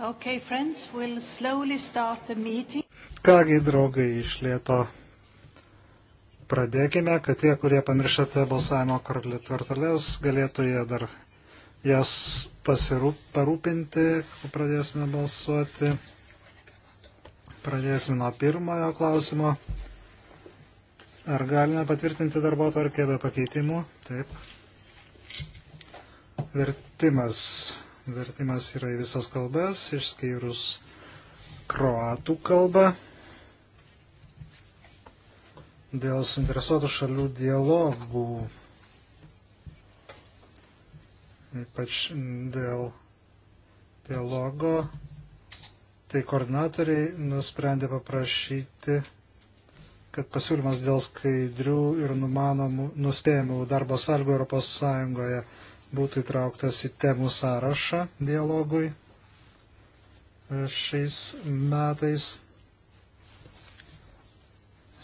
Okay, friends, we'll slowly start the meeting. Kągi, draugai, iš lėto pradėkime, kad tie, kurie pamiršate balsavimo korteles, galėtų jie dar jas pasirūp, parūpinti, kai pradėsime balsuoti. Pradėsime nuo pirmojo klausimo. Ar galime patvirtinti darbo tvarkę be pakeitimų? Taip. Vertimas Vertimas yra į visas kalbas, išskyrus kroatų kalbą. Dėl suinteresuotų šalių dialogų, ypač dėl dialogo, tai koordinatoriai nusprendė paprašyti kad pasiūlymas dėl skaidrių ir numanomų, nuspėjamų darbo sąlygų ES būtų įtrauktas į temų sąrašą dialogui e, šiais metais.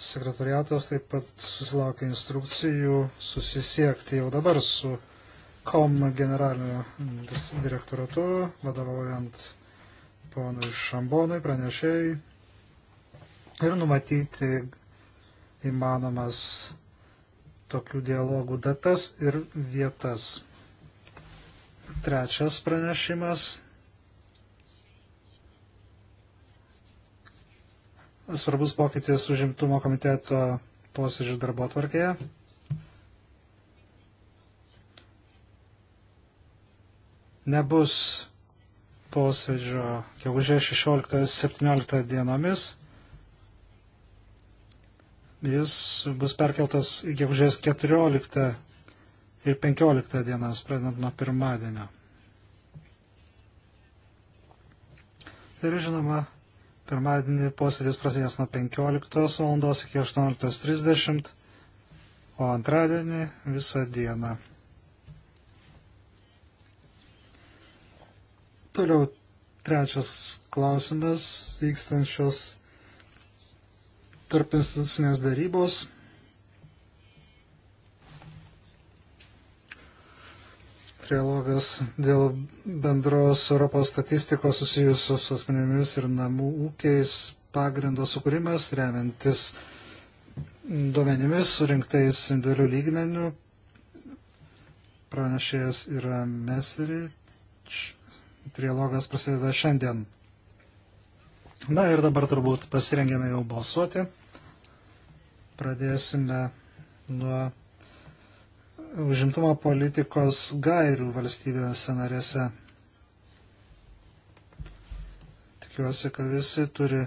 Sekretariatas taip pat susilaukė instrukcijų susisiekti jau dabar su KOM generaliniu direktoratu, vadovaujant ponui Šambonui, pranešėjai, ir numatyti įmanomas tokių dialogų datas ir vietas. Trečias pranešimas. Svarbus pokytis užimtumo komiteto posėdžių darbo atvarkėje. Nebus posėdžio gegužė 16-17 dienomis. Jis bus perkeltas į gegužės 14 ir 15 dienas, pradedant nuo pirmadienio. Ir žinoma, pirmadienį posėdis prasidės nuo 15 val. iki 18.30, o antradienį visą dieną. Toliau trečias klausimas vykstančios tarp institucinės darybos. trilogas dėl bendros Europos statistikos susijusios su asmenėmis ir namų ūkiais pagrindo sukūrimas, remiantis duomenimis surinktais individualių lygmenių. Pranešėjas yra Meserič. Trilogas prasideda šiandien. Na ir dabar turbūt pasirengėme jau balsuoti. Pradėsime nuo užimtumo politikos gairių valstybėse narėse. Tikiuosi, kad visi turi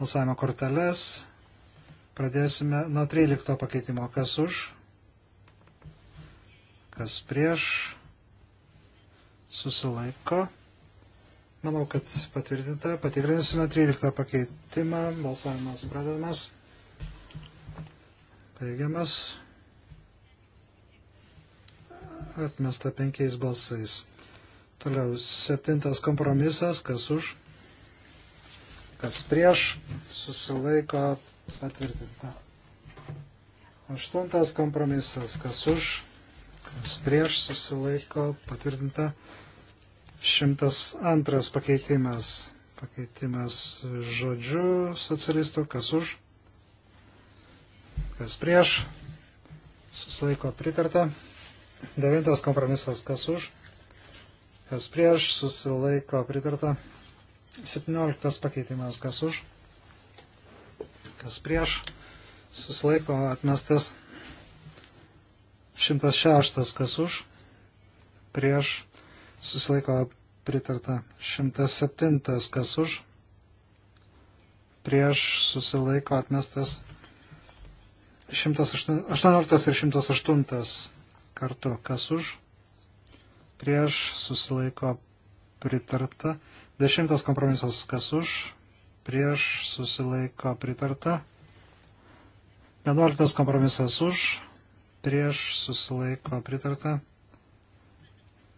balsavimo korteles. Pradėsime nuo 13 pakeitimo. Kas už? Kas prieš? Susilaiko. Manau, kad patvirtinta. Patikrinsime 13 pakeitimą. Balsavimas pradedamas. Baigiamas atmesta penkiais balsais. Toliau septintas kompromisas, kas už, kas prieš, susilaiko patvirtinta. Aštuntas kompromisas, kas už, kas prieš, susilaiko patvirtinta. Šimtas antras pakeitimas, pakeitimas žodžiu socialistų, kas už, kas prieš, susilaiko pritarta. Devintas kompromisas, kas už, kas prieš, susilaiko pritarta. 17 pakeitimas, kas už, kas prieš, susilaiko atmestas. 106 kas už, prieš, susilaiko pritarta. 107 kas už, prieš, susilaiko atmestas. 118 ir 108 kartu, kas už, prieš susilaiko pritarta. Dešimtas kompromisas, kas už, prieš susilaiko pritarta. Vienuoliktas kompromisas už, prieš susilaiko pritarta.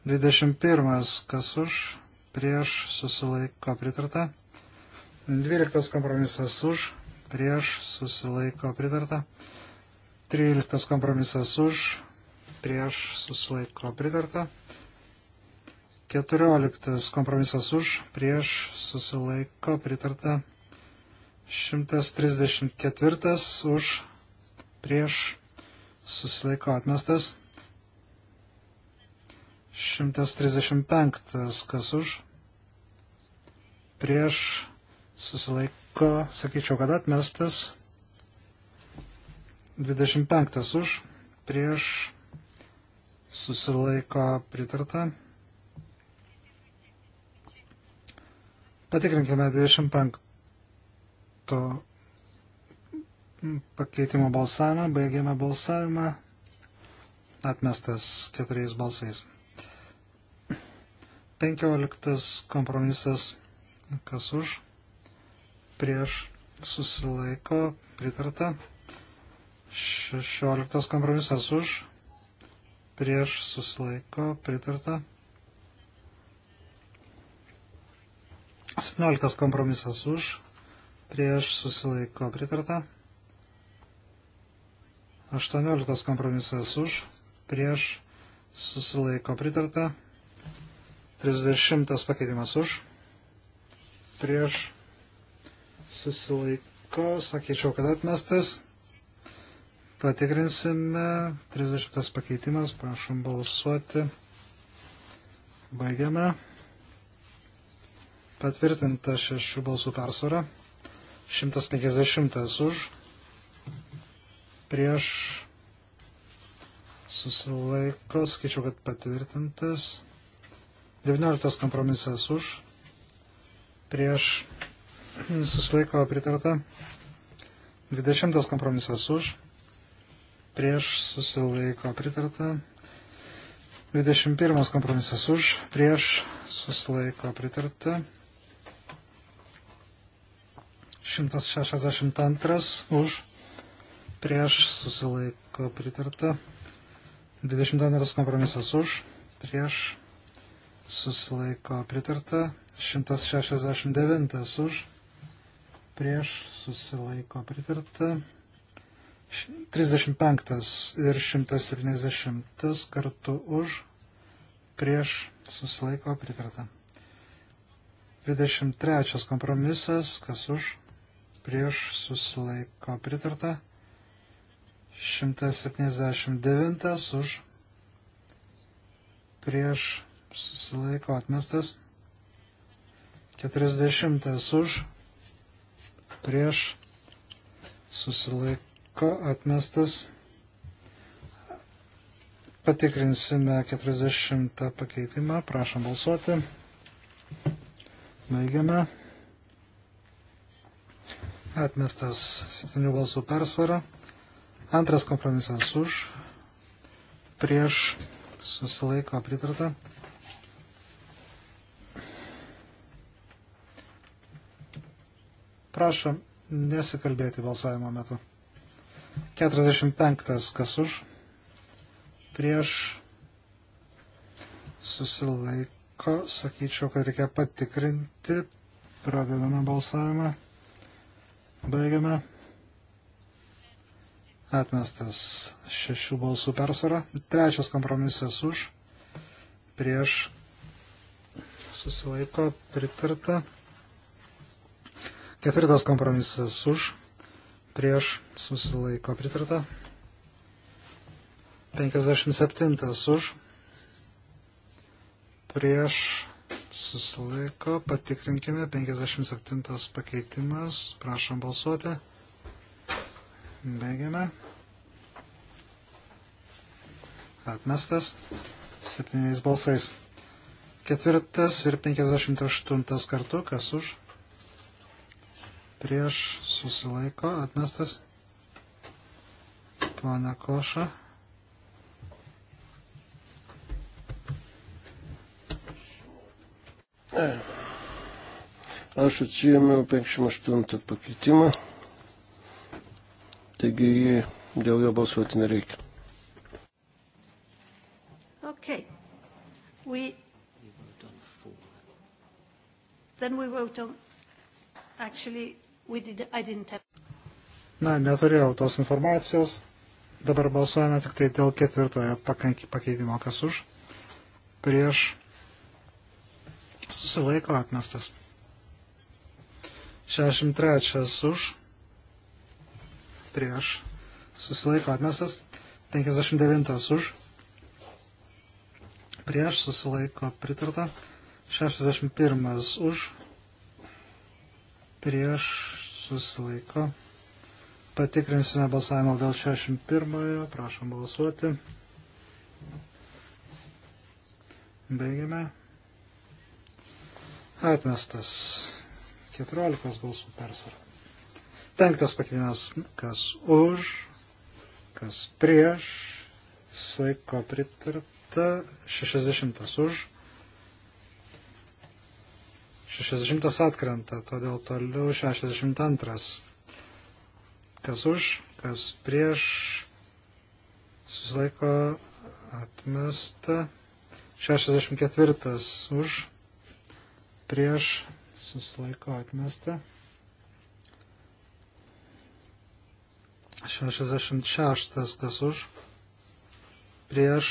Dvidešimt pirmas, kas už, prieš susilaiko pritarta. Dvyliktas kompromisas už, prieš susilaiko pritarta. Tryliktas kompromisas už, prieš susilaiko pritarta. 14 kompromisas už, prieš susilaiko pritarta. 134 už, prieš susilaiko atmestas. 135 kas už, prieš susilaiko, sakyčiau, kad atmestas. 25 už, prieš susilaiko pritarta. Patikrinkime 25 pakeitimo balsavimą, baigėme balsavimą, atmestas keturiais balsais. 15 kompromisas, kas už, prieš susilaiko pritarta. 16 kompromisas už, prieš susilaiko pritarta. 17 kompromisas už, prieš susilaiko pritarta. 18 kompromisas už, prieš susilaiko pritarta. 30 pakeitimas už, prieš susilaiko, sakyčiau, kad atmestas. Patikrinsime. 30 pakeitimas. Prašom balsuoti. Baigiame. Patvirtinta šešių balsų persvara. 150 už. Prieš susilaiko. Skaičiau, kad patvirtintas. 19 kompromisas už. Prieš susilaiko pritarta. 20 kompromisas už prieš susilaiko pritarta. 21 kompromisas už, prieš susilaiko pritarta. 162 už, prieš susilaiko pritarta. 22 kompromisas už, prieš susilaiko pritarta. 169 už, prieš susilaiko pritarta. 35 ir 170 kartu už, prieš susilaiko pritarta. 23 kompromisas, kas už, prieš susilaiko pritarta. 179 už, prieš susilaiko atmestas. 40 už, prieš susilaiko Ko atmestas? Patikrinsime 40 pakeitimą. Prašom balsuoti. Baigiame. Atmestas 7 balsų persvara. Antras kompromisas už. Prieš susilaiko pritarta. Prašom nesikalbėti balsavimo metu. 45 kas už, prieš susilaiko, sakyčiau, kad reikia patikrinti, pradedame balsavimą, baigiame, atmestas šešių balsų persvara, trečias kompromisas už, prieš susilaiko, pritarta, ketvirtas kompromisas už, prieš susilaiko pritarta. 57 už prieš susilaiko patikrinkime 57 pakeitimas. Prašom balsuoti. Baigiame. Atmestas septyniais balsais. Ketvirtas ir 58 kartu, kas už prieš susilaiko atmestas. Plana koša. Aš atsijėmiau 58 pakeitimą, taigi jį dėl jo balsuoti nereikia. Okay. We then we vote on actually Did, have... Na, neturėjau tos informacijos. Dabar balsuojame tik tai dėl ketvirtojo pakeitimo, kas už. Prieš susilaiko atmestas. 63 už. Prieš susilaiko atmestas. 59 už. Prieš susilaiko pritarta. 61 už prieš susilaiko. Patikrinsime balsavimą dėl 61. Prašom balsuoti. Baigiame. Atmestas 14 balsų persvara. Penktas pakeitimas, kas už, kas prieš, susilaiko pritarta, 60 už, 60 atkrenta, todėl toliau 62. Kas už, kas prieš, susilaiko atmesta. 64 už, prieš, susilaiko atmesta. 66 kas už, prieš,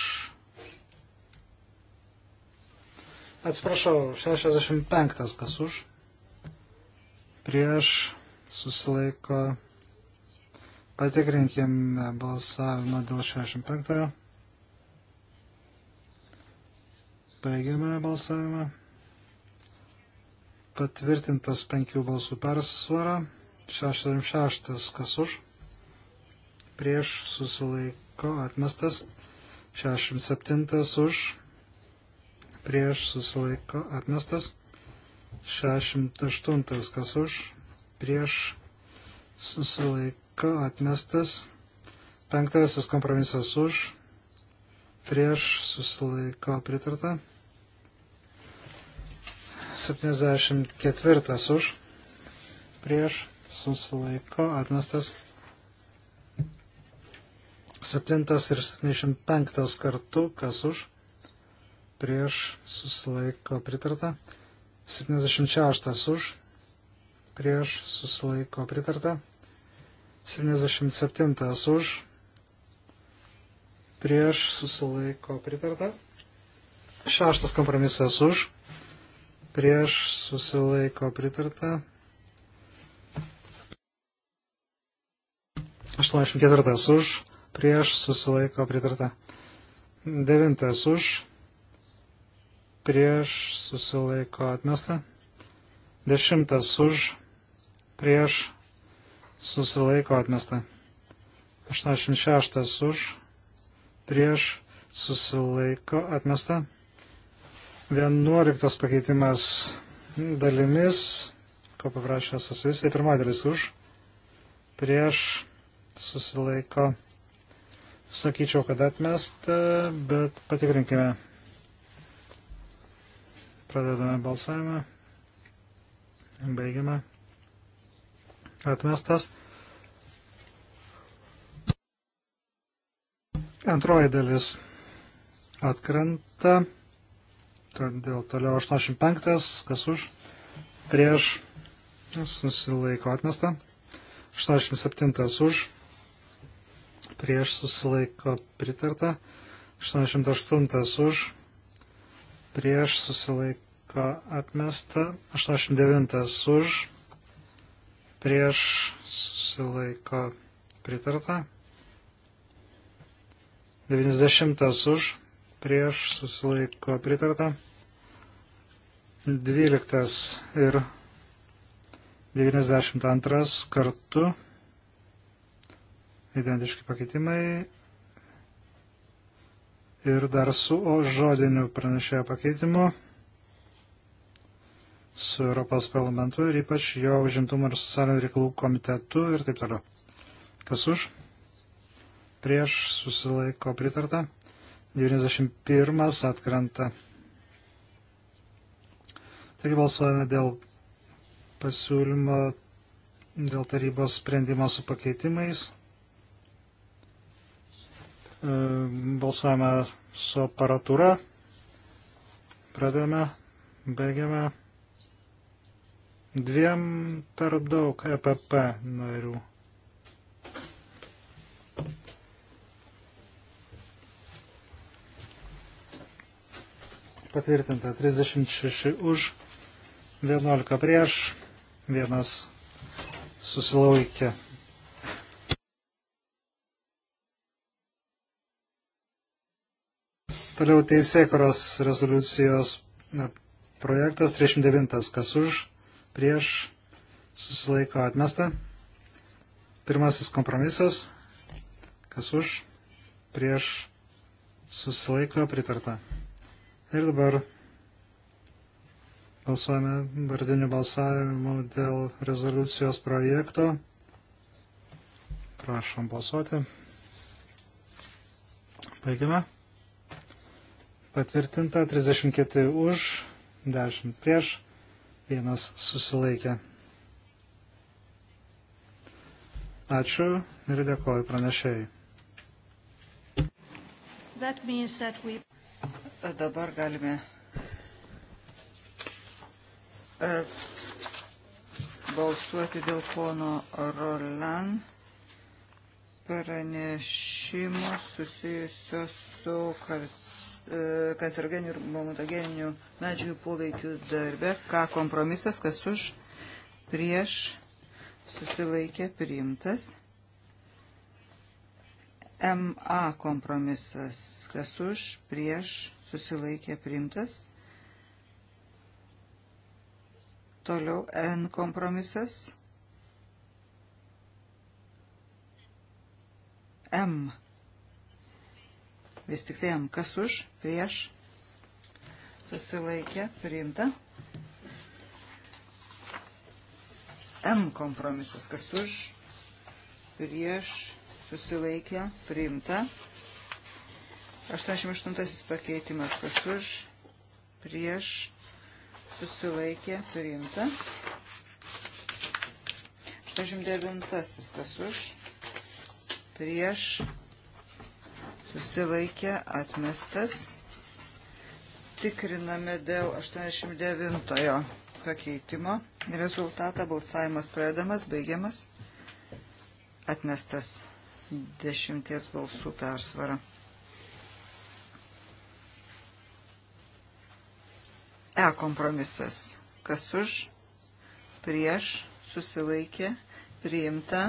Atsiprašau, 65 kas už. Prieš susilaiko. Patikrinkime balsavimą dėl 65. Baigiame balsavimą. Patvirtintas penkių balsų persvara. 66 kas už. Prieš susilaiko atmestas. 67 už prieš susilaiko atmestas. 68 kas už, prieš susilaiko atmestas. Penktasis kompromisas už, prieš susilaiko pritarta. 74 už, prieš susilaiko atmestas. 7 ir 75 kartu kas už prieš susilaiko pritarta. 76 už prieš susilaiko pritarta. 77 už prieš susilaiko pritarta. Šeštas kompromisas už prieš susilaiko pritarta. 84 už prieš susilaiko pritarta. 9 už prieš susilaiko atmesta. Dešimtas už prieš susilaiko atmesta. 86 už prieš susilaiko atmesta. 11 pakeitimas dalimis, ko paprašė susis, tai pirma dalis už prieš susilaiko. Sakyčiau, kad atmesta, bet patikrinkime. Pradedame balsavimą. Baigiame. Atmestas. Antroji dalis atkrenta. Todėl toliau 85, kas už, prieš, susilaiko atmesta. 87 už, prieš susilaiko pritarta. 88 už, prieš susilaiko susilaiko atmesta, 89 už, prieš susilaiko pritarta, 90 už, prieš susilaiko pritarta, 12 ir 92 kartu, identiški pakeitimai ir dar su žodiniu pranešėjo pakeitimu su Europos parlamentu ir ypač jo užimtumo ir socialinių reikalų komitetu ir taip toliau. Kas už? Prieš susilaiko pritarta. 91 atkrenta. Taigi balsuojame dėl pasiūlymo, dėl tarybos sprendimo su pakeitimais. E, balsuojame su aparatūra. Pradedame, baigiame. Dviem per daug EPP narių. Patvirtinta 36 už, 11 prieš, vienas susilaikė. Toliau teisėkuros rezoliucijos projektas 39, kas už, prieš susilaiko atmesta. Pirmasis kompromisas, kas už, prieš susilaiko pritarta. Ir dabar balsuojame vardiniu balsavimu dėl rezoliucijos projekto. Prašom balsuoti. Baigime. Patvirtinta 34 už, 10 prieš vienas susilaikė. Ačiū ir dėkoju pranešėjai. That that we... Dabar galime e, balsuoti dėl pono Roland pranešimo susijusio su kartu E, kancerogeninių ir mutageninių medžių poveikių darbe. Ką kompromisas, kas už, prieš, susilaikė, priimtas. MA kompromisas, kas už, prieš, susilaikė, priimtas. Toliau N kompromisas. M kompromisas. Vis tik tai M. Kas už? Prieš. Susilaikė. Priimta. M kompromisas. Kas už? Prieš. Susilaikė. Priimta. 88 pakeitimas. Kas už? Prieš. Susilaikė. Priimta. 89 kas už? Prieš. Prieš susilaikė atmestas. Tikriname dėl 89-ojo pakeitimo. Rezultatą balsavimas pradedamas, baigiamas, atmestas dešimties balsų persvara. E kompromisas. Kas už, prieš, susilaikė, priimta.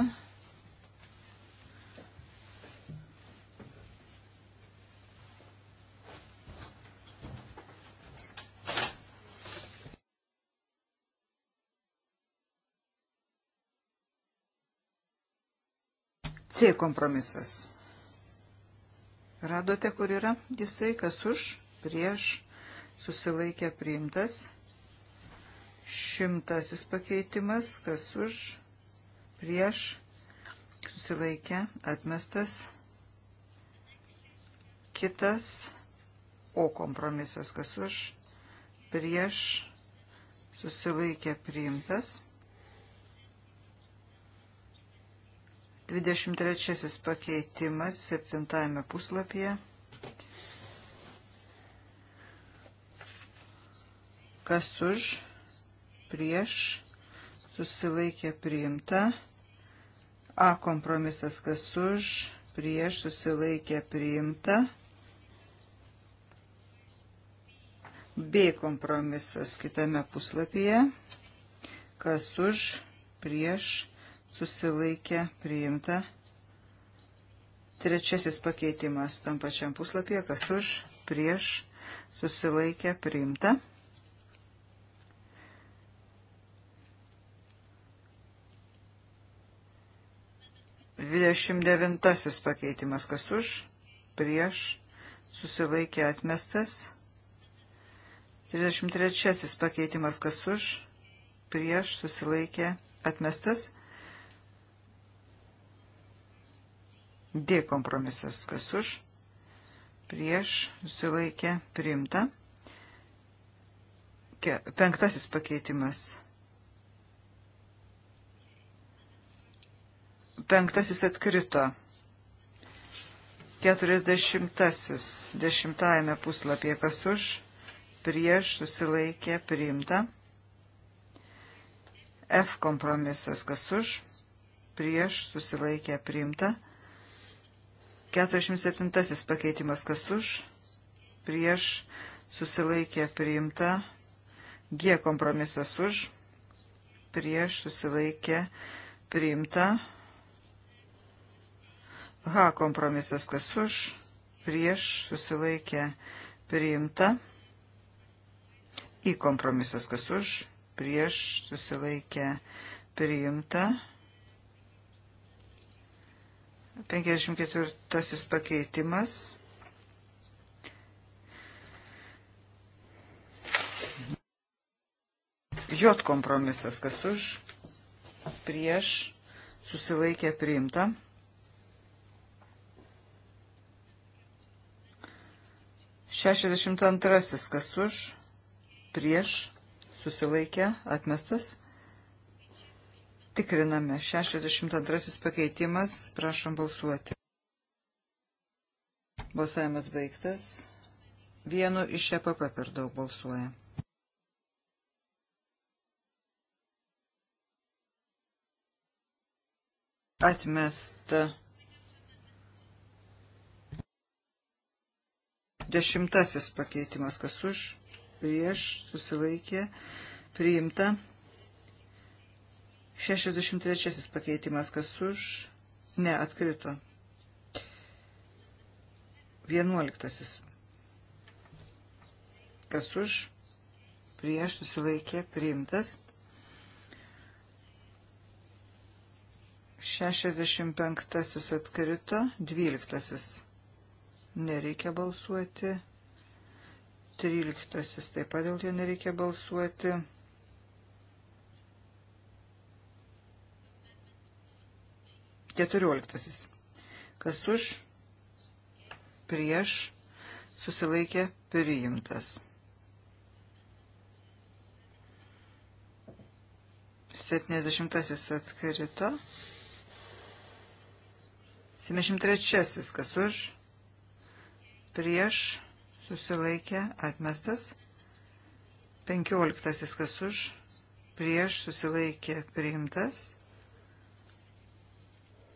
C kompromisas. Radote, kur yra jisai, kas už, prieš, susilaikė priimtas. Šimtasis pakeitimas, kas už, prieš, susilaikė atmestas. Kitas, o kompromisas, kas už, prieš, susilaikė priimtas. 23 pakeitimas 7 puslapyje. Kas už, prieš, susilaikė priimta. A kompromisas kas už, prieš, susilaikė priimta. B kompromisas kitame puslapyje. Kas už, prieš, susilaikė priimta susilaikė priimta. Trečiasis pakeitimas tam pačiam puslapyje, kas už, prieš, susilaikė priimta. Dvidešimt devintasis pakeitimas, kas už, prieš, susilaikė atmestas. 33 pakeitimas kas už, prieš susilaikė atmestas. D kompromisas. Kas už? Prieš susilaikė priimta. Penktasis pakeitimas. Penktasis atkrito. Keturiasdešimtasis. Dešimtajame puslapyje kas už? Prieš susilaikė priimta. F kompromisas kas už? Prieš susilaikė priimta. 47 pakeitimas kas už, prieš susilaikė priimta, G kompromisas už, prieš susilaikė priimta, H kompromisas kas už, prieš susilaikė priimta, I kompromisas kas už, prieš susilaikė priimta, 54 pakeitimas. Jot kompromisas, kas už, prieš, susilaikė priimta. Šešiasdešimt antrasis, kas už, prieš, susilaikė, atmestas. Tikriname 62 pakeitimas, prašom balsuoti. Balsavimas baigtas. Vienu iš EPP per daug balsuoja. Atmesta. Dešimtasis pakeitimas, kas už, prieš, susilaikė, priimta. Priimta. 63 pakeitimas, kas už, ne, atkrito. 11. Kas už, prieš susilaikė, priimtas. 65 atkrito, 12 nereikia balsuoti, 13 taip pat dėl jo nereikia balsuoti. 14. Kas už, prieš, susilaikė priimtas. 70 atkrito. 73 kas už, prieš, susilaikė atmestas. 15 kas už, prieš, susilaikė priimtas.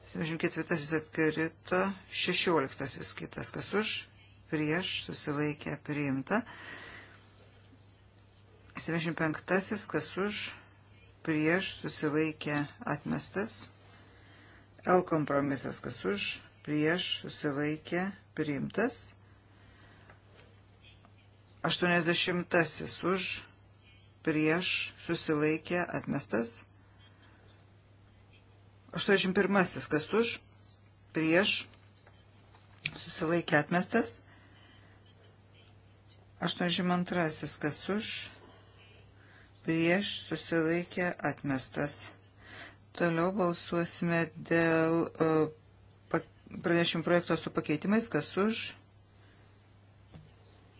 74 atkrito, 16 kitas, kas už, prieš, susilaikė, priimta. 75 kas už, prieš, susilaikė, atmestas. L kompromisas kas už, prieš, susilaikė, priimtas. 80 už, prieš, susilaikė, atmestas. 81. Kas už? Prieš. Susilaikė atmestas. 82. Kas už? Prieš. Susilaikė atmestas. Toliau balsuosime dėl e, pranešimų projekto su pakeitimais. Kas už?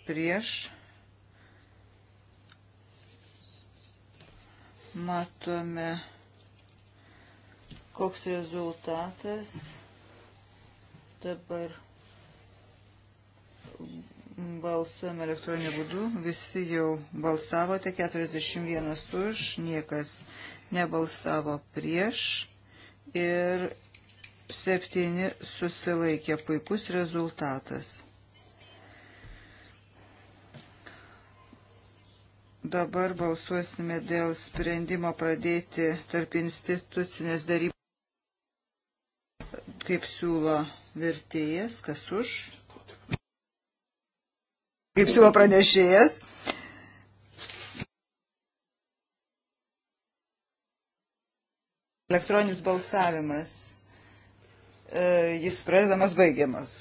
Prieš. Matome koks rezultatas dabar balsuojame elektroniniu būdu. Visi jau balsavote, 41 už, niekas nebalsavo prieš ir 7 susilaikė puikus rezultatas. Dabar balsuosime dėl sprendimo pradėti tarp institucinės darybos kaip siūlo vertėjas, kas už, kaip siūlo pranešėjas. Elektroninis balsavimas, e, jis pradedamas baigiamas.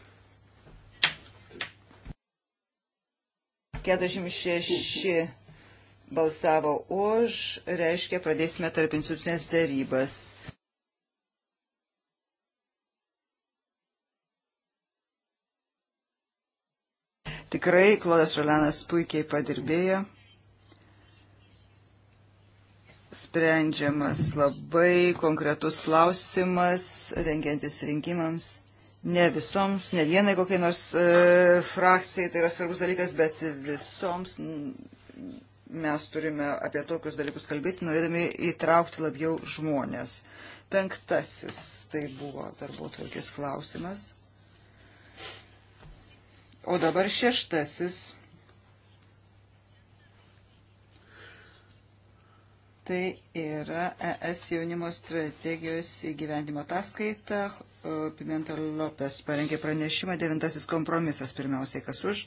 46 balsavo už, reiškia, pradėsime tarp institucinės darybas. Tikrai Klodas Rolenas puikiai padirbėjo. Sprendžiamas labai konkretus klausimas, rengiantis rinkimams. Ne visoms, ne vienai kokiai nors e, frakcijai tai yra svarbus dalykas, bet visoms mes turime apie tokius dalykus kalbėti, norėdami įtraukti labiau žmonės. Penktasis tai buvo darbuotvarkės klausimas. O dabar šeštasis. Tai yra ES jaunimo strategijos įgyvendimo ataskaita. Pimenta Lopes parengė pranešimą. Devintasis kompromisas pirmiausiai, kas už,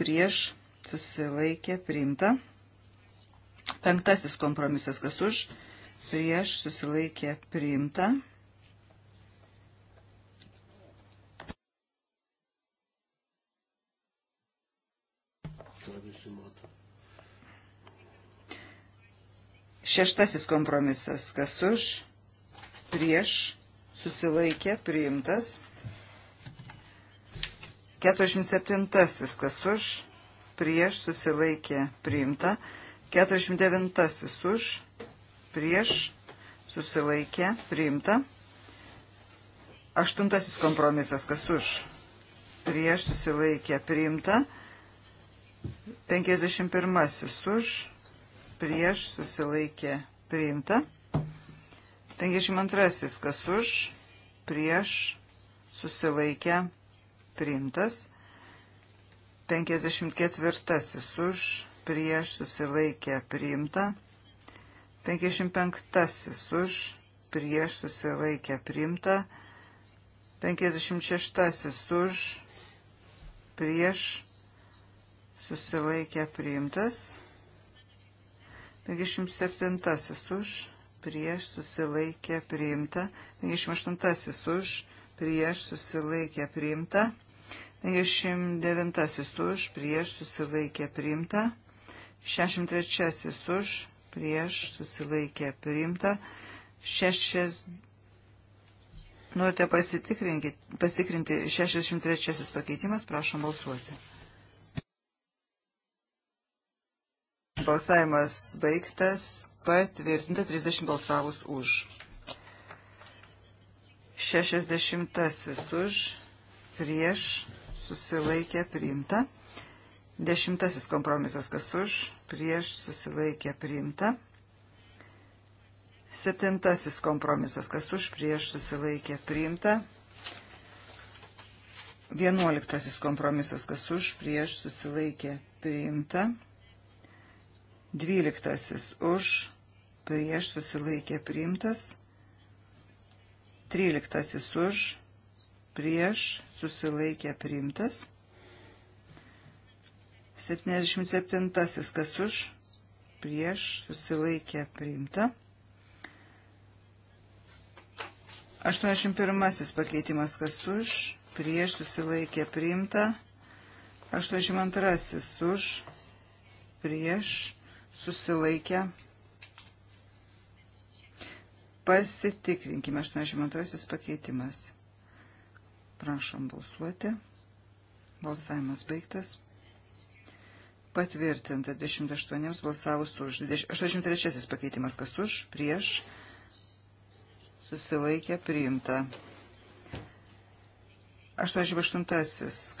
prieš, susilaikė, priimta. Penktasis kompromisas, kas už, prieš, susilaikė, priimta. Priimta. Šeštasis kompromisas. Kas už, prieš, susilaikė, priimtas. 47. Kas už, prieš, susilaikė, priimta. 49. Už, prieš, susilaikė, priimta. Aštuntasis kompromisas. Kas už, prieš, susilaikė, priimta. 51. Už, prieš susilaikė priimta. 52. Kas už, prieš susilaikė priimtas. 54. Už, prieš susilaikė priimta. 55. Už, prieš susilaikė priimta. 56. Už, prieš susilaikė priimtas. 57 už, prieš susilaikė priimta, 58 už, prieš susilaikė priimta, 59 už, prieš susilaikė priimta, 63 už, prieš susilaikė priimta, 60. Norite pasitikrinti 63 pakeitimas, prašom balsuoti. Balsavimas baigtas, patvirtinta 30 balsavus už. 60 už, prieš, susilaikė, priimta. Dešimtasis kompromisas, kas už, prieš, susilaikė, priimta. Septintasis kompromisas, kas už, prieš, susilaikė, priimta. Vienuoliktasis kompromisas, kas už, prieš, susilaikė, priimta. 12 už, prieš susilaikė priimtas, 13 už, prieš susilaikė priimtas, 77 kas už, prieš susilaikė priimta, 81 pakeitimas kas už, prieš susilaikė priimta, 82 už, prieš susilaikė priimta, prieš susilaikę. Pasitikrinkime 82 pakeitimas. Prašom balsuoti. Balsavimas baigtas. Patvirtinta 28 balsavus už 83 pakeitimas kas už, prieš, susilaikė, priimta. 88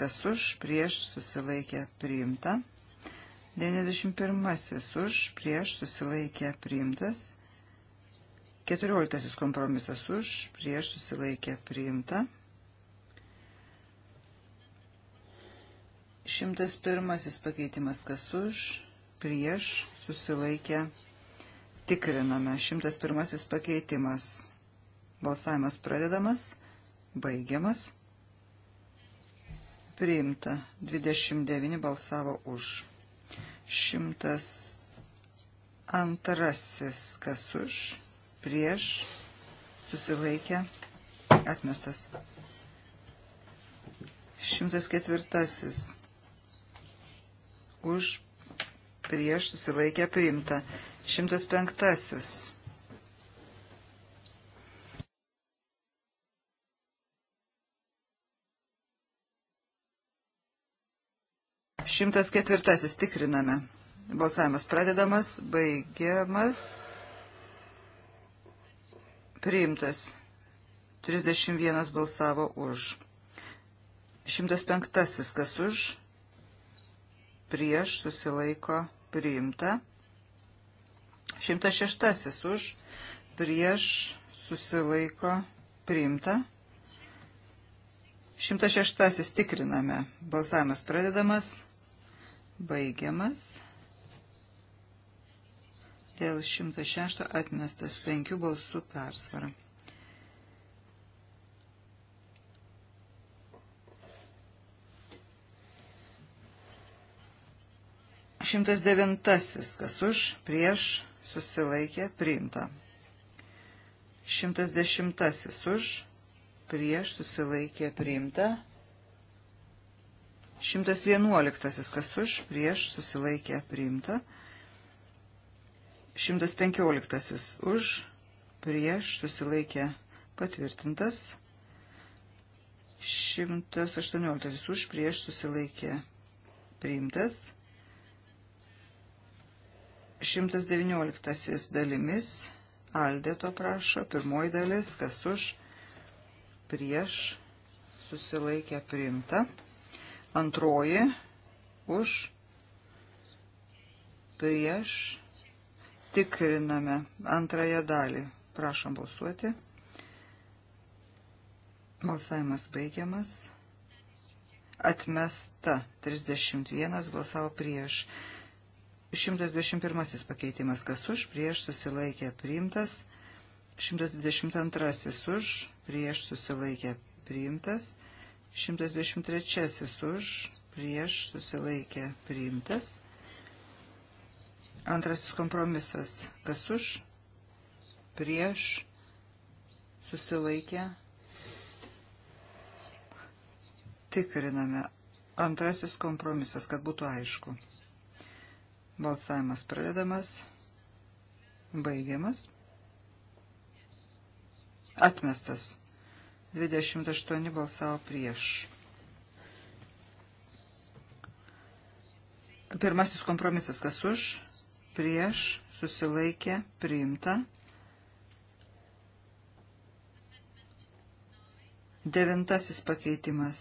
kas už, prieš, susilaikė, priimta. 91 už, prieš susilaikė priimtas. 14 kompromisas už, prieš susilaikė priimta. 101 pakeitimas kas už, prieš susilaikė. Tikriname 101 pakeitimas. Balsavimas pradedamas, baigiamas. Priimta. 29 balsavo už. Šimtas antrasis, kas už, prieš, susilaikė, atmestas. Šimtas ketvirtasis, už, prieš, susilaikė, priimta. Šimtas penktasis, 104. Tikriname. Balsavimas pradedamas, baigiamas, priimtas. 31 balsavo už. 105. Kas už? Prieš susilaiko priimta. 106. Už. Prieš susilaiko priimta. 106. Tikriname. Balsavimas pradedamas baigiamas. Dėl 106 atmestas 5 balsų persvarą. Šimtas devintasis, kas už, prieš, susilaikė, priimta. Šimtas dešimtasis už, prieš, susilaikė, priimta. 111. Kas už, prieš, susilaikė, priimta. 115. Už, prieš, susilaikė, patvirtintas. 118. Už, prieš, susilaikė, priimtas. 119. dalimis. Aldė to prašo. Pirmoji dalis. Kas už, prieš, susilaikė, priimta. Priimta. Antroji už prieš tikriname antrąją dalį. Prašom balsuoti. Balsavimas baigiamas. Atmesta 31 balsavo prieš. 121 pakeitimas kas už, prieš susilaikė priimtas. 122 už, prieš susilaikė priimtas. 123 už, prieš susilaikė priimtas. Antrasis kompromisas, kas už, prieš susilaikė. Tikriname antrasis kompromisas, kad būtų aišku. Balsavimas pradedamas, baigiamas, atmestas. 28 balsavo prieš. Pirmasis kompromisas, kas už, prieš, susilaikė, priimta. Devintasis pakeitimas.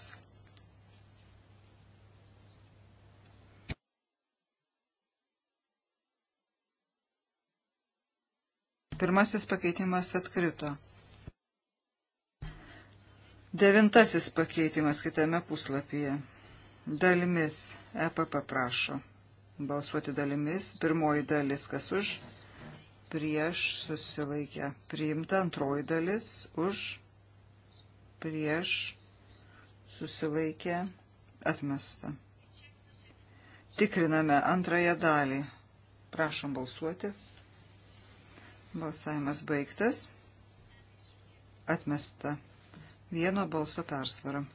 Pirmasis pakeitimas atkrito. Devintasis pakeitimas kitame puslapyje. Dalimis. EPP prašo. Balsuoti dalimis. Pirmoji dalis kas už. Prieš susilaikę. Priimta antroji dalis už. Prieš susilaikę. Atmesta. Tikriname antrąją dalį. Prašom balsuoti. Balsavimas baigtas. Atmesta vieno balso persvarą.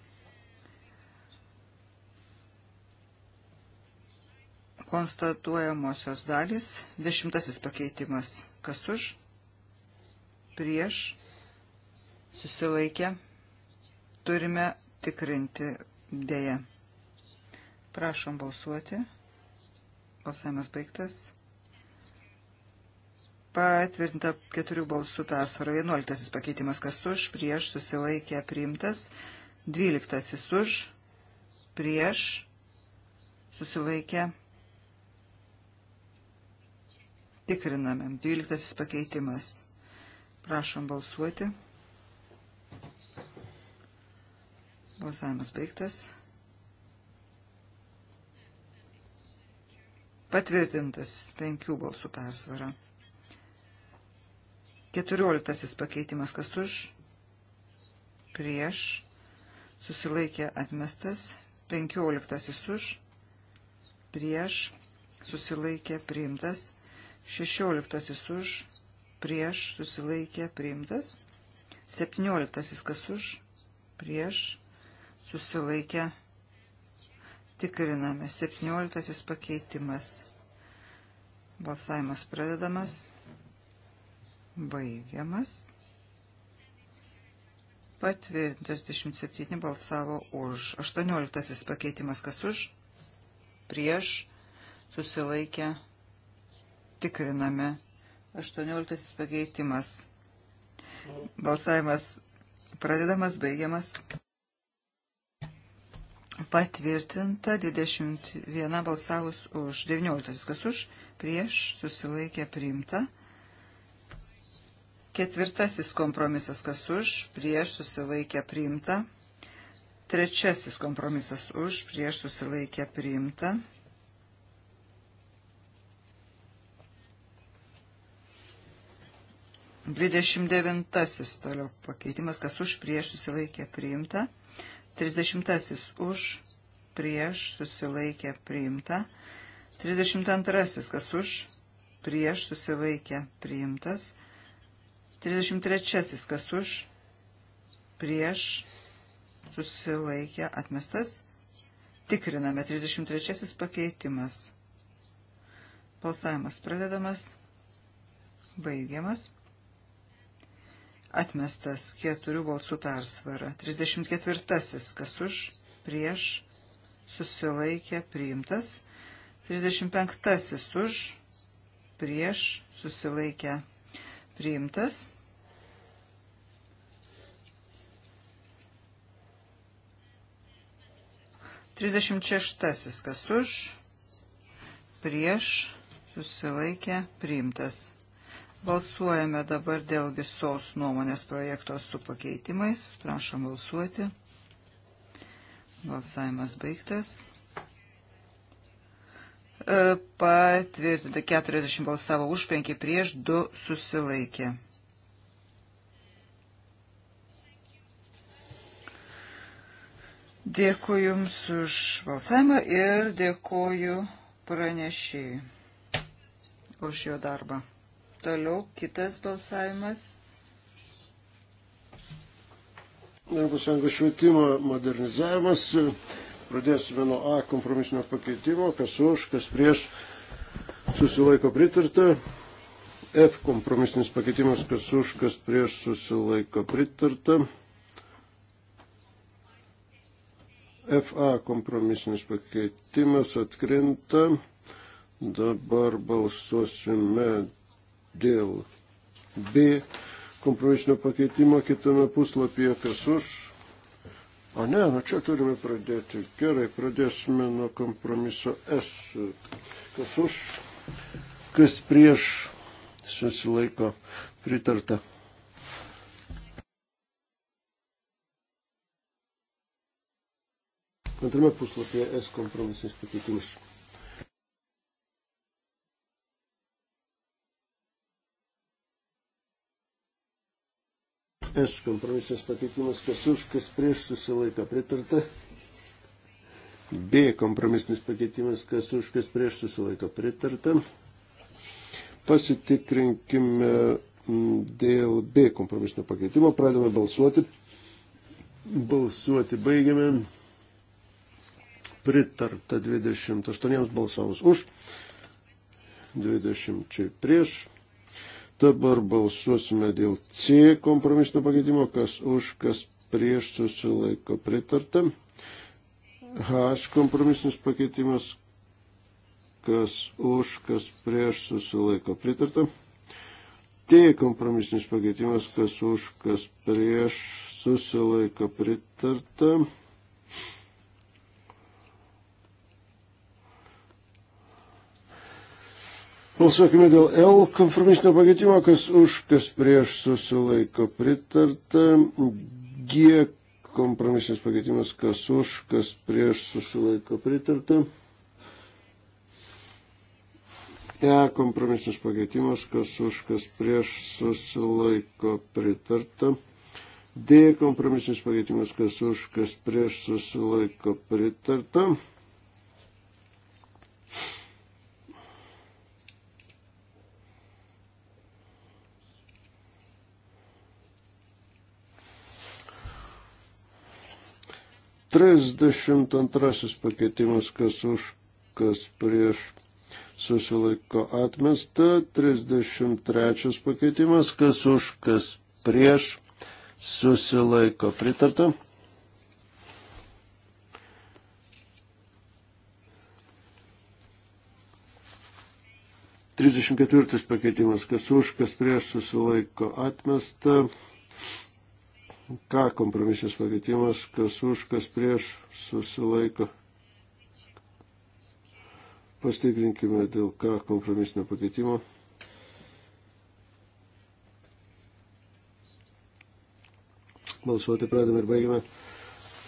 Konstatuojamosios dalys, dešimtasis pakeitimas. Kas už? Prieš? Susilaikę? Turime tikrinti dėje. Prašom balsuoti. Balsavimas baigtas patvirtinta keturių balsų persvara. Vienuoliktasis pakeitimas kas už, prieš susilaikė priimtas. Dvyliktasis už, prieš susilaikė. Tikriname. Dvyliktasis pakeitimas. Prašom balsuoti. Balsavimas baigtas. Patvirtintas penkių balsų persvara. Keturioliktasis pakeitimas, kas už, prieš, susilaikė atmestas, penkioliktasis už, prieš, susilaikė priimtas, šešioliktasis už, prieš, susilaikė priimtas, septynioliktasis kas už, prieš, susilaikė priimtas tikriname. 17 pakeitimas. Balsavimas pradedamas. Baigiamas. Patvirtintas 27 balsavo už. 18 pakeitimas kas už? Prieš. Susilaikę. Tikriname. 18 pakeitimas. Balsavimas pradedamas, baigiamas. Patvirtinta 21 balsavus už 19, kas už, prieš susilaikė priimta. Ketvirtasis kompromisas kas už, prieš susilaikę priimta. Trečiasis kompromisas už, prieš susilaikę priimta. Dvidešimt devintasis toliau pakeitimas, kas už, prieš susilaikę priimta. Trisdešimtasis už, prieš susilaikę priimta. Trisdešimt antrasis kas už, prieš susilaikę priimtas. 33 kas už, prieš, susilaikė, atmestas. Tikriname 33 pakeitimas. Balsavimas pradedamas, baigiamas. Atmestas keturių balsų persvara. 34 kas už, prieš, susilaikė, priimtas. 35 už, prieš, susilaikė, priimtas priimtas. Trisdešimt šeštasis, kas už, prieš, susilaikė, priimtas. Balsuojame dabar dėl visos nuomonės projektos su pakeitimais. Prašom balsuoti. Balsavimas baigtas. E, patvirtinta 40 balsavo už, 5 prieš, 2 susilaikė. Dėkuoju Jums už balsavimą ir dėkuoju pranešėjai už jo darbą. Toliau kitas balsavimas. Europos Sąjungos švietimo modernizavimas. Pradėsime nuo A kompromisinio pakeitimo, kas už, kas prieš susilaiko pritarta. F kompromisinis pakeitimas, kas už, kas prieš susilaiko pritarta. FA kompromisinis pakeitimas atkrinta. Dabar balsuosime dėl B kompromisinio pakeitimo kitame puslapyje, kas už, O ne, nu čia turime pradėti. Gerai, pradėsime nuo kompromiso S. Kas už, kas prieš susilaiko pritarta. Antrame puslapyje S kompromisinis pakeitimas. Aš kompromisas pakeitimas, kas už, kas prieš susilaiko pritarta. B kompromisinis pakeitimas, kas už, kas prieš susilaiko pritarta. Pasitikrinkime mm, dėl B kompromisinio pakeitimo. Pradame balsuoti. Balsuoti baigiame. Pritarta 28 balsavus už, 20 prieš Dabar balsuosime dėl C kompromisinio pakeitimo, kas už, kas prieš susilaiko pritarta. H kompromisinis pakeitimas, kas už, kas prieš susilaiko pritarta. T kompromisinis pakeitimas, kas už, kas prieš susilaiko pritarta. Balsuokime dėl L kompromisinio pakeitimo, kas už, kas prieš susilaiko pritarta. G kompromisinis pakeitimas, kas už, kas prieš susilaiko pritarta. E kompromisinis pakeitimas, kas už, kas prieš susilaiko pritarta. D kompromisinis pakeitimas, kas už, kas prieš susilaiko pritarta. 32 pakeitimas, kas už, kas prieš susilaiko atmesta. 33 pakeitimas, kas už, kas prieš susilaiko pritarta. Trisdešimt ketvirtas pakeitimas, kas už, kas prieš susilaiko atmesta. Ką kompromisės pakeitimas, kas už, kas prieš susilaiko. Pastikrinkime dėl ką kompromisinio pakeitimo. Balsuoti pradame ir baigime.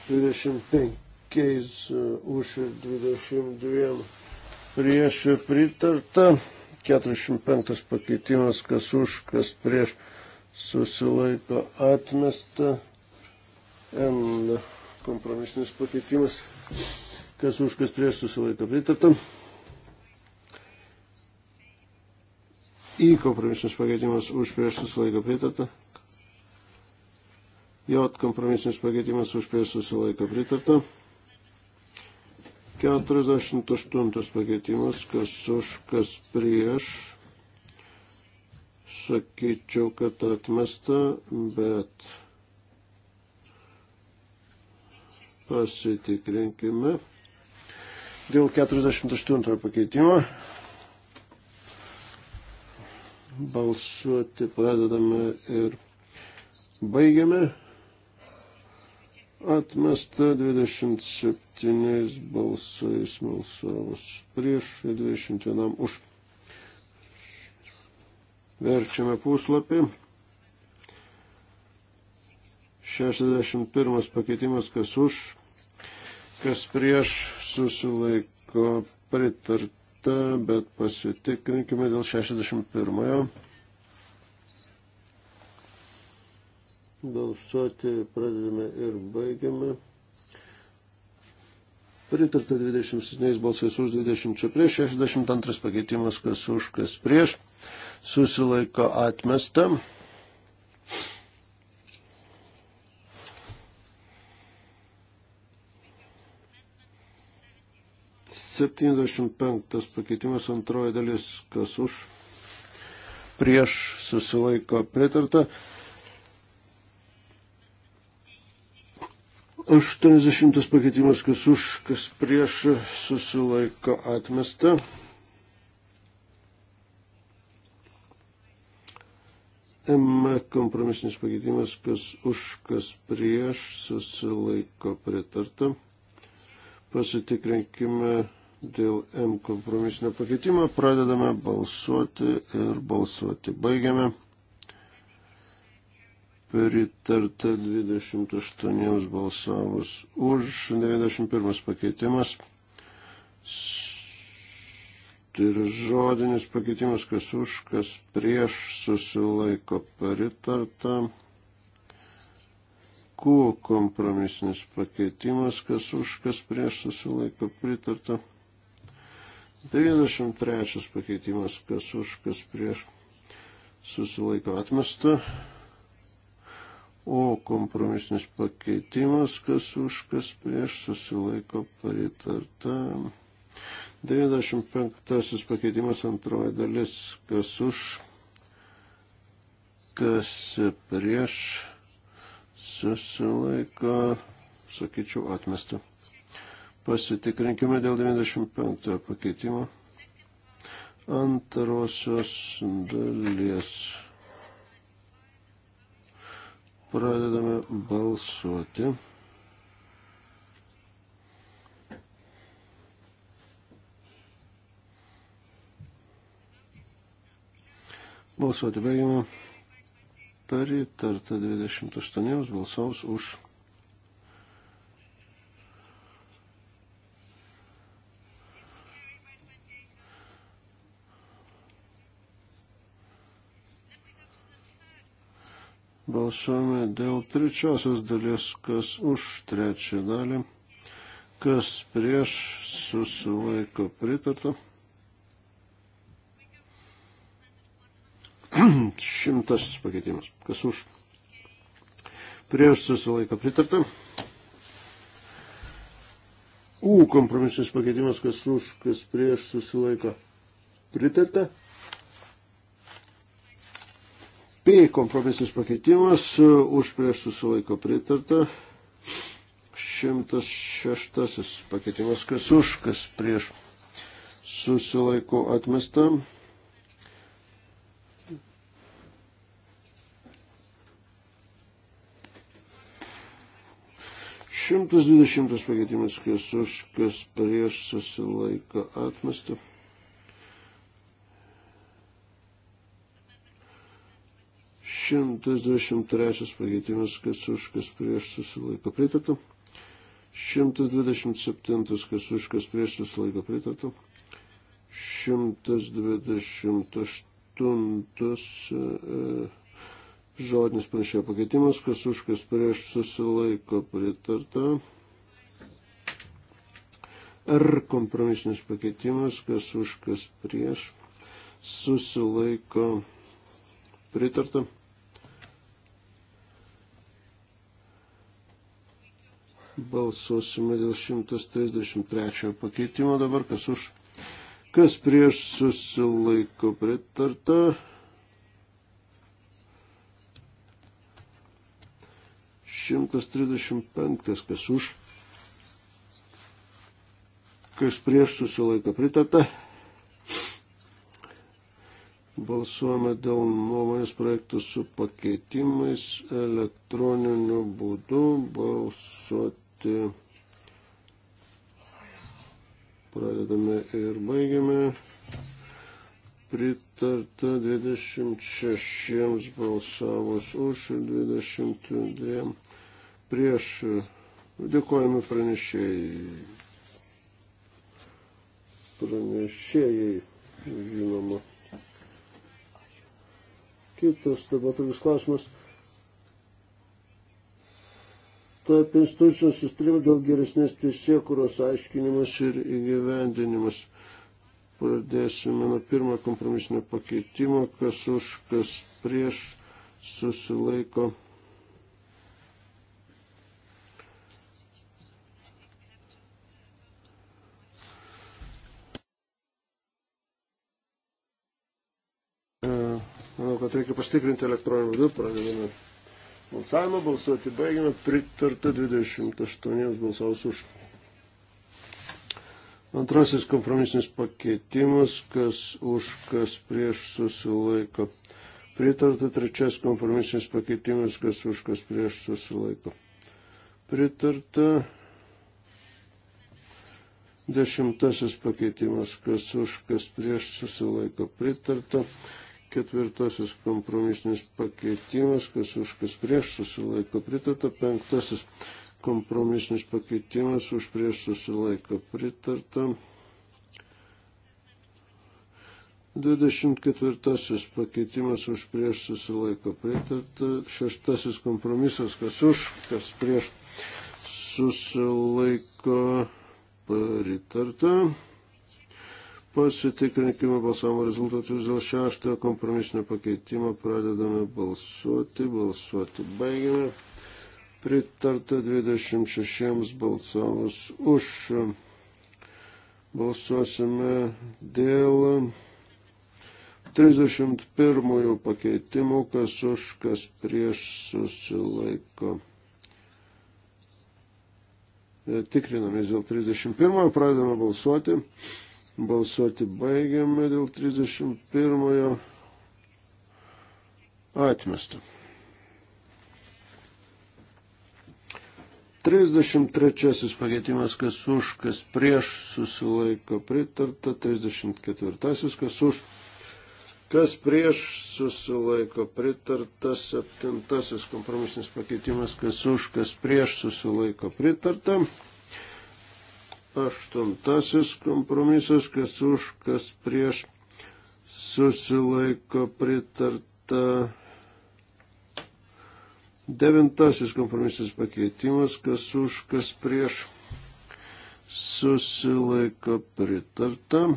25 uh, už ir 22 prieš pritarta. 45 pakeitimas, kas už, kas prieš susilaiko atmesta. M kompromisinis pakeitimas, kas už, kas prieš susilaiko pritarta. Į kompromisinis pakeitimas už prieš susilaiko pritarta. J kompromisinis pakeitimas už prieš susilaiko pritarta. 48 pakeitimas, kas už, kas prieš sakyčiau, kad atmesta, bet pasitikrinkime. Dėl 48 pakeitimo balsuoti pradedame ir baigiame. Atmesta 27 balsais balsavus prieš ir 21 už. Verčiame puslapį. 61 pakeitimas, kas už, kas prieš susilaiko pritarta, bet pasitikrinkime dėl 61. Balsuoti pradedame ir baigiame. Pritarta 27 balsais už 20 čia prieš, 62 pakeitimas, kas už, kas prieš susilaiko atmesta. Septyniasdešimt penktas pakeitimas antroji dalis, kas už, prieš susilaiko pritarta. 80 pakeitimas, kas už, kas prieš, susilaiko atmesta. M kompromisinis pakeitimas, kas už, kas prieš, susilaiko pritarta. Pasitikrinkime dėl M kompromisinio pakeitimo, pradedame balsuoti ir balsuoti. Baigiame. Pritarta 28 balsavus už 91 pakeitimas ir žodinis pakeitimas, kas už, kas prieš susilaiko pritarta. Q kompromisinis pakeitimas, kas už, kas prieš susilaiko pritarta. 93 pakeitimas, kas už, kas prieš susilaiko atmesta. O kompromisinis pakeitimas, kas už, kas prieš susilaiko pritarta. 95 pakeitimas antroji dalis, kas už, kas prieš, susilaiko, sakyčiau, atmesta. Pasitikrinkime dėl 95 pakeitimo antrosios dalies. Pradedame balsuoti. Balsuoti baigiame. Pritarta 28 balsaus už. Balsuojame dėl trečiosios dalies, kas už trečią dalį, kas prieš susilaiko pritarta. Šimtasis pakeitimas. Kas už? Prieš susilaiko pritarta. U kompromisinis pakeitimas, kas už, kas prieš susilaiko pritarta. P kompromisinis pakeitimas, už prieš susilaiko pritarta. 106 pakeitimas, kas už, kas prieš susilaiko atmesta. 120 pakeitimas, kas už, kas prieš susilaiko atmestą. Šimtas dvidešimt trečias pakeitimas, kas už, kas prieš susilaiko pritartų. Šimtas dvidešimt septintas, kas už, kas prieš susilaiko pritartų. Šimtas dvidešimt aštuntas. E, Žodinis panašėjo pakeitimas, kas už, kas prieš susilaiko pritarta. R kompromisinis pakeitimas, kas už, kas prieš susilaiko pritarta. Balsuosime dėl 133 pakeitimo dabar, kas už, kas prieš susilaiko pritarta. 135, kas už, kas prieš susilaiko pritarta. Balsuojame dėl nuomonės projektų su pakeitimais elektroniniu būdu. Balsuoti pradedame ir baigiame pritarta 26 balsavus už ir 22 prieš. Dėkojame pranešėjai. Pranešėjai, žinoma. Kitas dabar toks klausimas. Tarp institucijų sustrimo dėl geresnės teisėkuros aiškinimas ir įgyvendinimas. Pradėsime nuo pirmo kompromisinio pakeitimo, kas už, kas prieš susilaiko bet reikia pastikrinti elektroniniu būdu, pradedame balsavimą, balsuoti baigiame, pritarta 28 balsavus už. Antrasis kompromisinis pakeitimas, kas už, kas prieš susilaiko. Pritarta trečias kompromisinis pakeitimas, kas už, kas prieš susilaiko. Pritarta Dešimtasis pakeitimas, kas už, kas prieš susilaiko pritarta. Ketvirtasis kompromisinis pakeitimas, kas už kas prieš susilaiko pritarta. Penktasis kompromisinis pakeitimas už prieš susilaiko pritarta. 24 pakeitimas už prieš susilaiko pritarta. Šeštasis kompromisas, kas už, kas prieš susilaiko pritarta. Pasitikrinkime balsavimo rezultatus dėl šeštojo kompromisinio pakeitimo. Pradedame balsuoti, balsuoti baigiame. Pritarta 26 balsavus už. Balsuosime dėl 31 pakeitimų, kas už, kas prieš susilaiko. Tikrinamės dėl 31, pradedame balsuoti. Balsuoti baigiame dėl 31 atmestą. 33 pakeitimas, kas už, kas prieš, susilaiko pritarta. 34 kas už, kas prieš, susilaiko pritarta. 7 kompromisinis pakeitimas, kas už, kas prieš, susilaiko pritarta. Aštuntasis kompromisas, kas už, kas prieš susilaiko pritarta. Devintasis kompromisas pakeitimas, kas už, kas prieš susilaiko pritarta.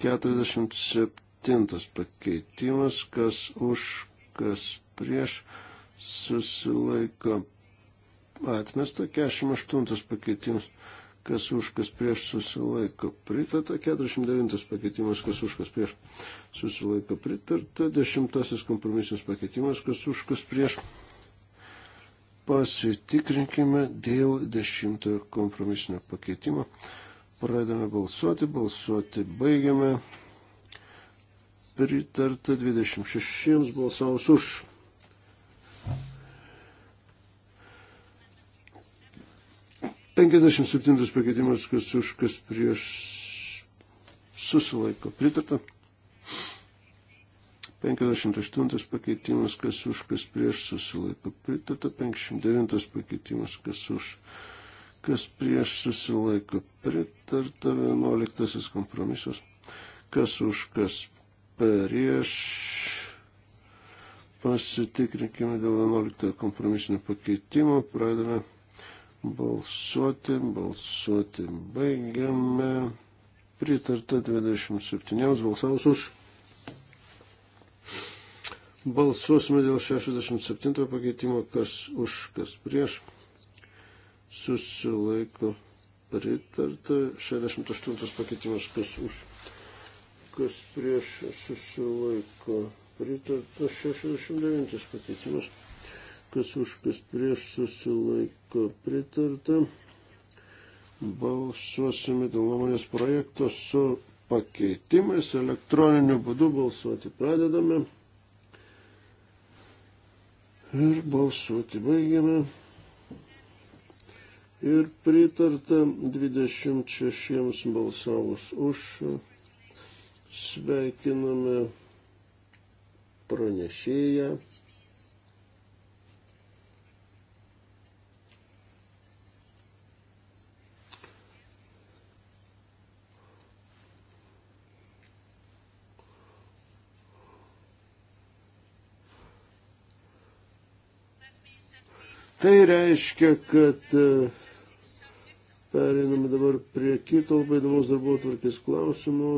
47 pakeitimas, kas už, kas prieš susilaiko pritarta atmesta 48 pakeitimas, kas už, kas prieš susilaiko pritarta, 49 pakeitimas, kas už, kas prieš susilaiko pritarta, 10 kompromisinis pakeitimas, kas už, kas prieš. Pasitikrinkime dėl 10 kompromisinio pakeitimo. Pradedame balsuoti, balsuoti baigiame pritarta 26 balsaus už. 57 pakeitimas, kas už, kas prieš susilaiko. Pritarta. 58 pakeitimas, kas už, kas prieš susilaiko. Pritarta 59 pakeitimas, kas už, kas prieš susilaiko. Pritarta 11 kompromisas, kas už, kas prieš. Pasitikrinkime dėl 11 kompromisinio pakeitimo. Pradame. Balsuoti, balsuoti baigiame. Pritarta 27 balsavus už. Balsuosime dėl 67 pakeitimo, kas už, kas prieš. Susilaiko pritarta. 68 pakeitimas, kas už, kas prieš. Susilaiko pritarta. 69 pakeitimas kas už, kas prieš susilaiko pritarta. Balsuosime dėl nuomonės projekto su pakeitimais. Elektroniniu būdu balsuoti pradedame. Ir balsuoti baigiame. Ir pritarta 26 balsavus už. Sveikiname pranešėją. Tai reiškia, kad e, periname dabar prie kito labai įdomus darbo tvarkės klausimų.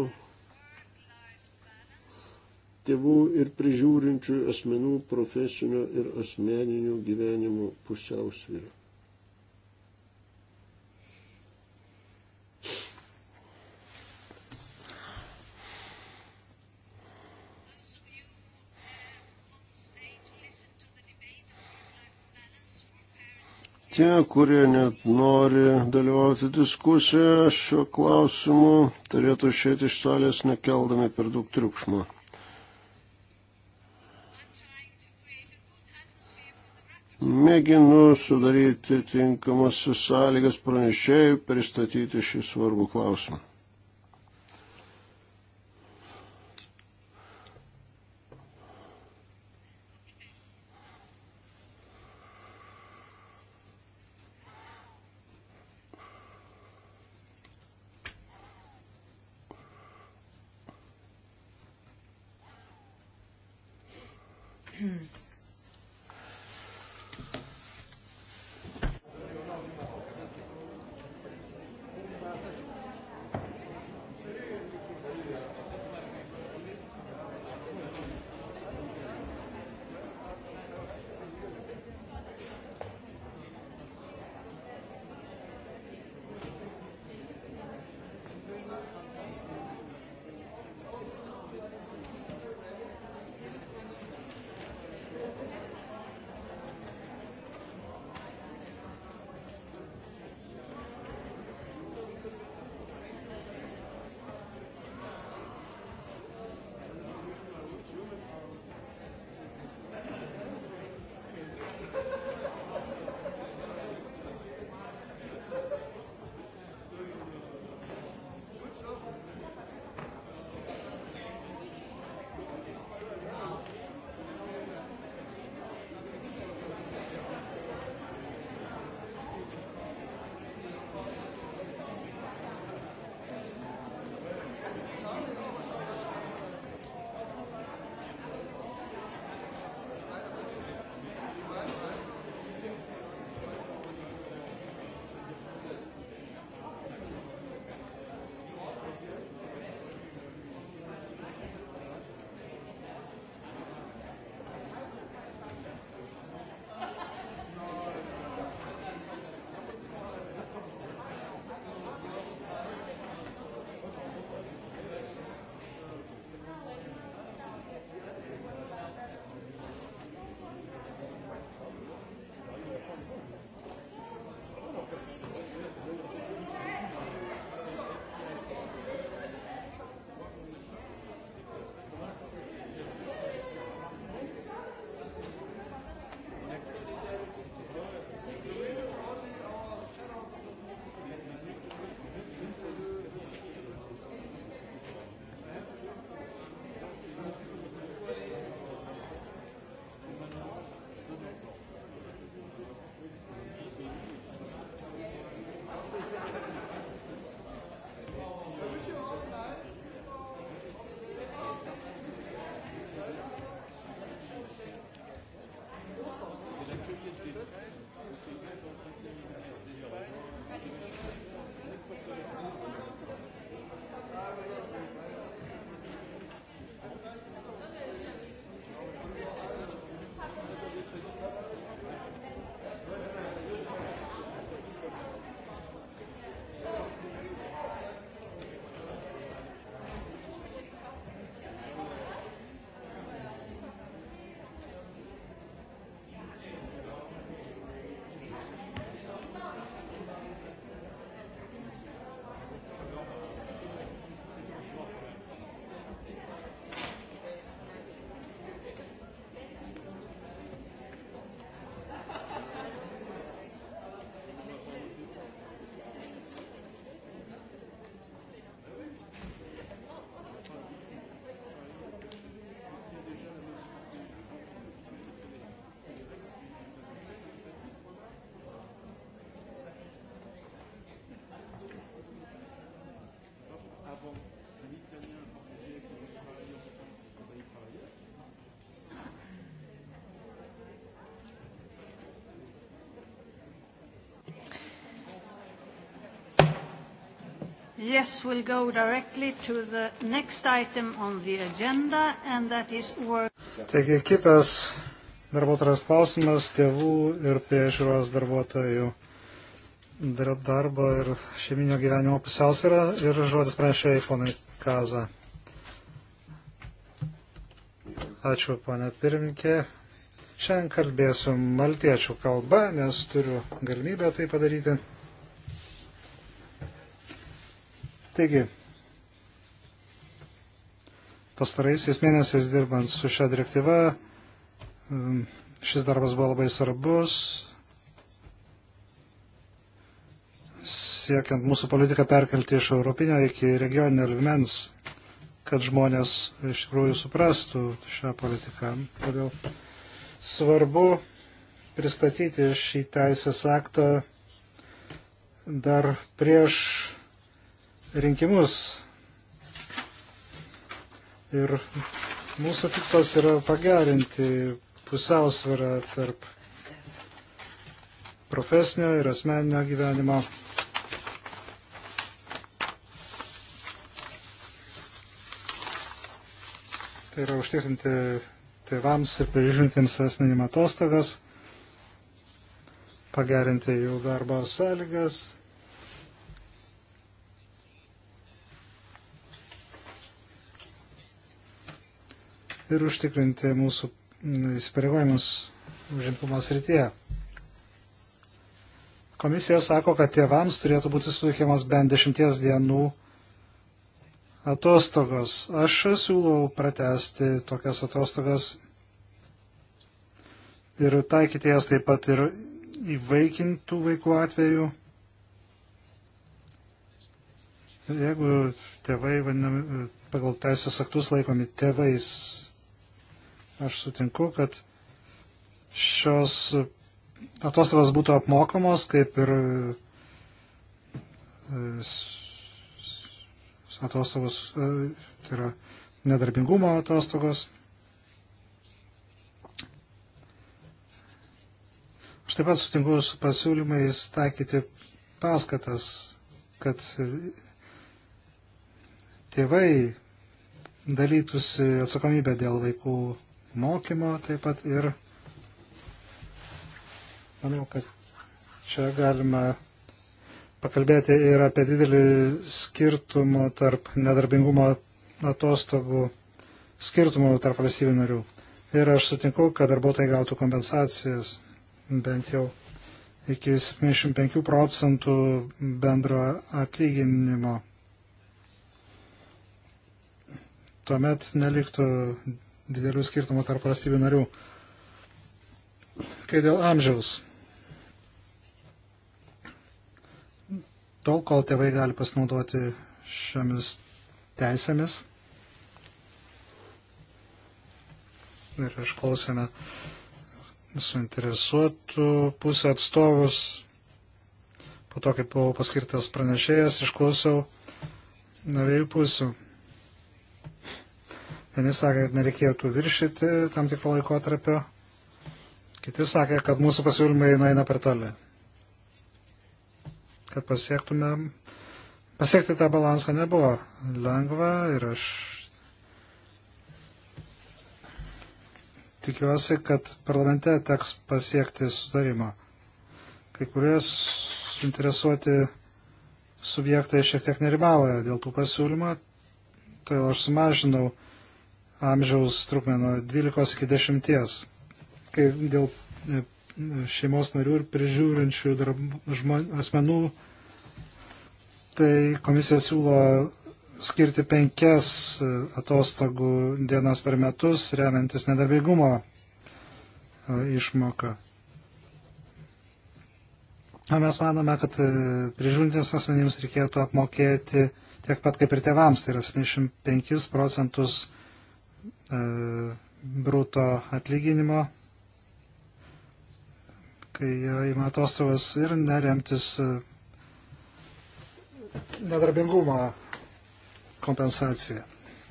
Tėvų ir prižiūrinčių asmenų profesinio ir asmeninio gyvenimo pusiausvyrą. tie, kurie net nori dalyvauti diskusijoje šiuo klausimu, turėtų išėti iš salės nekeldami per daug triukšmo. Mėginu sudaryti tinkamas sąlygas pranešėjų pristatyti šį svarbų klausimą. Yes, we'll go directly to the next item on the agenda, and that is work. Taigi kitas darbuotojas klausimas - tėvų ir priežiūros darbuotojų darbo ir šeiminio gyvenimo pusiausvyrą ir žodis pranešėjai ponai Kaza. Ačiū, ponė pirmininkė. Šiandien kalbėsiu maltiečių kalba, nes turiu galimybę tai padaryti. Taigi, pastaraisiais mėnesiais dirbant su šią direktyvą, um, šis darbas buvo labai svarbus, siekiant mūsų politiką perkelti iš europinio iki regioninio lygmens, kad žmonės iš tikrųjų suprastų šią politiką. Todėl svarbu pristatyti šį teisės aktą dar prieš rinkimus. Ir mūsų tikslas yra pagerinti pusiausvyrą tarp profesinio ir asmeninio gyvenimo. Tai yra užtikrinti tėvams ir prižiūrintiems asmenim atostogas, pagerinti jų darbo sąlygas ir užtikrinti mūsų mm, įsipareigojimus užimtumo srityje. Komisija sako, kad tėvams turėtų būti suteikiamas bent dešimties dienų atostogos. Aš siūlau pratesti tokias atostogas ir taikyti jas taip pat ir įvaikintų vaikų atveju. Jeigu tėvai vadinami, pagal teisės aktus laikomi tėvais, Aš sutinku, kad šios atostogos būtų apmokamos, kaip ir e, atostogos, e, tai yra nedarbingumo atostogos. Aš taip pat sutinku su pasiūlymais taikyti paskatas, kad tėvai dalytųsi atsakomybę dėl vaikų mokymo taip pat ir manau, kad čia galima pakalbėti ir apie didelį skirtumą tarp nedarbingumo atostogų, skirtumų tarp valstybių narių. Ir aš sutinku, kad darbuotojai gautų kompensacijas bent jau iki 75 procentų bendro atlyginimo. Tuomet neliktų didelių skirtumų tarp valstybių narių. Kai dėl amžiaus. Tol, kol tėvai gali pasinaudoti šiomis teisėmis. Ir išklausėme suinteresuotų pusę atstovus. Po to, kaip buvau paskirtas pranešėjas, išklausiau abiejų pusių. Vieni sakė, kad nereikėtų viršyti tam tikro laikotarpio, kiti sakė, kad mūsų pasiūlymai nueina per toli. Kad pasiektume, pasiekti tą balansą nebuvo lengva ir aš tikiuosi, kad parlamente teks pasiekti sutarimą. Kai kurie suinteresuoti subjektai šiek tiek nerimavoja dėl tų pasiūlymų, todėl tai aš sumažinau amžiaus trukmę nuo 12 iki 10, kai dėl e, šeimos narių ir prižiūrinčių žmon, asmenų, tai komisija siūlo skirti penkias e, atostogų dienas per metus, remiantis nedarbingumo e, išmoką. O mes manome, kad prižiūrintiems asmenims reikėtų apmokėti tiek pat kaip ir tėvams, tai yra 75 procentus E, bruto atlyginimo, kai ima atostogos ir neremtis e, nedarbingumo kompensacija.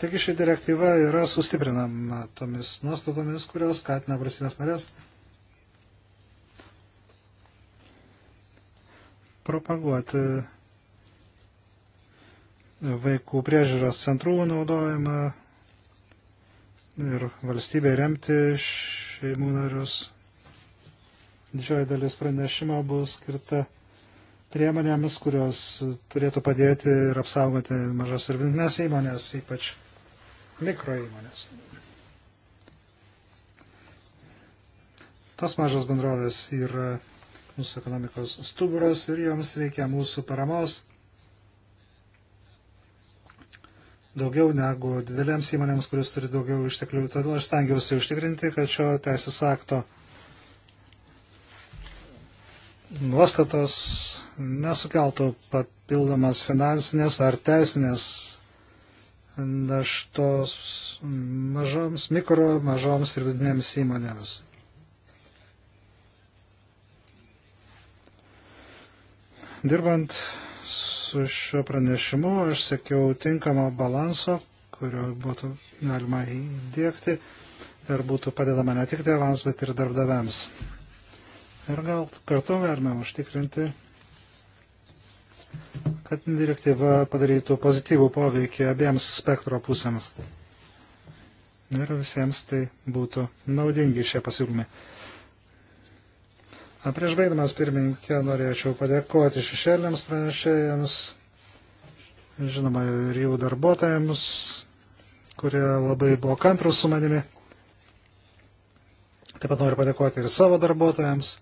Taigi ši direktyva yra sustiprinama tomis nuostatomis, kurios skatina valstybės narės propaguoti vaikų priežiūros centrų naudojimą ir valstybė remti šeimų narius. Didžioji dalis pranešimo bus skirta priemonėmis, kurios turėtų padėti ir apsaugoti mažas ir vidutinės įmonės, ypač mikro įmonės. Tos mažos bendrovės yra mūsų ekonomikos stuburas ir joms reikia mūsų paramos daugiau negu didelėms įmonėms, kuris turi daugiau išteklių. Todėl aš stengiausi užtikrinti, kad šio teisės akto nuostatos nesukeltų papildomas finansinės ar teisinės naštos mažoms, mikro, mažoms ir vidinėms įmonėms. Dirbant su su šiuo pranešimu aš sėkiau tinkamo balanso, kurio būtų galima įdėkti ir būtų padedama ne tik tėvams, bet ir darbdaviams. Ir gal kartu galime užtikrinti, kad direktyva padarytų pozityvų poveikį abiems spektro pusėms. Ir visiems tai būtų naudingi šie pasiūlymai. Prieš baigdamas pirmininkę norėčiau padėkoti šešėliams pranešėjams, žinoma, ir jų darbuotojams, kurie labai buvo kantrus su manimi. Taip pat noriu padėkoti ir savo darbuotojams.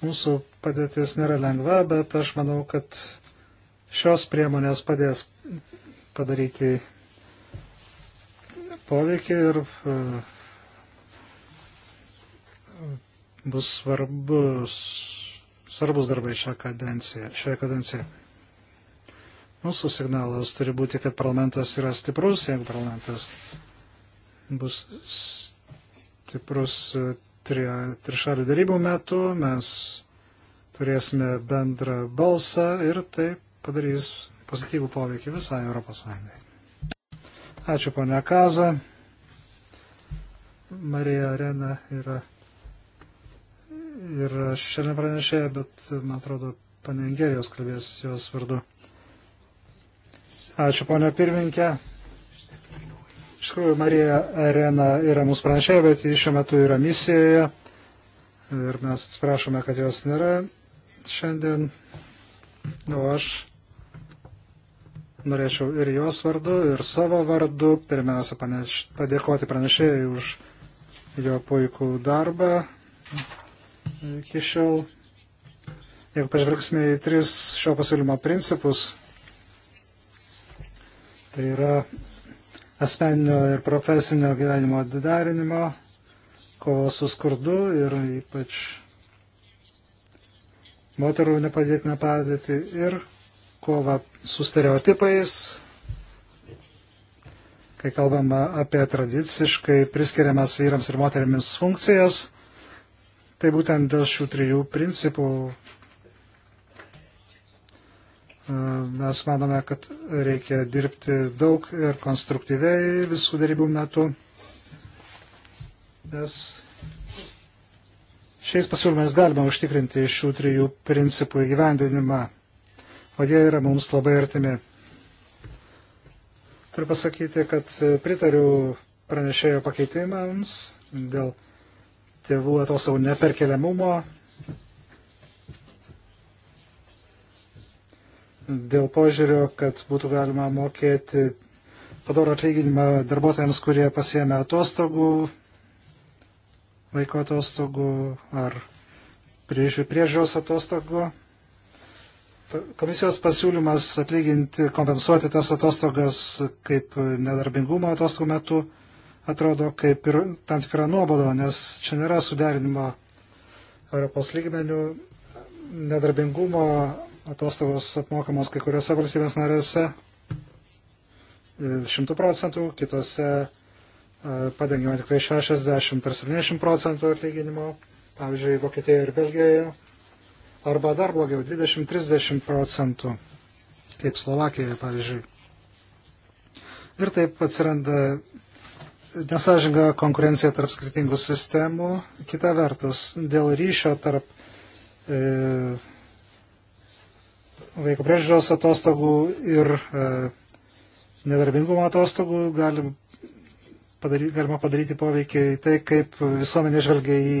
Mūsų padėtis nėra lengva, bet aš manau, kad šios priemonės padės padaryti poveikį ir uh, bus svarbus, svarbus darbai šią kadenciją, šioje kadencijoje. Mūsų signalas turi būti, kad parlamentas yra stiprus, jeigu parlamentas bus stiprus trišalių darybų metu, mes turėsime bendrą balsą ir tai padarys pozityvų poveikį visai Europos Sąjungai. Ačiū, ponia Kaza. Marija Arena yra ir šiandien pranešė, bet man atrodo, panengerijos kalbės jos vardu. Ačiū, ponia pirmininkė. Iš tikrųjų, Marija Arena yra mūsų pranešėja, bet ji šiuo metu yra misijoje. Ir mes atsiprašome, kad jos nėra šiandien. O aš norėčiau ir jos vardu, ir savo vardu pirmiausia paneš, padėkoti pranešėjai už jo puikų darbą iki šiol. Jeigu pažvelgsime į tris šio pasiūlymo principus, tai yra asmeninio ir profesinio gyvenimo darinimo, kovo su skurdu ir ypač moterų nepadėtinę padėtį ir kova su stereotipais, kai kalbama apie tradiciškai priskiriamas vyrams ir moteriams funkcijas Tai būtent dėl šių trijų principų e, mes manome, kad reikia dirbti daug ir konstruktyviai visų darybų metu, nes šiais pasiūlymais galima užtikrinti šių trijų principų įgyvendinimą, o jie yra mums labai artimi. Turiu pasakyti, kad pritariu pranešėjo pakeitimams dėl tėvų atostogų neperkeliamumo. Dėl požiūrio, kad būtų galima mokėti padorą atlyginimą darbuotojams, kurie pasiemė atostogų, laiko atostogų ar priežiūros atostogų. Komisijos pasiūlymas atlyginti, kompensuoti tas atostogas kaip nedarbingumo atostogų metu atrodo kaip ir tam tikra nuoboda, nes čia nėra suderinimo Europos lygmenių nedarbingumo atostogos apmokamos kai kuriuose valstybės narėse 100 e, procentų, kitose e, padengiama tik tai 60 ar 70 procentų atlyginimo, pavyzdžiui, Vokietijoje ir Belgijoje, arba dar blogiau 20-30 procentų, kaip Slovakijoje, pavyzdžiui. Ir taip atsiranda nesažinga konkurencija tarp skirtingų sistemų. Kita vertus, dėl ryšio tarp e, vaiko priežiūros atostogų ir e, nedarbingumo atostogų gali padary, galima padaryti poveikį į tai, kaip visuomenė žvelgia į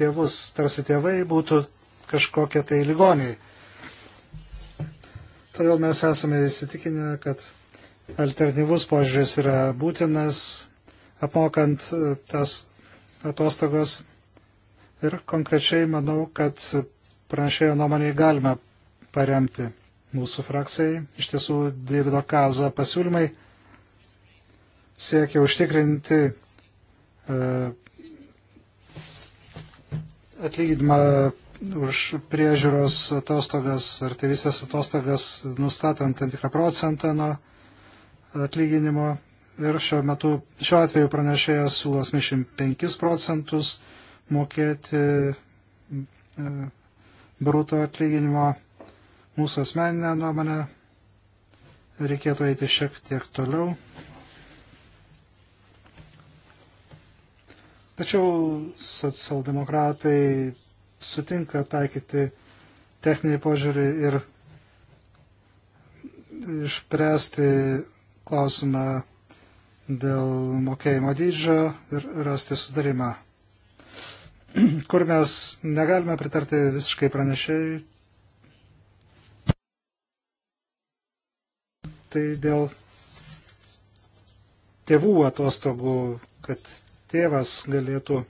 tėvus, tarsi tėvai būtų kažkokie tai ligoniai. Todėl mes esame įsitikinę, kad alternatyvus požiūris yra būtinas apmokant e, tas atostogos. Ir konkrečiai manau, kad pranešėjo nuomonėje galime paremti mūsų frakcijai. Iš tiesų, Davido Kaza pasiūlymai siekia užtikrinti e, atlyginimą už priežiūros atostogas ar tėvystės atostogas, nustatant tam tikrą procentą nuo atlyginimo ir šiuo metu, šiuo atveju pranešėjas siūlo 85 procentus mokėti e, bruto atlyginimo. Mūsų asmeninė nuomonė reikėtų eiti šiek tiek toliau. Tačiau socialdemokratai sutinka taikyti techninį požiūrį ir išpręsti klausimą dėl mokėjimo dydžio ir rasti sudarimą. Kur mes negalime pritarti visiškai pranešėjai, tai dėl tėvų atostogų, kad tėvas galėtų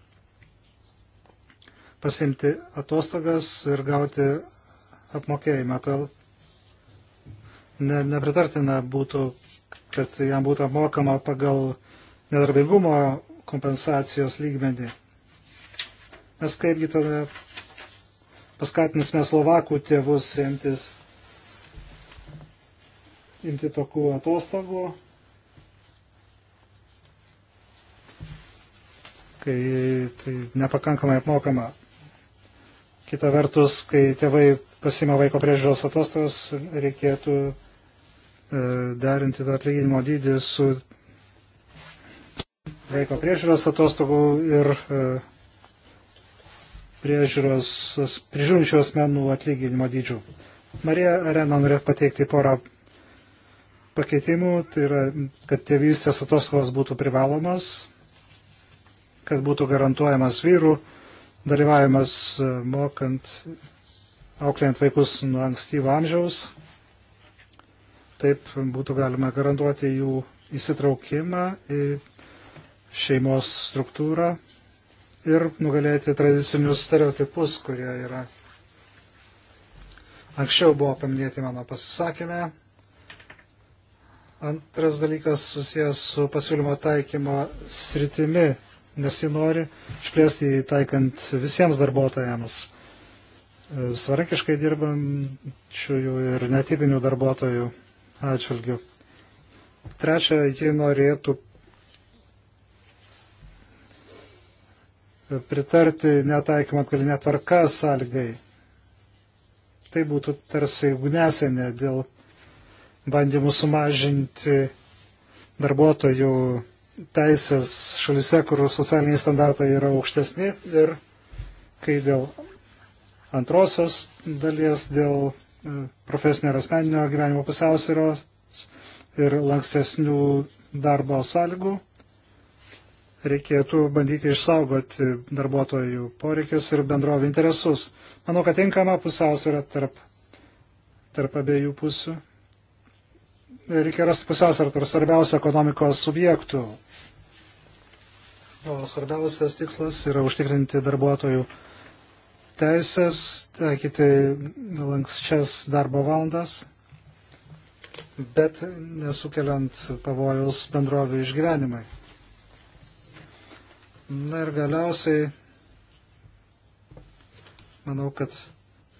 pasimti atostogas ir gauti apmokėjimą. Todėl ne, nepritartina būtų kad jam būtų apmokama pagal nedarbingumo kompensacijos lygmenį. Nes kaipgi tada paskatinsime Slovakų tėvus imtis, imti tokių atostogų, kai tai nepakankamai apmokama. Kita vertus, kai tėvai pasima vaiko priežiūros atostogos, reikėtų E, derinti tą atlyginimo dydį su vaiko priežiūros atostogų ir e, priežiūros, prižiūrinčių asmenų atlyginimo dydžių. Marija Arena norėtų pateikti porą pakeitimų, tai yra, kad tėvystės atostogos būtų privalomas, kad būtų garantuojamas vyrų dalyvavimas e, mokant, auklėjant vaikus nuo ankstyvo amžiaus, Taip būtų galima garantuoti jų įsitraukimą į šeimos struktūrą ir nugalėti tradicinius stereotipus, kurie yra anksčiau buvo paminėti mano pasisakymę. Antras dalykas susijęs su pasiūlymo taikymo sritimi, nes jį nori išplėsti taikant visiems darbuotojams, svarankiškai dirbančiųjų ir netipinių darbuotojų atšvilgių. Trečia, ji norėtų pritarti netaikymą atgalinę tvarką sąlygai. Tai būtų tarsi ugnesenė dėl bandymų sumažinti darbuotojų teisės šalise, kur socialiniai standartai yra aukštesni ir kai dėl antrosios dalies, dėl profesinio ir asmeninio gyvenimo pusiausvėros ir lankstesnių darbo sąlygų. Reikėtų bandyti išsaugoti darbuotojų poreikius ir bendrovų interesus. Manau, kad tinkama pusiausvėra tarp, tarp abiejų pusių. Reikia rasti pusiausvėrą tarp svarbiausių ekonomikos subjektų. O svarbiausias tikslas yra užtikrinti darbuotojų teisės, taikyti lankščias darbo valandas, bet nesukeliant pavojaus bendrovių išgyvenimai. Na ir galiausiai, manau, kad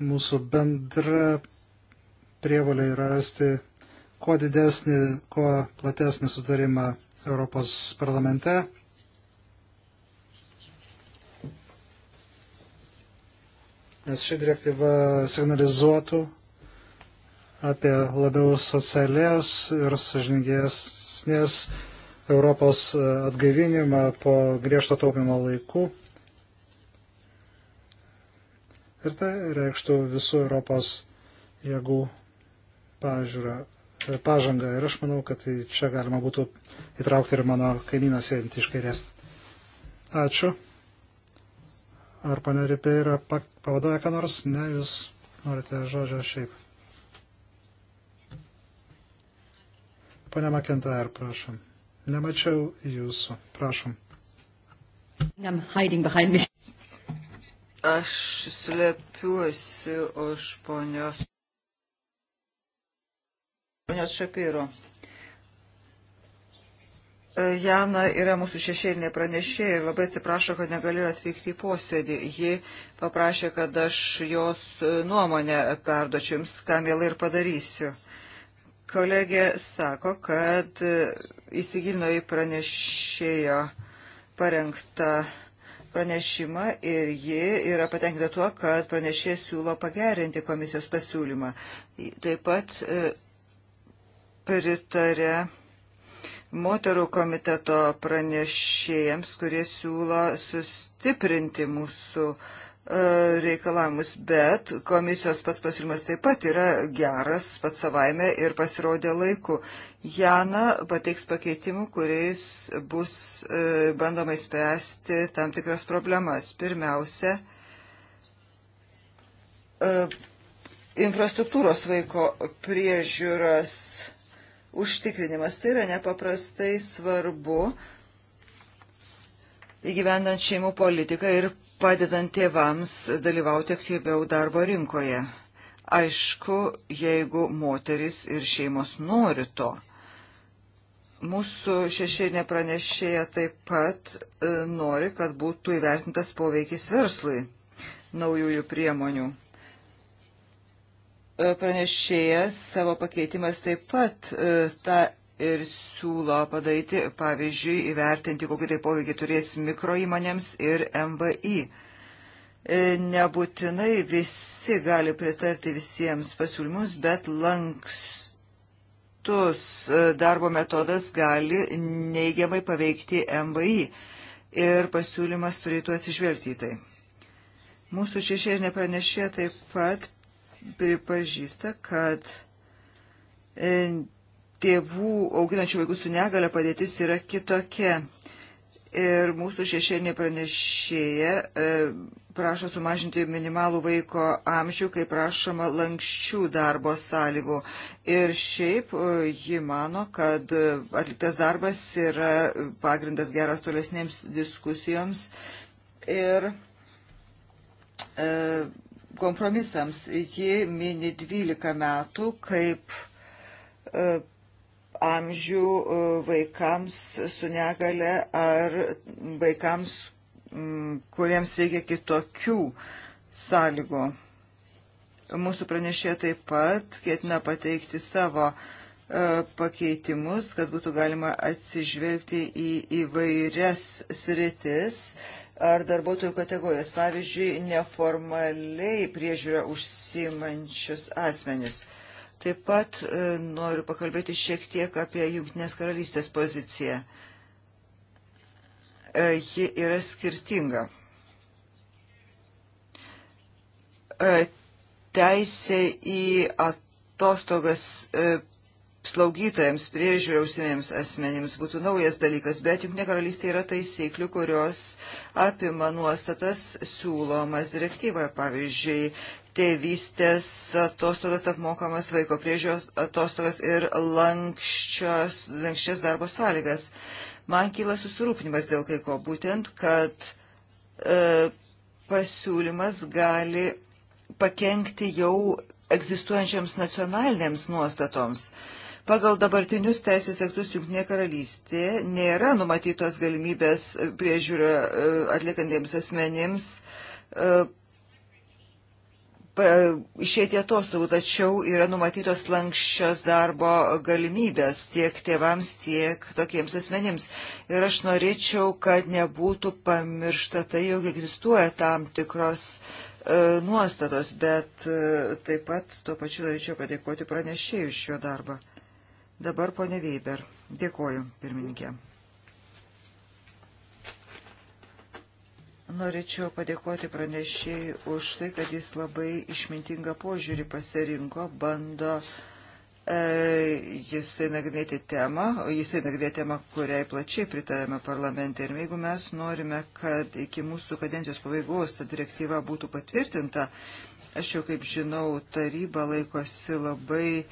mūsų bendra prievalė yra rasti kuo didesnį, kuo platesnį sutarimą Europos parlamente nes ši direktyva signalizuotų apie labiau socialės ir sažingesnės Europos atgaivinimą po griežto taupimo laikų. Ir tai reikštų visų Europos jėgų pažiūrą, pažangą. Ir aš manau, kad tai čia galima būtų įtraukti ir mano kaimyną sėdinti iš kairės. Ačiū. Ar pane Ripeira pavaduoja ką nors? Ne, jūs norite žodžio šiaip. Pane Makintair, prašom. Nemačiau jūsų. Prašom. Aš slepiuosi už ponios. Ponios Šapyro. E, Jana yra mūsų šešėlinė pranešė ir labai atsiprašo, kad negalėjo atvykti į posėdį. Ji paprašė, kad aš jos e, nuomonę perdočiu jums, ką mielai ir padarysiu. Kolegė sako, kad e, įsigilino į pranešėjo parengtą pranešimą ir ji yra patenkinta tuo, kad pranešė siūlo pagerinti komisijos pasiūlymą. Taip pat pritarė moterų komiteto pranešėjams, kurie siūlo sustiprinti mūsų e, reikalavimus, bet komisijos pats pasiūlymas taip pat yra geras pats savaime ir pasirodė laiku. Jana pateiks pakeitimų, kuriais bus e, bandoma įspręsti tam tikras problemas. Pirmiausia, e, infrastruktūros vaiko priežiūros užtikrinimas. Tai yra nepaprastai svarbu įgyvendant šeimų politiką ir padedant tėvams dalyvauti aktyviau darbo rinkoje. Aišku, jeigu moteris ir šeimos nori to. Mūsų šešėlinė pranešėja taip pat e, nori, kad būtų įvertintas poveikis verslui naujųjų priemonių. E, pranešėjas savo pakeitimas taip pat e, tą ir siūlo padaryti, pavyzdžiui, įvertinti, kokį tai poveikį turės mikroįmonėms ir MBI. E, nebūtinai visi gali pritarti visiems pasiūlymus, bet lankstus darbo metodas gali neigiamai paveikti MBI ir pasiūlymas turėtų atsižvelgti į tai. Mūsų šešėlinė pranešė taip pat pripažįsta, kad e, tėvų auginančių vaikų su negale padėtis yra kitokia. Ir mūsų šešėlinė pranešėja e, prašo sumažinti minimalų vaiko amžių, kai prašoma lankščių darbo sąlygų. Ir šiaip e, ji mano, kad atliktas darbas yra pagrindas geras tolesnėms diskusijoms. Ir e, kompromisams. Ji mini 12 metų kaip e, amžių e, vaikams su negale ar vaikams, kuriems reikia kitokių sąlygų. Mūsų pranešė taip pat ketina pateikti savo e, pakeitimus, kad būtų galima atsižvelgti į įvairias sritis ar darbuotojų kategorijas, pavyzdžiui, neformaliai priežiūrą užsimančius asmenis. Taip pat e, noriu pakalbėti šiek tiek apie Junktinės karalystės poziciją. E, ji yra skirtinga. E, teisė į atostogas e, slaugytojams, priežiūriausimiems asmenims būtų naujas dalykas, bet juk nekaralystė yra taisyklių, kurios apima nuostatas siūlomas direktyvoje. Pavyzdžiui, tėvystės atostogas apmokamas vaiko priežiūros atostogas ir lankščios, lankščias darbo sąlygas. Man kyla susirūpinimas dėl kai ko, būtent, kad e, pasiūlymas gali pakenkti jau egzistuojančiams nacionalinėms nuostatoms. E, Pagal dabartinius teisės aktus Junktinė karalystė nėra numatytos galimybės priežiūrą e, atliekantiems asmenims e, išėti atostogų, tačiau yra numatytos lankščios darbo galimybės tiek tėvams, tiek tokiems asmenims. Ir aš norėčiau, kad nebūtų pamiršta tai, jog egzistuoja tam tikros e, nuostatos, bet e, taip pat tuo pačiu norėčiau padėkoti pranešėjus šio darbą. Dabar ponė Weber. Dėkoju, pirmininkė. Norėčiau padėkoti pranešėjai už tai, kad jis labai išmintingą požiūrį pasirinko, bando e, jisai nagrinėti temą, o jisai nagrinėti temą, kuriai plačiai pritarėme parlamente. Ir jeigu mes norime, kad iki mūsų kadencijos pabaigos ta direktyva būtų patvirtinta, aš jau kaip žinau, taryba laikosi labai e,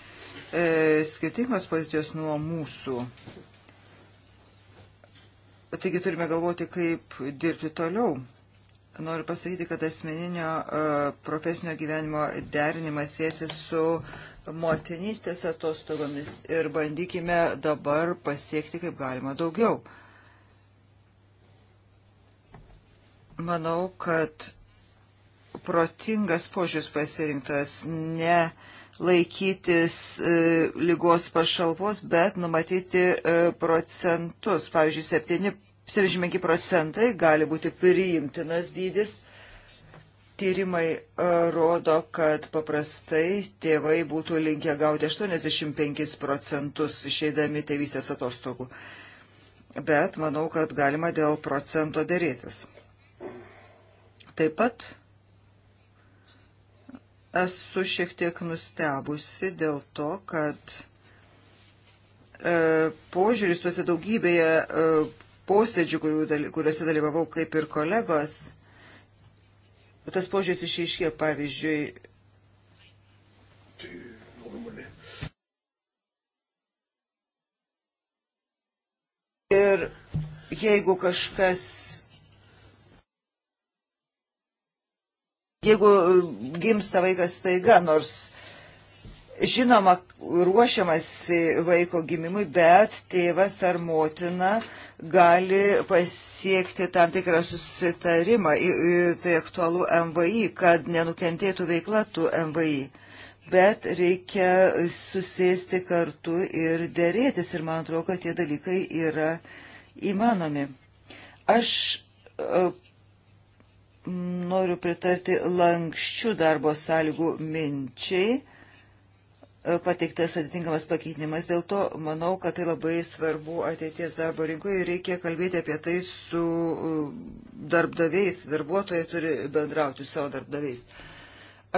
e, skirtingos pozicijos nuo mūsų. Taigi turime galvoti, kaip dirbti toliau. Noriu pasakyti, kad asmeninio e, profesinio gyvenimo derinimas jėsi su motinystės atostogomis ir bandykime dabar pasiekti kaip galima daugiau. Manau, kad protingas požiūris pasirinktas ne laikytis e, lygos pašalpos, bet numatyti e, procentus. Pavyzdžiui, 7, 75 procentai gali būti priimtinas dydis. Tyrimai e, rodo, kad paprastai tėvai būtų linkę gauti 85 procentus išeidami tėvystės atostogų. Bet manau, kad galima dėl procento dėrėtis. Taip pat esu šiek tiek nustebusi dėl to, kad e, požiūris tuose daugybėje e, posėdžių, kuriuose dalyvavau kaip ir kolegos, tas požiūris išaiškė, pavyzdžiui, Ir jeigu kažkas jeigu e, gimsta vaikas staiga, nors žinoma ruošiamasi vaiko gimimui, bet tėvas ar motina gali pasiekti tam tikrą susitarimą, tai aktualu MVI, kad nenukentėtų veikla tų MVI. Bet reikia susėsti kartu ir dėrėtis ir man atrodo, kad tie dalykai yra įmanomi. Aš e, noriu pritarti lankščių darbo sąlygų minčiai. E, pateiktas atitinkamas pakeitimas, dėl to manau, kad tai labai svarbu ateities darbo rinkoje ir reikia kalbėti apie tai su e, darbdaviais, darbuotojai turi bendrauti su savo darbdaviais.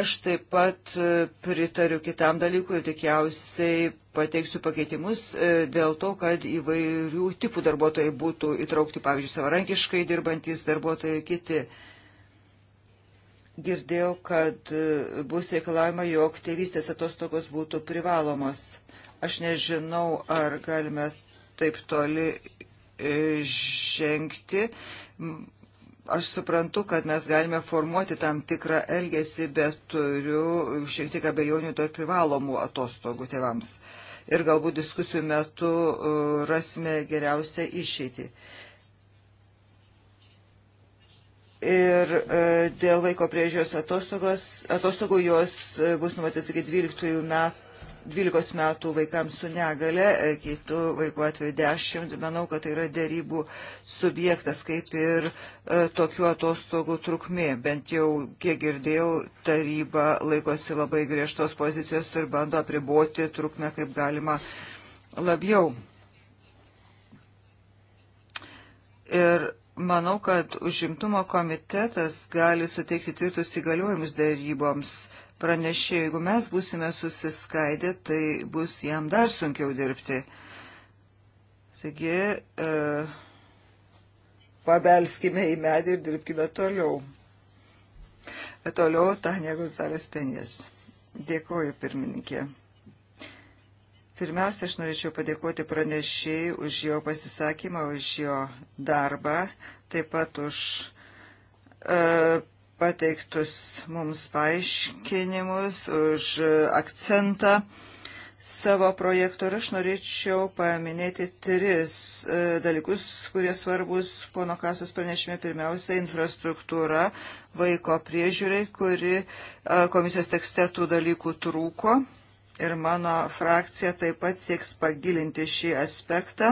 Aš taip pat e, pritariu kitam dalykui ir tikiausiai pateiksiu pakeitimus dėl to, kad įvairių tipų darbuotojai būtų įtraukti, pavyzdžiui, savarankiškai dirbantis darbuotojai, kiti darbuotojai girdėjau, kad e, bus reikalavima, jog tėvystės atostogos būtų privalomos. Aš nežinau, ar galime taip toli e, žengti. Aš suprantu, kad mes galime formuoti tam tikrą elgesį, bet turiu šiek tiek abejonių tarp privalomų atostogų tėvams. Ir galbūt diskusijų metu e, rasime geriausią išeitį ir e, dėl vaiko priežiūros atostogų jos e, bus numatytas iki 12 metų. 12 metų vaikams su negale, e, kitų vaikų atveju 10. Manau, kad tai yra dėrybų subjektas, kaip ir e, tokių atostogų trukmė. Bent jau, kiek girdėjau, taryba laikosi labai griežtos pozicijos ir bando apriboti trukmę kaip galima labiau. Ir Manau, kad užimtumo komitetas gali suteikti tvirtus įgaliojimus daryboms pranešė, jeigu mes būsime susiskaidę, tai bus jam dar sunkiau dirbti. Taigi, e, pabelskime į medį ir dirbkime toliau. E, toliau Tanja Gonzalės Penės. Dėkoju, pirmininkė. Pirmiausia, aš norėčiau padėkoti pranešėjai už jo pasisakymą, už jo darbą, taip pat už e, pateiktus mums paaiškinimus, už e, akcentą savo projektų. Ir aš norėčiau paminėti tris e, dalykus, kurie svarbus pono Kasos pranešime. Pirmiausia, infrastruktūra vaiko priežiūrai, kuri e, komisijos tekste tų dalykų trūko ir mano frakcija taip pat sieks pagilinti šį aspektą,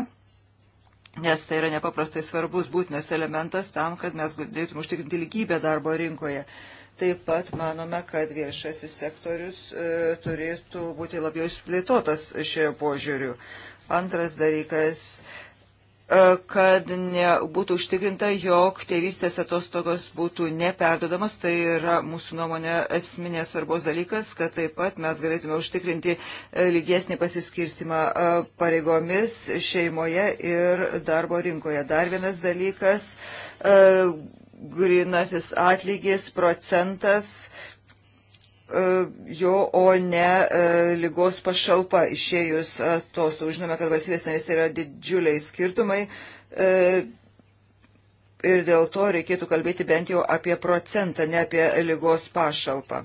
nes tai yra nepaprastai svarbus būtinas elementas tam, kad mes galėtume užtikrinti lygybę darbo rinkoje. Taip pat manome, kad viešasis sektorius e, turėtų būti labiau išplėtotas šioje požiūriu. Antras dalykas E, kad būtų užtikrinta, jog tėvystės atostogos būtų neperdodamas. Tai yra mūsų nuomonė esminės svarbos dalykas, kad taip pat mes galėtume užtikrinti e, lygesnį pasiskirstimą e, pareigomis šeimoje ir darbo rinkoje. Dar vienas dalykas - grinasis atlygis, procentas E, jo, o ne e, lygos pašalpa išėjus e, tos. Žinome, kad valstybės narys yra didžiuliai skirtumai ir dėl to reikėtų kalbėti bent jau apie procentą, ne apie lygos pašalpą.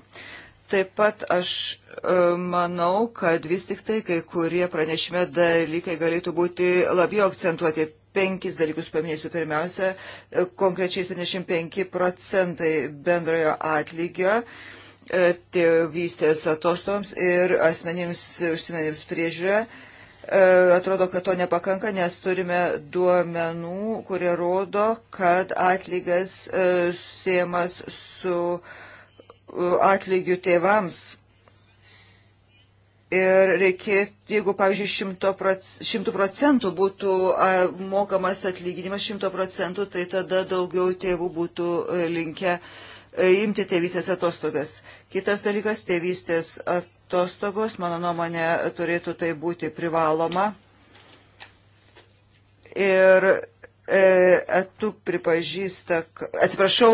Taip pat aš manau, kad vis tik tai kai kurie pranešime dalykai galėtų būti labiau akcentuoti. Penkis dalykus paminėsiu. Pirmiausia, konkrečiai 75 procentai bendrojo atlygio. E, E, tėvystės atostoms ir asmenims užsimenims priežiūrę. E, atrodo, kad to nepakanka, nes turime duomenų, kurie rodo, kad atlygas e, siemas su atlygiu tėvams. Ir reikėtų, jeigu, pavyzdžiui, šimtų procentų būtų mokamas atlyginimas šimtų procentų, tai tada daugiau tėvų būtų linkę uh, E, imti tėvystės atostogas. Kitas dalykas - tėvystės atostogos, mano nuomonė, turėtų tai būti privaloma. Ir e, tu pripažįsta, atsiprašau,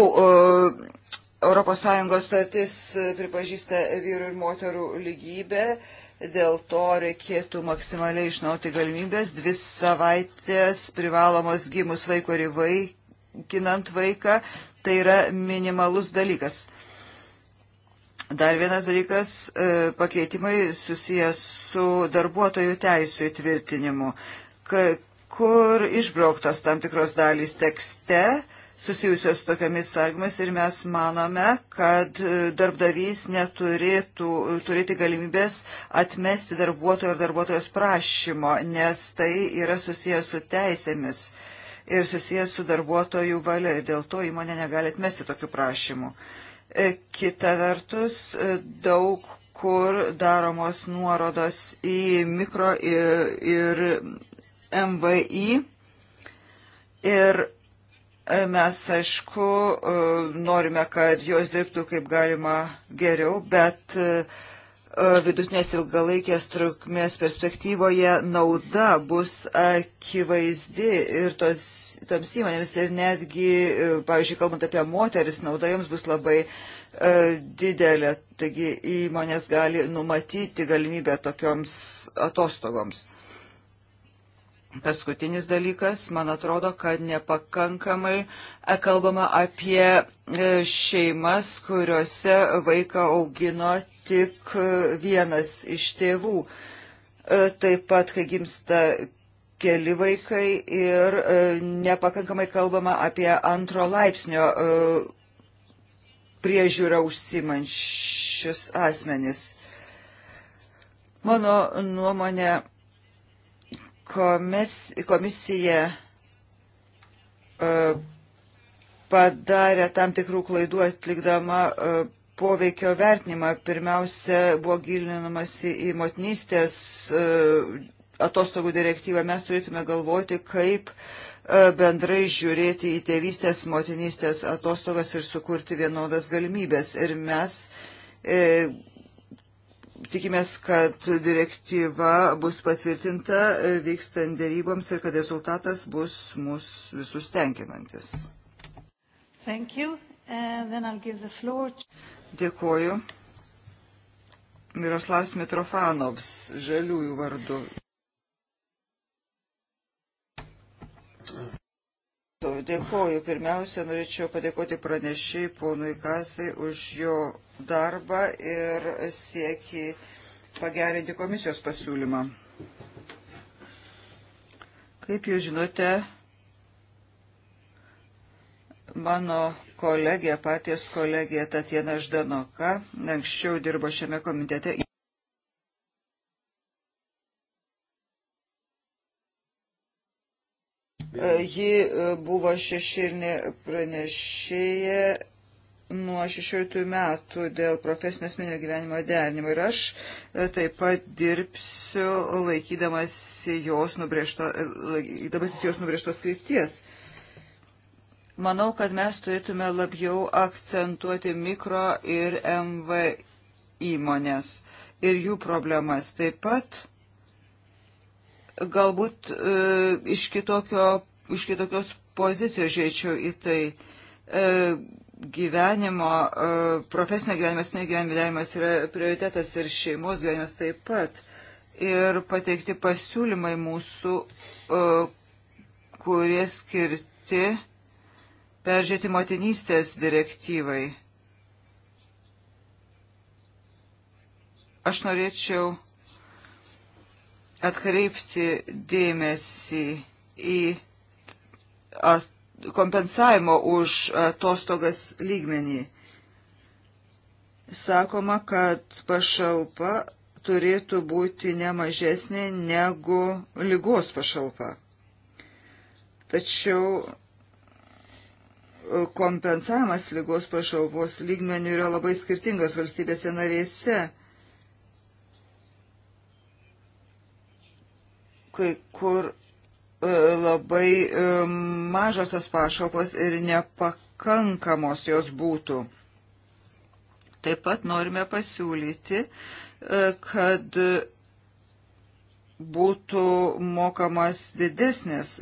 ES statis pripažįsta vyrų ir moterų lygybę, dėl to reikėtų maksimaliai išnauti galimybės, dvi savaitės privalomos gimus vaiko ir įvaikinant vaiką, tai yra minimalus dalykas. Dar vienas dalykas e, - pakeitimai susijęs su darbuotojų teisų įtvirtinimu, kur išbrauktos tam tikros dalys tekste susijusios su tokiamis sąlygomis ir mes manome, kad e, darbdavys neturėtų turėti galimybės atmesti darbuotojo ir darbuotojos prašymo, nes tai yra susijęs su teisėmis. Uh, ir susijęs su darbuotojų valia. Dėl to įmonė negali atmesti tokių prašymų. E, kita vertus, e, daug kur daromos nuorodos į mikro ir, ir MVI. E, ir mes, aišku, norime, kad jos dirbtų kaip galima geriau, bet uh, E, vidutinės ilgalaikės trukmės perspektyvoje nauda bus akivaizdi ir tos, toms įmonėms ir netgi, e, pavyzdžiui, kalbant apie moteris, nauda joms bus labai uh, didelė. Taigi įmonės gali numatyti galimybę tokioms atostogoms. Paskutinis dalykas, man atrodo, kad nepakankamai e, kalbama apie e, šeimas, kuriuose vaiką augino tik e, vienas iš tėvų. Taip pat, kai gimsta keli vaikai ir nepakankamai kalbama apie antro laipsnio priežiūrą užsimančius asmenis. Mano nuomonė, Komis, komisija e, padarė tam tikrų klaidų atlikdama e, poveikio vertinimą. Pirmiausia, buvo gilinamasi į motinystės e, atostogų direktyvą. Mes turėtume galvoti, kaip bendrai žiūrėti į tėvystės, motinystės atostogas ir sukurti vienodas galimybės. Ir mes Tikimės, kad direktyva bus patvirtinta vykstant dėryboms ir kad rezultatas bus mus visus tenkinantis. Uh, Dėkuoju. Miroslavs Mitrofanovs, žaliųjų vardu. Dėkoju. Pirmiausia, norėčiau padėkoti pranešiai ponui Kasai už jo darbą ir sieki pagerinti komisijos pasiūlymą. Kaip jūs žinote, mano kolegė, paties kolegė Tatjana Ždanoka, anksčiau dirbo šiame komitete. E, ji e, buvo šeširnė pranešėja nuo 16 metų dėl profesinio asmeninio gyvenimo derinimo ir aš e, taip pat dirbsiu laikydamas jos, nubriežto, laikydamas jos nubriežtos krypties. Manau, kad mes turėtume labiau akcentuoti mikro ir MV įmonės ir jų problemas. Taip pat galbūt e, iš kitokio iš kitokios pozicijos žiūrėčiau į tai. E, gyvenimo, e, profesinio gyvenimas, ne gyvenimas yra prioritetas ir šeimos gyvenimas taip pat. Ir pateikti pasiūlymai mūsų, e, kurie skirti peržiūrėti motinystės direktyvai. Aš norėčiau atkreipti dėmesį į kompensavimo už atostogas lygmenį. Sakoma, kad pašalpa turėtų būti ne mažesnė negu lygos pašalpa. Tačiau e, kompensavimas lygos pašalpos lygmenių yra labai skirtingas valstybėse narėse. Kai kur E, labai e, mažos tos pašalpos ir nepakankamos jos būtų. Taip pat norime pasiūlyti, e, kad būtų mokamas didesnės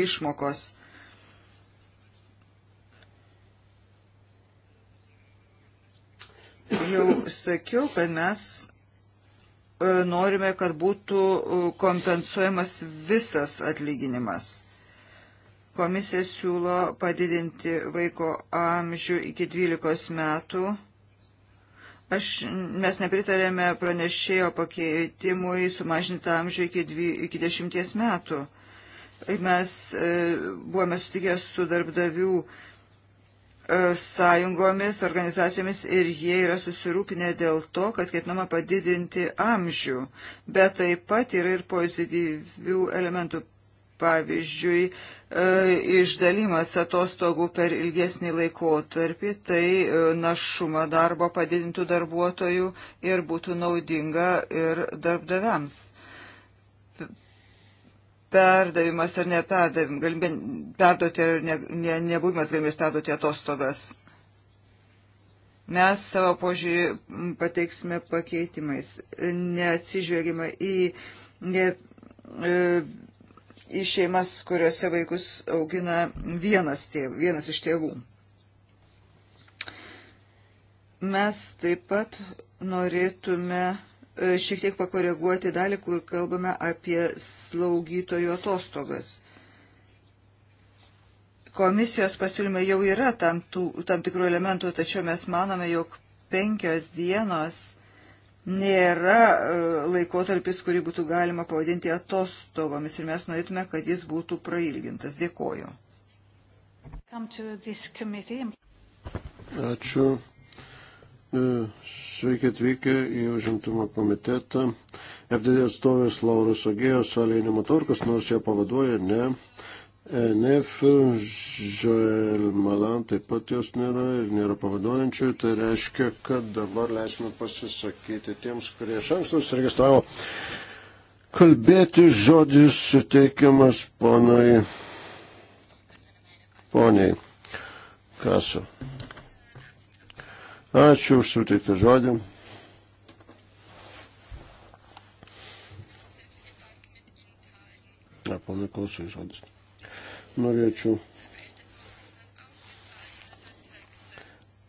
išmokos. Jau sakiau, kad mes E, norime, kad būtų e, kompensuojamas visas atlyginimas. Komisija siūlo padidinti vaiko amžių iki 12 metų. Aš, mes nepritarėme pranešėjo pakeitimui sumažinti amžių iki, dvi, iki 10 metų. Mes e, buvome sutikę su darbdavių e, E, sąjungomis, organizacijomis ir jie yra susirūpinę dėl to, kad ketinama padidinti amžių, bet taip pat yra ir pozityvių elementų. Pavyzdžiui, e, išdalimas atostogų per ilgesnį laikotarpį, tai e, našumą darbo padidintų darbuotojų ir būtų naudinga ir darbdaviams perdavimas ar neperdavimas, galimybė perduoti ar ne, ne, nebuvimas galimybės perduoti atostogas. Mes savo požiūrį pateiksime pakeitimais. Neatsižvelgime į, ne, e, į šeimas, kuriuose vaikus augina vienas, tėv, vienas iš tėvų. Mes taip pat norėtume E, šiek tiek pakoreguoti dalį, kur kalbame apie slaugytojų atostogas. Komisijos pasiūlyme jau yra tam, tų, tam tikrų elementų, tačiau mes manome, jog penkios dienos nėra e, laikotarpis, kurį būtų galima pavadinti atostogomis ir mes norėtume, kad jis būtų prailgintas. Dėkoju. Ačiū E, sveiki atvykę į užimtumo komitetą. FDD atstovės Laurus Agėjos salėje nematau, ar kas nors ją pavaduoja, ne. E NF Joel Malan taip pat jos nėra ir nėra pavaduojančių. Tai reiškia, kad dabar leisime pasisakyti tiems, kurie iš anksto užsiregistravo. Kalbėti žodis suteikiamas ponai, poniai Kasu. Ačiū už suteiktą žodį. Ja, ponai klausai žodis. Norėčiau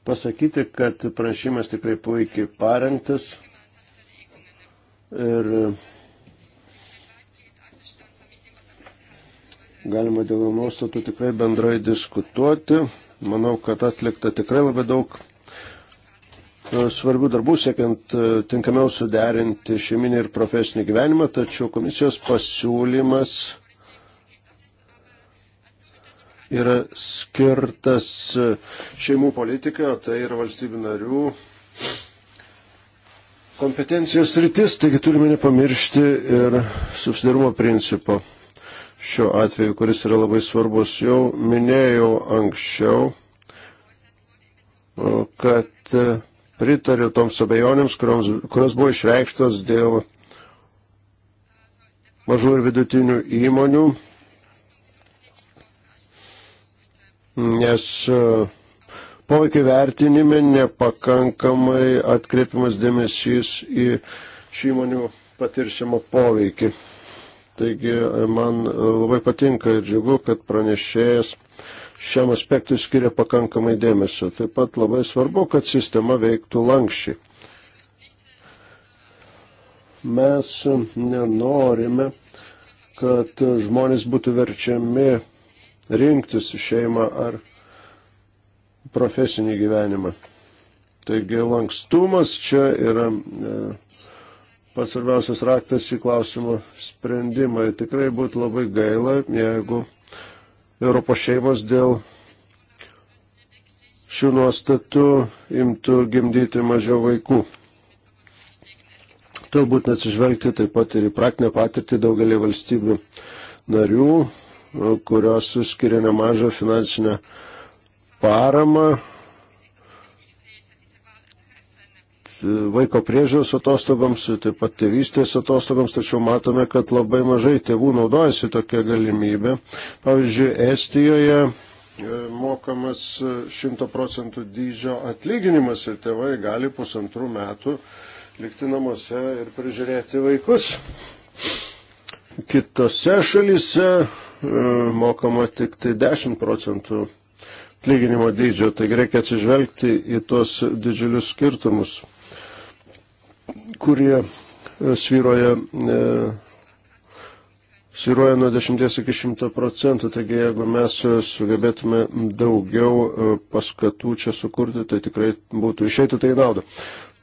pasakyti, kad prašymas tikrai puikiai parengtas ir galima dėl nuostatų tikrai bendrai diskutuoti. Manau, kad atlikta tikrai labai daug svarbių darbų siekiant e, tinkamiau suderinti šeiminį ir profesinį gyvenimą, tačiau komisijos pasiūlymas yra skirtas šeimų politikai, o tai yra valstybių narių kompetencijos rytis, taigi turime nepamiršti ir subsidarumo principo šiuo atveju, kuris yra labai svarbus. Jau minėjau anksčiau, kad pritariu toms abejonėms, kurios, kurios buvo išreikštos dėl mažų ir vidutinių įmonių, nes e, poveikio vertinime nepakankamai atkreipimas dėmesys į šių įmonių patirsimą poveikį. Taigi e, man e, labai patinka ir džiugu, kad pranešėjas šiam aspektui skiria pakankamai dėmesio. Taip pat labai svarbu, kad sistema veiktų lankščiai. Mes nenorime, kad žmonės būtų verčiami rinktis šeimą ar profesinį gyvenimą. Taigi lankstumas čia yra e, pats svarbiausias raktas į klausimo sprendimą. Ir tikrai būtų labai gaila, jeigu Europos šeimos dėl šių nuostatų imtų gimdyti mažiau vaikų. Todėl būtent atsižvelgti taip pat ir į praktinę patirtį daugelį valstybių narių, kurios skiria nemažą finansinę paramą vaiko priežiūros atostogoms, taip pat tėvystės atostogoms, tačiau matome, kad labai mažai tėvų naudojasi tokia galimybė. Pavyzdžiui, Estijoje e, mokamas 100 procentų dydžio atlyginimas ir tėvai gali pusantrų metų likti namuose ir prižiūrėti vaikus. Kitose šalyse e, mokama tik tai 10 procentų atlyginimo dydžio, taigi reikia atsižvelgti į tuos didžiulius skirtumus kurie e, sviroja, e, sviroja nuo 10 iki 100 procentų. Taigi, jeigu mes e, sugebėtume daugiau paskatų čia sukurti, tai tikrai būtų išeitų tai naudą.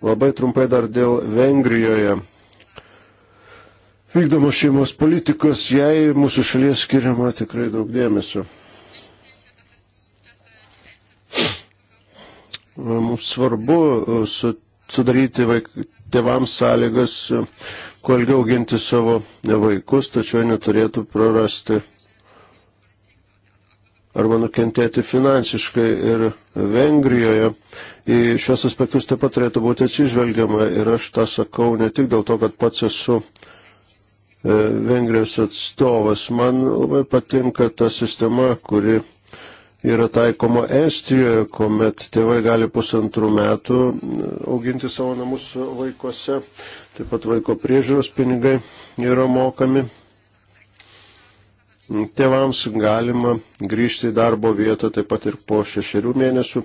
Labai trumpai dar dėl Vengrijoje. Vykdomos šeimos politikos, jai mūsų šalies skiriama tikrai daug dėmesio. Mums svarbu su sudaryti vaik, tėvams sąlygas e, kuo ilgiau ginti savo vaikus, tačiau neturėtų prarasti arba nukentėti finansiškai ir Vengrijoje. Į šios aspektus taip pat turėtų būti atsižvelgiama ir aš tą sakau ne tik dėl to, kad pats esu e, Vengrijos atstovas. Man labai patinka ta sistema, kuri yra taikoma Estijoje, kuomet tėvai gali pusantrų metų auginti savo namus vaikose, taip pat vaiko priežiūros pinigai yra mokami. Tėvams galima grįžti į darbo vietą taip pat ir po šešerių mėnesių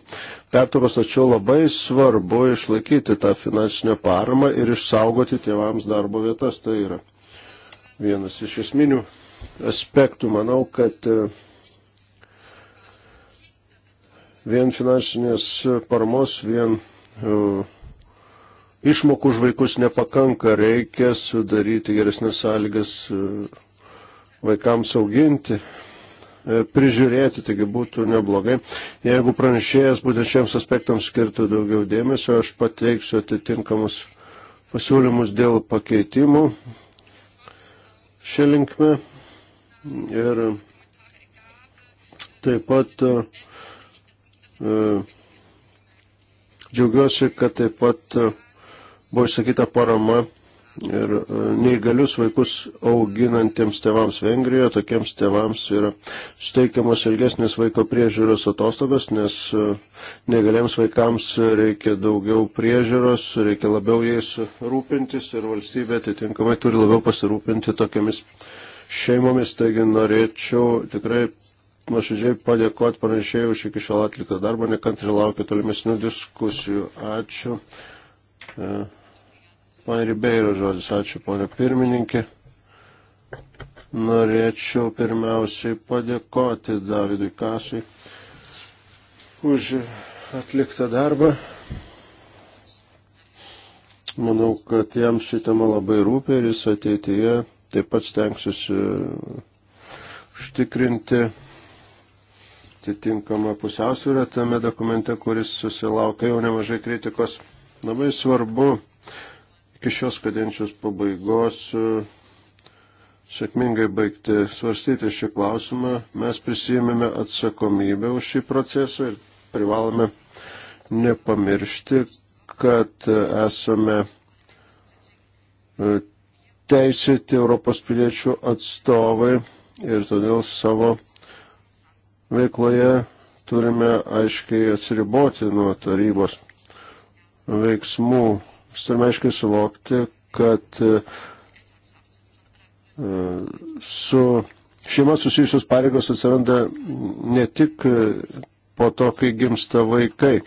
pertūros, tačiau labai svarbu išlaikyti tą finansinę paramą ir išsaugoti tėvams darbo vietas. Tai yra vienas iš esminių aspektų. Manau, kad vien finansinės paramos, vien e, išmokų už vaikus nepakanka, reikia sudaryti geresnės sąlygas e, vaikams auginti, e, prižiūrėti, taigi būtų neblogai. Jeigu pranešėjas būtent šiems aspektams skirtų daugiau dėmesio, aš pateiksiu atitinkamus pasiūlymus dėl pakeitimų šią linkmę. Ir taip pat uh, E, džiaugiuosi, kad taip pat e, buvo išsakyta parama ir e, neįgalius vaikus auginantiems tevams Vengrijoje, tokiems tevams yra suteikiamas ilgesnės vaiko priežiūros atostogas, nes negaliems vaikams reikia daugiau priežiūros, reikia labiau jais rūpintis ir valstybė atitinkamai turi labiau pasirūpinti tokiamis šeimomis. Taigi norėčiau tikrai nuoširdžiai padėkoti pranešėjai už iki šiol atliktą darbą, nekantri laukiu tolimesnių diskusijų. Ačiū. E, Pane Ribeiro žodis, ačiū ponė pirmininkė. Norėčiau pirmiausiai padėkoti Davidui Kasui už atliktą darbą. Manau, kad jam ši tema labai rūpia ir jis ateityje taip pat stengsiuosi užtikrinti atitinkamą pusiausvyrą tame dokumente, kuris susilaukia jau nemažai kritikos. Labai svarbu iki šios kadencijos pabaigos e, sėkmingai baigti svarstyti šį klausimą. Mes prisijėmėme atsakomybę už šį procesą ir privalome nepamiršti, kad esame e, teisėti Europos piliečių atstovai ir todėl savo veikloje turime aiškiai atsiriboti nuo tarybos veiksmų. Mes turime aiškiai suvokti, kad e, su šeima susijusios pareigos atsiranda ne tik po to, kai gimsta vaikai.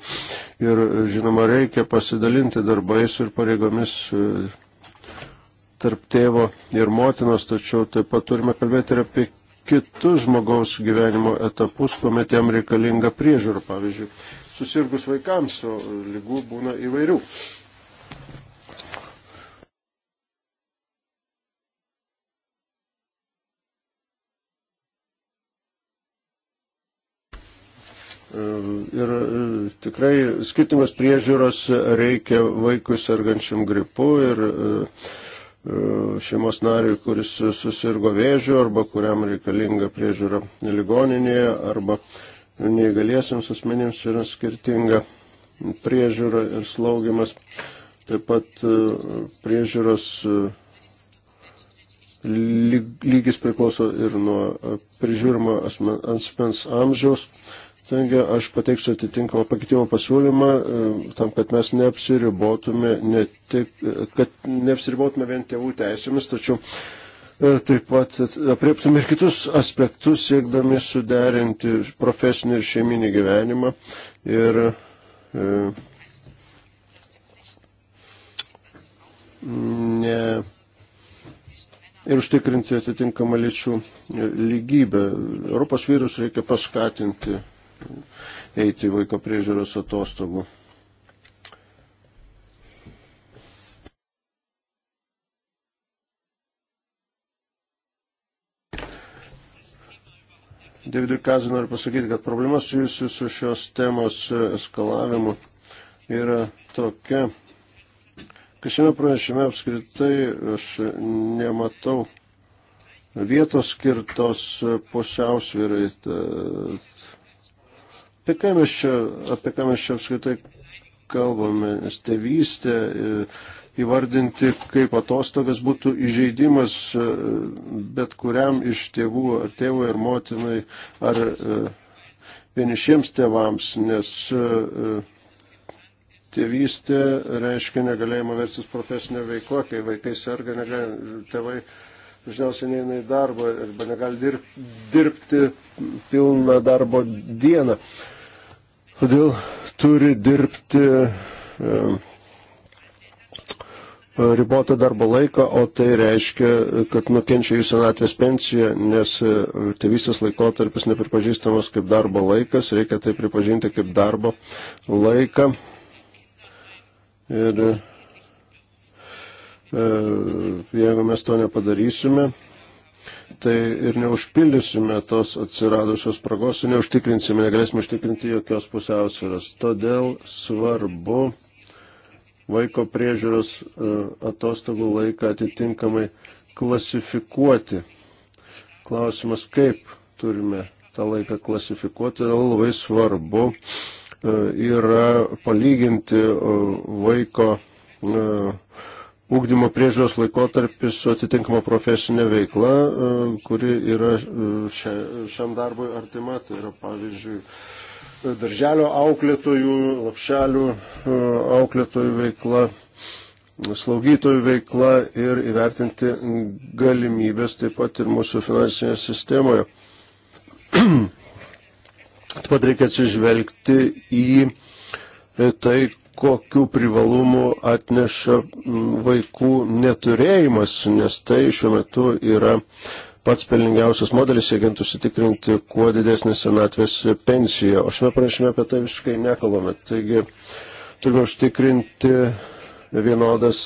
Ir žinoma, reikia pasidalinti darbais ir pareigomis e, tarp tėvo ir motinos, tačiau taip pat turime kalbėti ir apie kitus žmogaus gyvenimo etapus, kuomet jam reikalinga priežiūra, pavyzdžiui, susirgus vaikams, o lygų būna įvairių. Ir e, tikrai skirtingos priežiūros reikia vaikui sergančiam gripu ir uh, E, šeimos nariui, kuris susirgo vėžiu arba kuriam reikalinga priežiūra ligoninėje arba neįgaliesiams asmenims yra skirtinga priežiūra ir slaugimas. Taip pat e, priežiūros e, lygis priklauso ir nuo prižiūrimo asmens amžiaus. Taigi aš pateiksiu atitinkamą pakeitimo pasiūlymą e, tam, kad mes neapsiribotume, ne tik, kad neapsiribotume vien tėvų teisėmis, tačiau e, taip pat apriektume ir kitus aspektus, siekdami suderinti profesinį ir šeiminį gyvenimą. Ir e, ne, ir užtikrinti atitinkamą lyčių lygybę. Europos vyrus reikia paskatinti eiti vaiko priežiūros atostogų. Davidui Kazui noriu pasakyti, kad problema susijusi su šios temos eskalavimu yra tokia, kad šiame pranešime apskritai aš nematau vietos skirtos pusiausvirai Apie ką mes čia, apie ką mes čia apskritai kalbame, nes tėvystė e, įvardinti kaip atostogas būtų įžeidimas e, bet kuriam iš tėvų, ar tėvui, ar motinai, ar e, vienišiems tėvams, nes tėvystė reiškia negalėjimą versis profesinė veikla, kai vaikai serga, negali, tėvai dažniausiai neina į darbą arba negali dirbti pilną darbo dieną. Uh, Todėl turi dirbti ribotą darbo laiką, o tai reiškia, kad nukenčia jų senatvės pensija, nes e, tėvystės laikotarpis nepripažįstamas kaip darbo laikas, reikia tai pripažinti kaip darbo laiką. Ir e, jeigu mes to nepadarysime, tai ir neužpildysime tos atsiradusios spragos, neužtikrinsime, negalėsime užtikrinti jokios pusiausvėros. Todėl svarbu vaiko priežiūros e, atostogų laiką atitinkamai klasifikuoti. Klausimas, kaip turime tą laiką klasifikuoti, todėl labai svarbu e, yra palyginti vaiko e, ūkdymo priežiūros laikotarpis su atitinkama profesinė veikla, e, kuri yra e, šia, šiam darbui artima, tai yra pavyzdžiui e, darželio auklėtojų, lapšelių auklėtojų veikla, slaugytojų veikla ir įvertinti galimybės taip pat ir mūsų finansinėje sistemoje. taip pat reikia atsižvelgti į tai, kokių privalumų atneša vaikų neturėjimas, nes tai šiuo metu yra pats pelningiausias modelis, siekiant užsitikrinti kuo didesnį senatvės pensiją. O šiame pranešime apie tai visiškai nekalbame. Taigi turime užtikrinti vienodas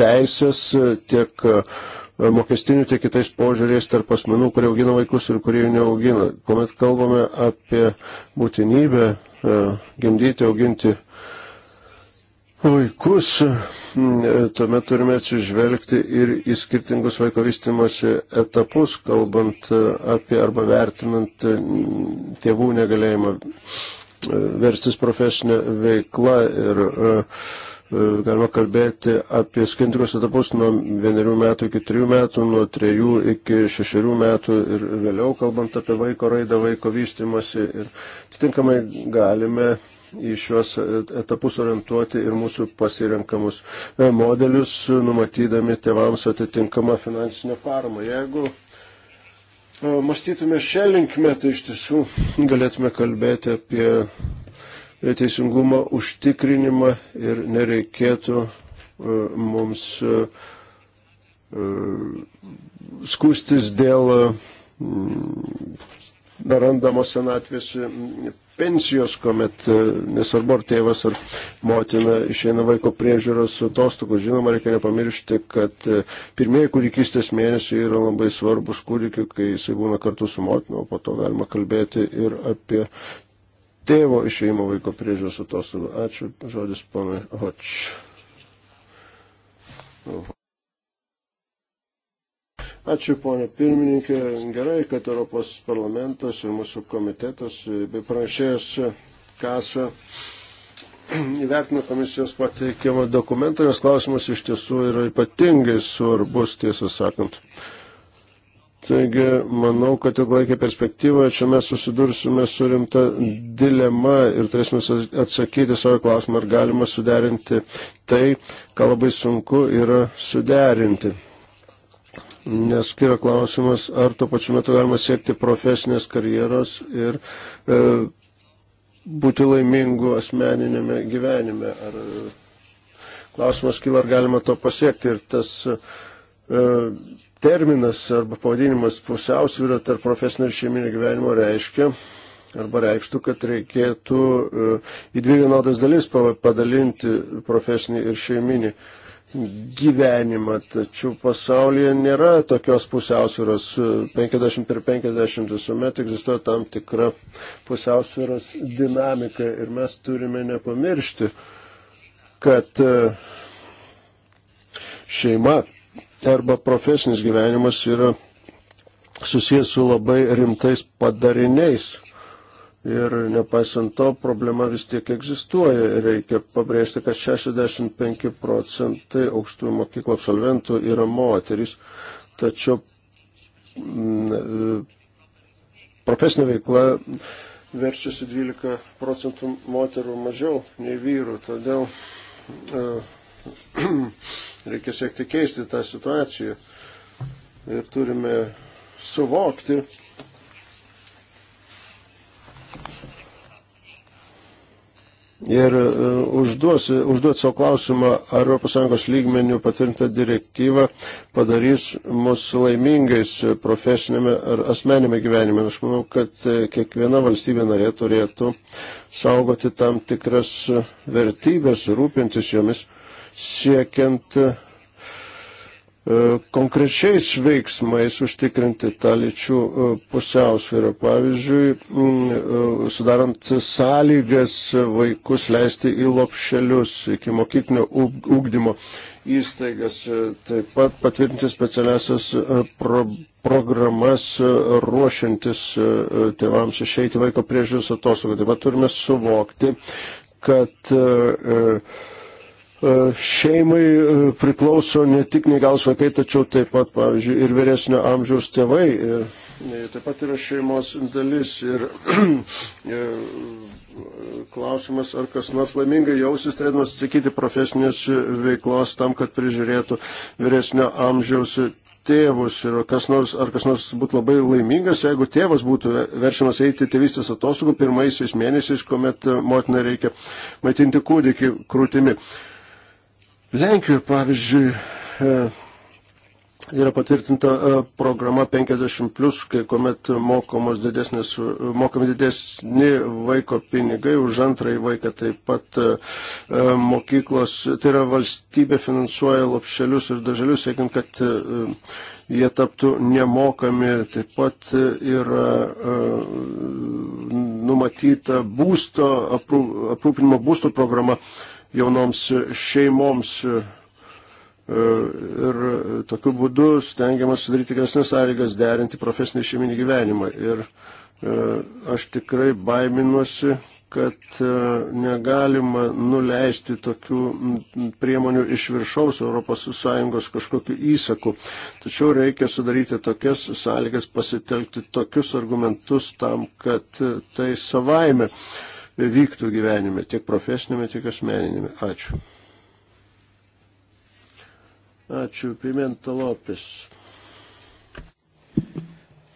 teisės tiek e, mokestinių, tiek kitais požiūrės tarp asmenų, kurie augina vaikus ir kurie jų neaugina. Kuomet kalbame apie būtinybę e, gimdyti, auginti vaikus, mm, e, tuomet turime atsižvelgti ir į skirtingus vaiko vystimosi etapus, kalbant e, apie arba vertinant e, tėvų negalėjimą verstis profesinę veiklą ir galima kalbėti apie skirtingus etapus nuo vienerių metų iki trijų metų, nuo trejų iki šešerių metų ir vėliau kalbant apie vaiko raidą, vaiko vystimasi ir atitinkamai galime į šiuos etapus orientuoti ir mūsų pasirenkamus e, modelius, e, numatydami tėvams atitinkamą finansinę paramą. Jeigu e, mąstytume šią linkmę, tai iš tiesų galėtume kalbėti apie teisingumo užtikrinimą ir nereikėtų mums skūstis dėl nerandamos senatvės pensijos, kuomet e, nesvarbu ar tėvas ar motina išeina vaiko priežiūros atostogų. Žinoma, reikia nepamiršti, kad e, pirmieji kūdikystės mėnesiai yra labai svarbus kūdikiu, kai jisai būna kartu su motina, o po to galima kalbėti ir apie tėvo išeimo vaiko priežiūros atostogų. Ačiū, žodis ponui Hoč. Ačiū, ponė pirmininkė. Gerai, kad Europos parlamentas ir mūsų komitetas bei pranešėjas kasa įvertino komisijos pateikiamą dokumentą, nes klausimas iš tiesų yra ypatingai svarbus, tiesą sakant. Taigi, manau, kad ilgalaikė perspektyvoje čia mes susidursime su rimta dilema ir turėsime atsakyti savo klausimą, ar galima suderinti tai, ką labai sunku yra suderinti nes kyra klausimas, ar tuo pačiu metu galima siekti profesinės karjeros ir e, būti laimingu asmeninėme gyvenime. Ar, e, klausimas kyla, ar galima to pasiekti. Ir tas e, terminas arba pavadinimas pusiausvyrą tarp profesinio ir šeiminio gyvenimo reiškia, arba reikštų, kad reikėtų e, į dvi vienodas dalis padalinti profesinį ir šeiminį gyvenimą, tačiau pasaulyje nėra tokios pusiausvėros 50 per 50 visuomet egzistuoja tam tikra pusiausvėros dinamika ir mes turime nepamiršti, kad e, šeima arba profesinis gyvenimas yra susijęs su labai rimtais padariniais Ir nepaisant to, problema vis tiek egzistuoja. Reikia pabrėžti, kad 65 procentai aukštųjų mokyklų absolventų yra moterys, tačiau m, mm, e, profesinė veikla verčiasi 12 procentų moterų mažiau nei vyrų. Todėl e, reikia siekti keisti tą situaciją. Ir turime suvokti, ir e, užduos, užduot savo klausimą, ar ES lygmenių patvirtinta direktyva padarys mus laimingais profesinėme ar asmenėme gyvenime. Aš manau, kad e, kiekviena valstybė narė turėtų saugoti tam tikras vertybės, rūpintis jomis, siekiant E, konkrečiais veiksmais užtikrinti tą lyčių e, pusiausvyrą. Pavyzdžiui, e, sudarant sąlygas vaikus leisti į lopšelius iki mokyklinio ūkdymo įstaigas, taip pat patvirtinti specialiasias pro programas ruošiantis tėvams išeiti vaiko priežiūros atostogų. Taip pat turime suvokti, kad uh, E, šeimai e, priklauso ne tik negalus vaikai, tačiau taip pat, pavyzdžiui, ir vyresnio amžiaus tėvai. Ir, e, taip pat yra šeimos dalis. Ir klausimas, ar kas nors laimingai jausis, turėdamas atsakyti profesinės veiklos tam, kad prižiūrėtų vyresnio amžiaus. Tėvus ir kas nors, ar kas nors būtų labai laimingas, jeigu tėvas būtų verčiamas eiti tėvystės atostogų pirmaisiais mėnesiais, kuomet motina reikia maitinti kūdikį krūtimi. Uh, Lenkijoje, pavyzdžiui, e, yra patvirtinta e, programa 50, plus, kai kuomet mokamos didesnės, mokami didesni vaiko pinigai už antrąjį vaiką, taip pat e, mokyklos, tai yra valstybė finansuoja lopšelius ir daželius, siekiant, kad jie taptų nemokami, taip pat yra numatyta būsto, aprūpinimo būsto programa jaunoms šeimoms. E, e, ir tokiu būdu stengiamas sudaryti geresnės sąlygas derinti profesinį šeiminį gyvenimą. Ir e, aš tikrai baiminuosi, kad negalima nuleisti tokių priemonių iš viršaus ES kažkokiu įsaku. Tačiau reikia sudaryti tokias sąlygas, pasitelkti tokius argumentus tam, kad tai savaime vyktų gyvenime, tiek profesinėme, tiek asmeninėme. Ačiū. Ačiū, Pimenta Lopes.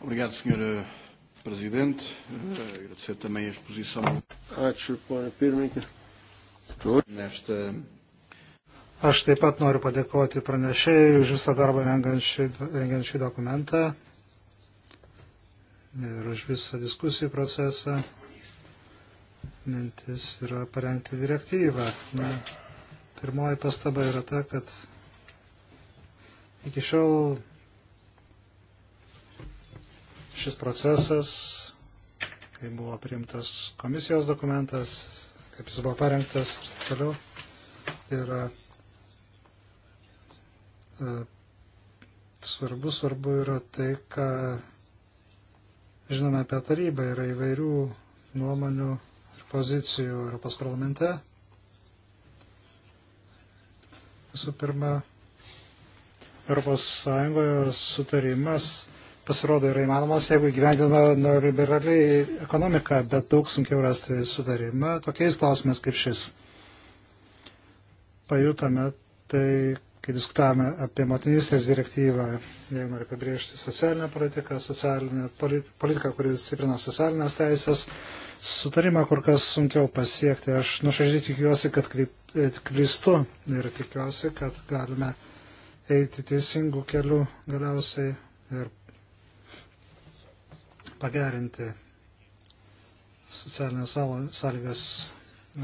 Obrigado, senhora Presidente. Agradecer também a exposição. Ačiū, ponia pirmininkė. Nesta... Aš taip pat noriu padėkoti pranešėjai už visą darbą rengiant šį, rengiant šį dokumentą ir už visą diskusijų procesą mintis yra parengti direktyvą. Na, pirmoji pastaba yra ta, kad iki šiol šis procesas, kai buvo priimtas komisijos dokumentas, kaip jis buvo parengtas ir toliau, tai yra e, svarbu, svarbu yra tai, ką žinome apie tarybą, yra įvairių nuomonių pozicijų Europos parlamente. Visų pirma, Europos Sąjungoje sutarimas pasirodo yra įmanomas, jeigu gyvendinama neoliberaliai ekonomika, bet daug sunkiau rasti sutarimą tokiais klausimais kaip šis. Pajutame tai, kai diskutavome apie motinystės direktyvą, jeigu noriu pabrėžti socialinę politiką, socialinę politiką, kuris stiprina socialinės teisės, sutarimą kur kas sunkiau pasiekti. Aš nuoširdžiai tikiuosi, kad e, klystu ir tikiuosi, kad galime eiti teisingų kelių galiausiai ir pagerinti socialinės sąlygas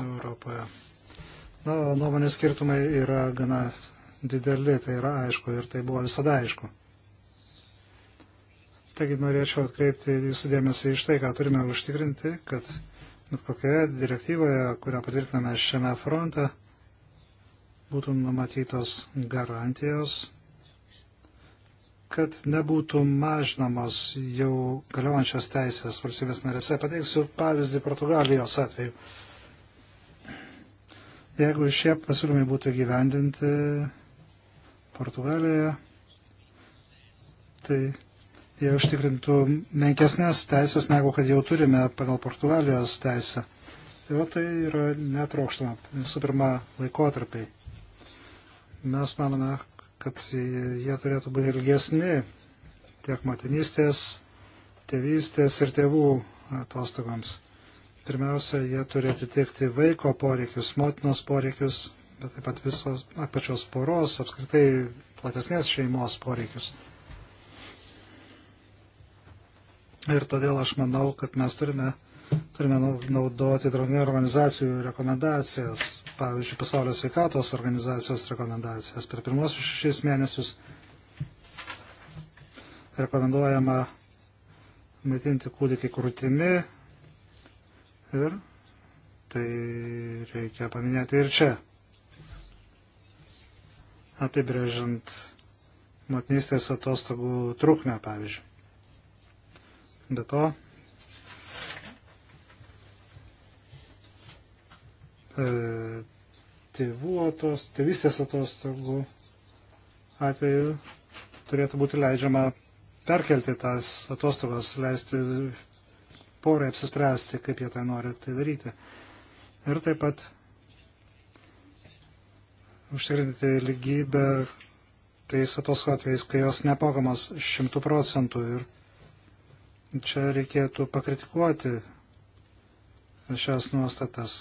Europoje. Na, nuomonės skirtumai yra gana dideli, tai yra aišku ir tai buvo visada aišku. Taigi norėčiau atkreipti jūsų dėmesį iš tai, ką turime užtikrinti, kad bet kokioje direktyvoje, kurią patvirtiname šiame fronte, būtų numatytos garantijos, kad nebūtų mažinamos jau galiojančios teisės valstybės narėse. Pateiksiu pavyzdį Portugalijos atveju. Jeigu šie pasiūlymai būtų gyvendinti, Portugalijoje, tai jie užtikrintų menkesnės teisės, negu kad jau turime pagal Portugalijos teisę. Jo tai, tai yra netraukštama, visų pirma, laikotarpiai. Mes manome, kad jie turėtų būti ilgesni tiek motinystės, tėvystės ir tėvų atostogams. Pirmiausia, jie turi atitikti vaiko poreikius, motinos poreikius bet taip pat visos pačios poros, apskritai platesnės šeimos poreikius. Ir todėl aš manau, kad mes turime, turime naudoti drauginių organizacijų rekomendacijas, pavyzdžiui, pasaulio sveikatos organizacijos rekomendacijas. Per pirmosius šešis mėnesius rekomenduojama maitinti kūdikį krūtimi ir tai reikia paminėti ir čia apibrėžiant motinystės atostogų trukmę, pavyzdžiui. Be to, e, tėvų atostogų, tėvystės atostogų atveju turėtų būti leidžiama perkelti tas atostogas, leisti porai apsispręsti, kaip jie tai nori tai daryti. Ir taip pat užtikrinti lygybę tais atostogų atvejais, kai jos nepagamos šimtų procentų. Ir čia reikėtų pakritikuoti šias nuostatas.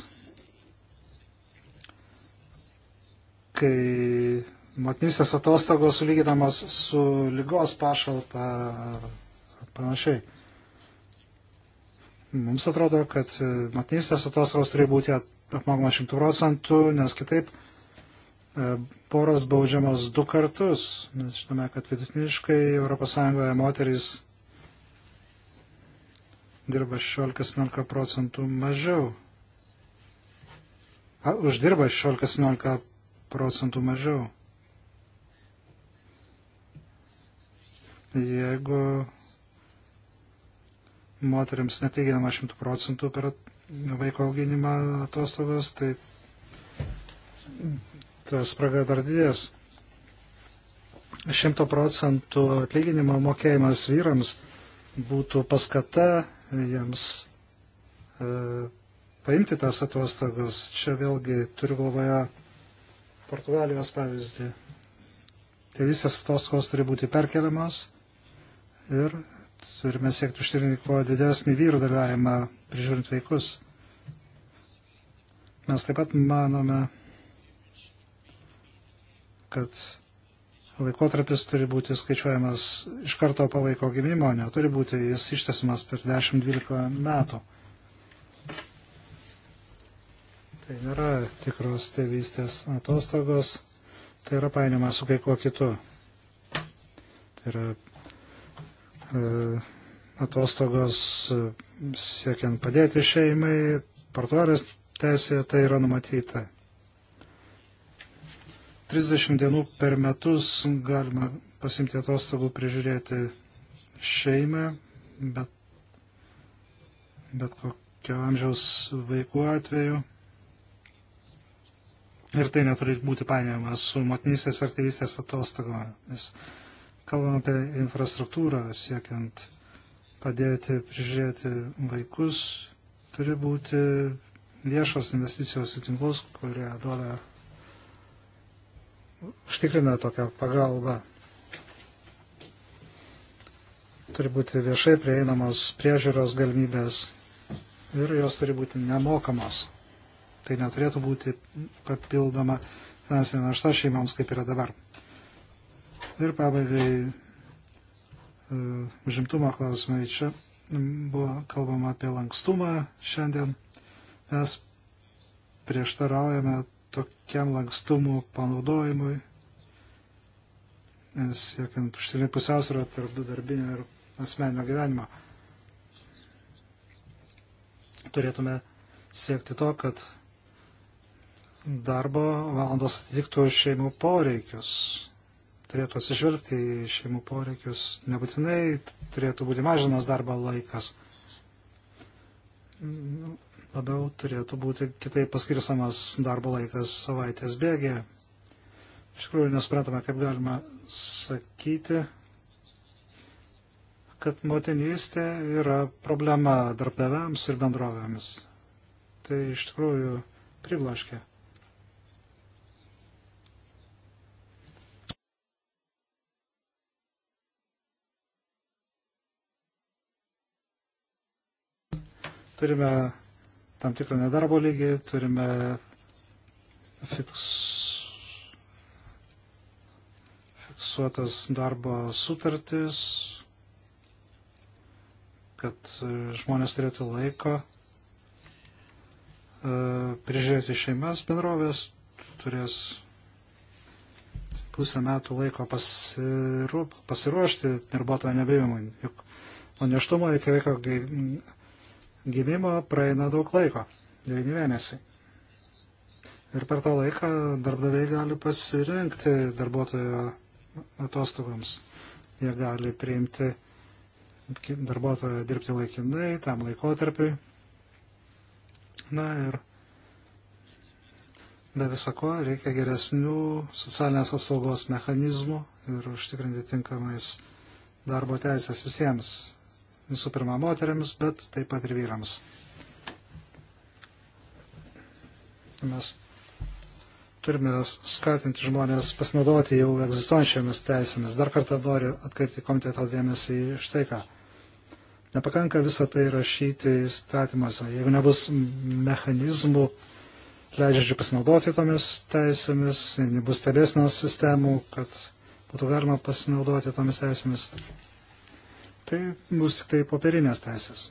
Kai motinysės atostogos sulyginamos su lygos pašalpa ar panašiai. Mums atrodo, kad motinystės atostogos turi būti apmokamos šimtų procentų, nes kitaip E, poros baudžiamos du kartus. Mes žinome, kad vidutiniškai ES moterys dirba 16-17 procentų mažiau. A, uždirba 16-17 procentų mažiau. Jeigu moteriams netlyginama 100 procentų per vaiko auginimą atostogos, tai ta spraga dar didės. 100 procentų atlyginimo mokėjimas vyrams būtų paskata jiems e, paimti tas atostogas. Čia vėlgi turiu galvoje Portugalijos pavyzdį. Tėvystės tai atostogos turi būti perkeliamos ir turime siekti užtikrinti kuo didesnį vyrų dalyvavimą prižiūrint vaikus. Mes taip pat manome, kad laikotarpis turi būti skaičiuojamas iš karto po vaiko gimimo, neturi būti jis ištesimas per 10-12 metų. Tai nėra tikros tėvystės atostogos, tai yra painiama su kai kuo kitu. Tai yra e, atostogos e, siekiant padėti šeimai, partuarės teisėje tai yra numatyta. 30 dienų per metus galima pasimti atostogų prižiūrėti šeimą, bet, bet kokio amžiaus vaikų atveju. Ir tai neturi būti painiojama su motinystės ar tėvystės atostogomis. Kalbam apie infrastruktūrą, siekiant padėti prižiūrėti vaikus, turi būti viešos investicijos į tinklus, kurie duoda užtikrina tokią pagalbą. Turi būti viešai prieinamos priežiūros galimybės ir jos turi būti nemokamos. Tai neturėtų būti papildoma finansinė našta šeimoms, kaip yra dabar. Ir pabaigai e, užimtumo klausimai. Čia buvo kalbama apie lankstumą šiandien. Mes prieštaraujame tokiam lankstumų panaudojimui, siekiant užtikrinti pusiausvyrą tarp darbinio ir asmeninio gyvenimo. Turėtume siekti to, kad darbo valandos atitiktų šeimų poreikius. Turėtų atsižvelgti į šeimų poreikius. Nebūtinai turėtų būti mažinamas darbo laikas labiau turėtų būti kitaip paskirstamas darbo laikas savaitės bėgėje. Iš tikrųjų nesupratome, kaip galima sakyti, kad motinystė yra problema darbdaviams ir bendrovėms. Tai iš tikrųjų priblaškia. Turime tam tikrą nedarbo lygį, turime fiks, fiksuotas darbo sutartis, kad žmonės turėtų laiko e, prižiūrėti šeimas bendrovės, turės pusę metų laiko pasiru, pasiruošti darbuotojo nebėjimui. Juk nuo neštumo iki vaiko gimimo praeina daug laiko - 9 mėnesiai. Ir per tą laiką darbdaviai gali pasirinkti darbuotojo atostogams. Jie gali priimti darbuotoją dirbti laikinai, tam laikotarpiui. Na ir be visako reikia geresnių socialinės apsaugos mechanizmų ir užtikrinti tinkamais darbo teisės visiems visų pirma moteriams, bet taip pat ir vyrams. Mes turime skatinti žmonės pasinaudoti jau egzistuojančiamis teisėmis. Dar kartą noriu atkreipti komiteto dėmesį iš tai, ką. Nepakanka visą tai rašyti įstatymuose. Jeigu nebus mechanizmų leidžiančių pasinaudoti tomis teisėmis, nebus stebėsnos sistemų, kad būtų galima pasinaudoti tomis teisėmis. Tai bus tik tai popierinės teisės.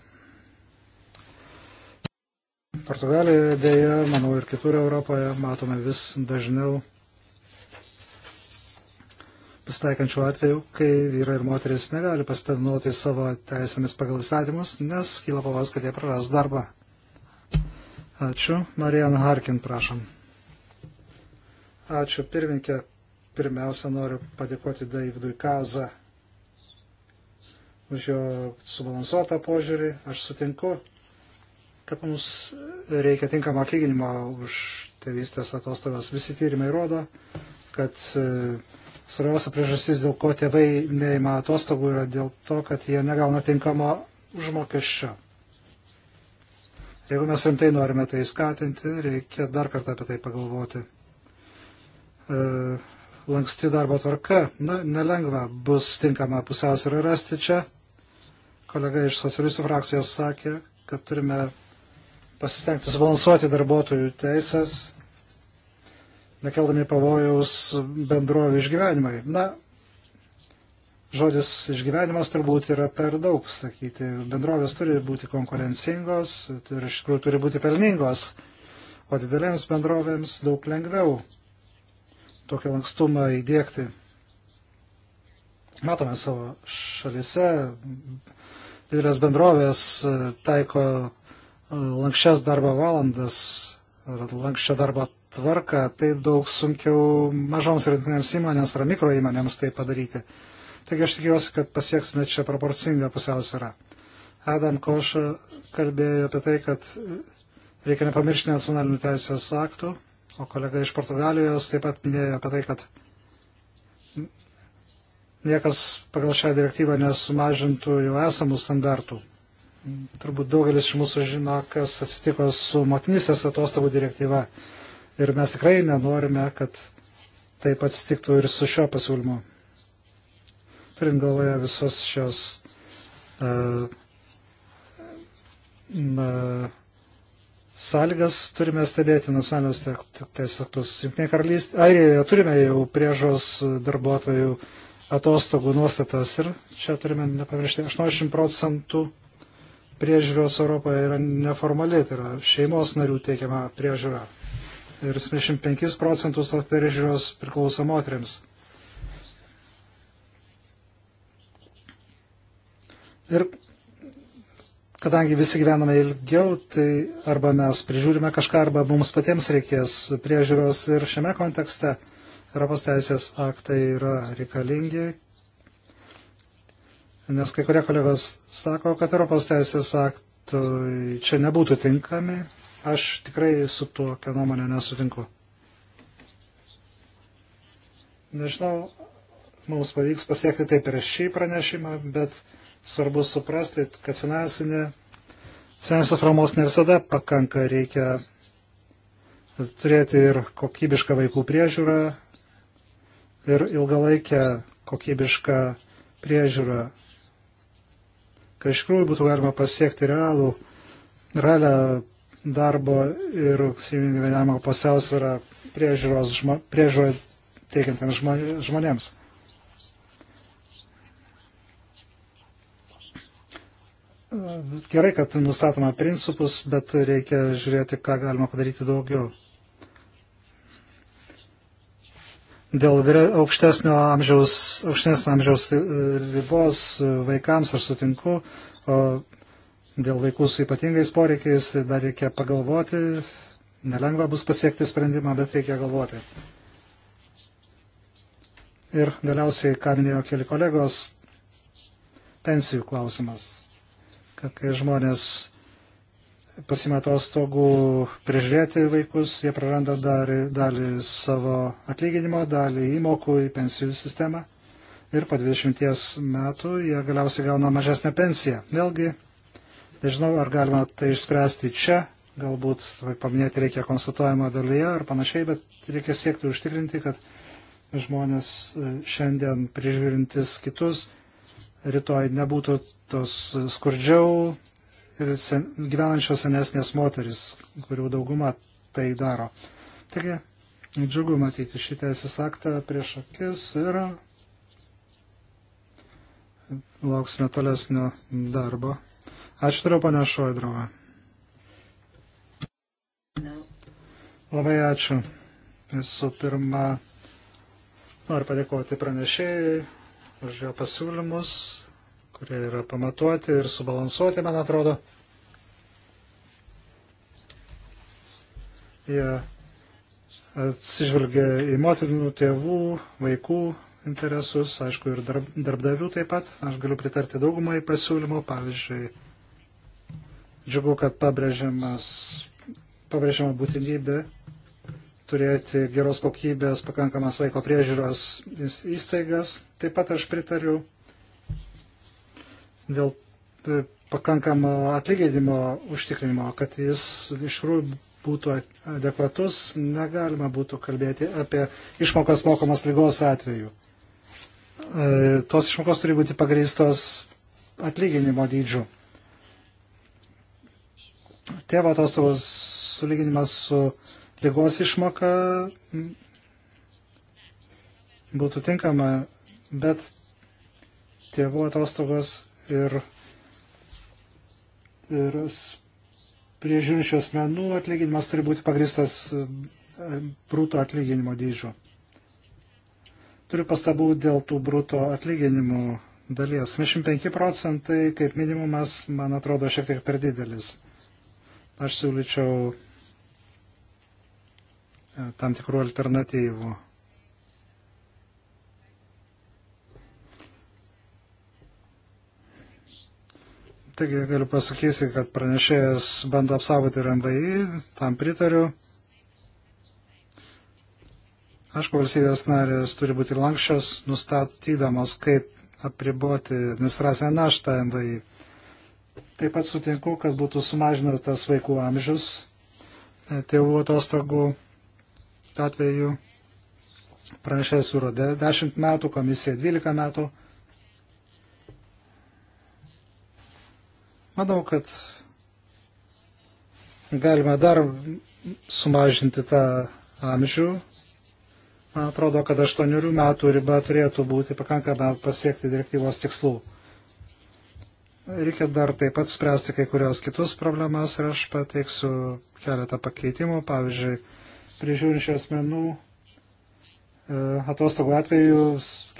Portugalijoje dėja, manau ir kitur Europoje matome vis dažniau pasitaikančių atvejų, kai vyrai ir moteris negali pasitarinuoti savo teisėmis pagal įstatymus, nes kyla pavas, kad jie praras darbą. Ačiū. Marian Harkin, prašom. Ačiū pirmininkė. Pirmiausia, noriu padėkoti Davidui Kaza už jo subalansuotą požiūrį. Aš sutinku, kad mums reikia tinkamo atlyginimo už tėvystės atostogas. Visi tyrimai rodo, kad e, svarbiausia priežastis, dėl ko tėvai neima atostogų, yra dėl to, kad jie negauna tinkamo užmokesčio. Jeigu mes rimtai norime tai skatinti, reikia dar kartą apie tai pagalvoti. E, lanksti darbo tvarka, na, nelengva bus tinkama pusiausvyrą rasti čia kolega iš socialistų frakcijos sakė, kad turime pasistengti subalansuoti darbuotojų teisės, nekeldami pavojaus bendrovių išgyvenimai. Na, žodis išgyvenimas turbūt yra per daug sakyti. Bendrovės turi būti konkurencingos, turi, iš tikrųjų turi būti pelningos, o didelėms bendrovėms daug lengviau tokį lankstumą įdėkti. Matome savo šalise didelės bendrovės e, taiko e, lankščias darbo valandas ar lankščią darbo tvarką, tai daug sunkiau mažoms ir vidutinėms įmonėms ar mikro įmonėms tai padaryti. Taigi aš tikiuosi, kad pasieksime čia proporcingą pusiausvyrą. Adam Koš kalbėjo apie tai, kad reikia nepamiršti nacionalinių teisės aktų, o kolega iš Portugalijos taip pat minėjo apie tai, kad niekas pagal šią direktyvą nesumažintų jau esamų standartų. Turbūt daugelis iš mūsų žino, kas atsitiko su motinysės atostogų direktyva. Ir mes tikrai nenorime, kad taip atsitiktų ir su šio pasiūlymu. Turint galvoje visos šios uh, na, sąlygas turime stebėti nacionalinius teisės aktus. Junktinėje karalystėje, Airijoje turime jau priežos darbuotojų atostogų nuostatas ir čia turime nepamiršti, 80 procentų priežiūros Europoje yra neformali, tai yra šeimos narių teikiama priežiūra. Ir 75 procentus tos priežiūros priklauso moteriams. Ir kadangi visi gyvename ilgiau, tai arba mes prižiūrime kažką, arba mums patiems reikės priežiūros ir šiame kontekste Europos teisės aktai yra reikalingi, nes kai kurie kolegos sako, kad Europos teisės aktai čia nebūtų tinkami. Aš tikrai su tokia nuomonė nesutinku. Nežinau, mums pavyks pasiekti tai per šį pranešimą, bet svarbu suprasti, kad finansinė, finansinės paramos ne visada pakanka, reikia turėti ir kokybišką vaikų priežiūrą, ir ilgalaikę kokybišką priežiūrą, kad iš tikrųjų būtų galima pasiekti realų, realią darbo ir šeiminio gyvenimo pusiausvyrą priežiūrą priežiūro teikiantiems žmonėms. Gerai, kad nustatoma principus, bet reikia žiūrėti, ką galima padaryti daugiau. dėl aukštesnio amžiaus, aukštesnio amžiaus e, ribos e, vaikams aš sutinku, o dėl vaikų su ypatingais poreikiais tai dar reikia pagalvoti, nelengva bus pasiekti sprendimą, bet reikia galvoti. Ir galiausiai, ką minėjo keli kolegos, pensijų klausimas, kad kai žmonės pasima atostogų prižiūrėti vaikus, jie praranda dalį, dalį savo atlyginimo, dalį įmokų į pensijų sistemą ir po 20 metų jie galiausiai gauna mažesnę pensiją. Vėlgi, nežinau, ar galima tai išspręsti čia, galbūt paminėti reikia konstatuojamo dalyje ar panašiai, bet reikia siekti užtikrinti, kad žmonės e, šiandien prižiūrintis kitus rytoj nebūtų tos skurdžiau ir sen, gyvenančios senesnės moteris, kurių dauguma tai daro. Taigi, džiugu matyti šį teisės aktą prieš akis ir lauksime tolesnio darbo. Ačiū turiu panešoju, draugą. Labai ačiū. Visų pirma, noriu padėkoti pranešėjai už jo pasiūlymus, kurie yra pamatuoti ir subalansuoti, man atrodo. Jie atsižvelgia į motinų, tėvų, vaikų interesus, aišku, ir darbdavių taip pat. Aš galiu pritarti daugumai pasiūlymų, pavyzdžiui, džiugu, kad pabrėžiama būtinybė turėti geros kokybės pakankamas vaiko priežiūros įstaigas. Taip pat aš pritariu dėl e, pakankamo atlyginimo užtikrinimo, kad jis iš tikrųjų būtų adekvatus, negalima būtų kalbėti apie išmokas mokomas lygos atveju. E, tos išmokos turi būti pagrįstos atlyginimo dydžiu. Tėvo atostogos sulyginimas su lygos išmoka būtų tinkama, bet tėvų atostogos ir, ir priežiūrinčių asmenų atlyginimas turi būti pagristas e, brūto atlyginimo dydžio. Turiu pastabų dėl tų brūto atlyginimų dalies. 75 procentai kaip minimumas, man atrodo, šiek tiek per didelis. Aš siūlyčiau e, tam tikrų alternatyvų. Taigi galiu pasakyti, kad pranešėjas bando apsaugoti ir MVI, tam pritariu. Aišku, valstybės narės turi būti lankščios, nustatydamos, kaip apriboti administracinę naštą MVI. Taip pat sutinku, kad būtų sumažintas vaikų amžius e, tėvų atostogų atveju. Pranešėjas surodė 10 metų, komisija 12 metų. Manau, kad galima dar sumažinti tą amžių. Man atrodo, kad 8 metų riba turėtų būti pakankama pasiekti direktyvos tikslų. Reikia dar taip pat spręsti kai kurios kitus problemas ir aš pateiksiu keletą pakeitimų. Pavyzdžiui, prižiūrinčių asmenų e, atostogų atveju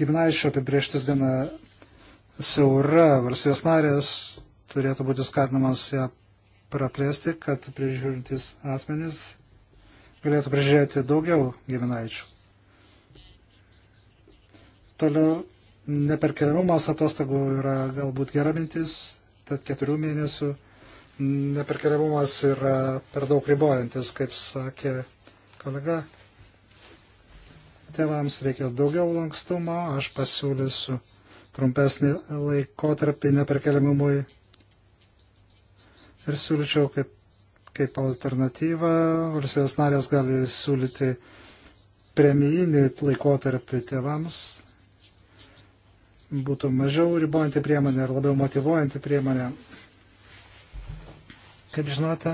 giminaičio apibrieštis gana siaura. Valstybės narės turėtų būti skatinamas ją praplėsti, kad prižiūrintis asmenys galėtų prižiūrėti daugiau giminaičių. Toliau neperkeliamumas atostogų yra galbūt gera mintis, tad keturių mėnesių neperkeliamumas yra per daug ribojantis, kaip sakė kolega. Tėvams reikia daugiau lankstumo, aš pasiūlysiu trumpesnį laikotarpį neperkeliamumui Ir siūlyčiau, kaip, kaip alternatyvą valstybės narės gali siūlyti premijinį laikotarpį tėvams. Būtų mažiau ribojanti priemonė ir labiau motivuojanti priemonė. Kaip žinote,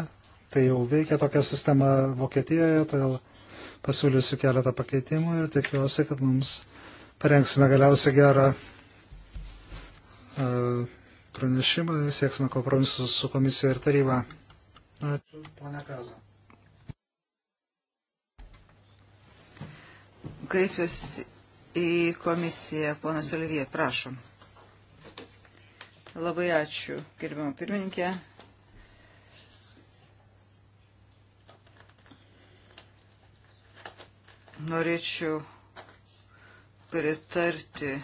tai jau veikia tokia sistema Vokietijoje, todėl pasiūlysiu keletą pakeitimų ir tikiuosi, kad mums parengsime galiausiai gerą uh, pranešimą, sieksime kompromisus su komisija ir taryba. Ačiū, ponia Kaza. Kreipiuosi į komisiją, ponas Olivija, prašom. Labai ačiū, gerbiamą pirmininkę. Norėčiau pritarti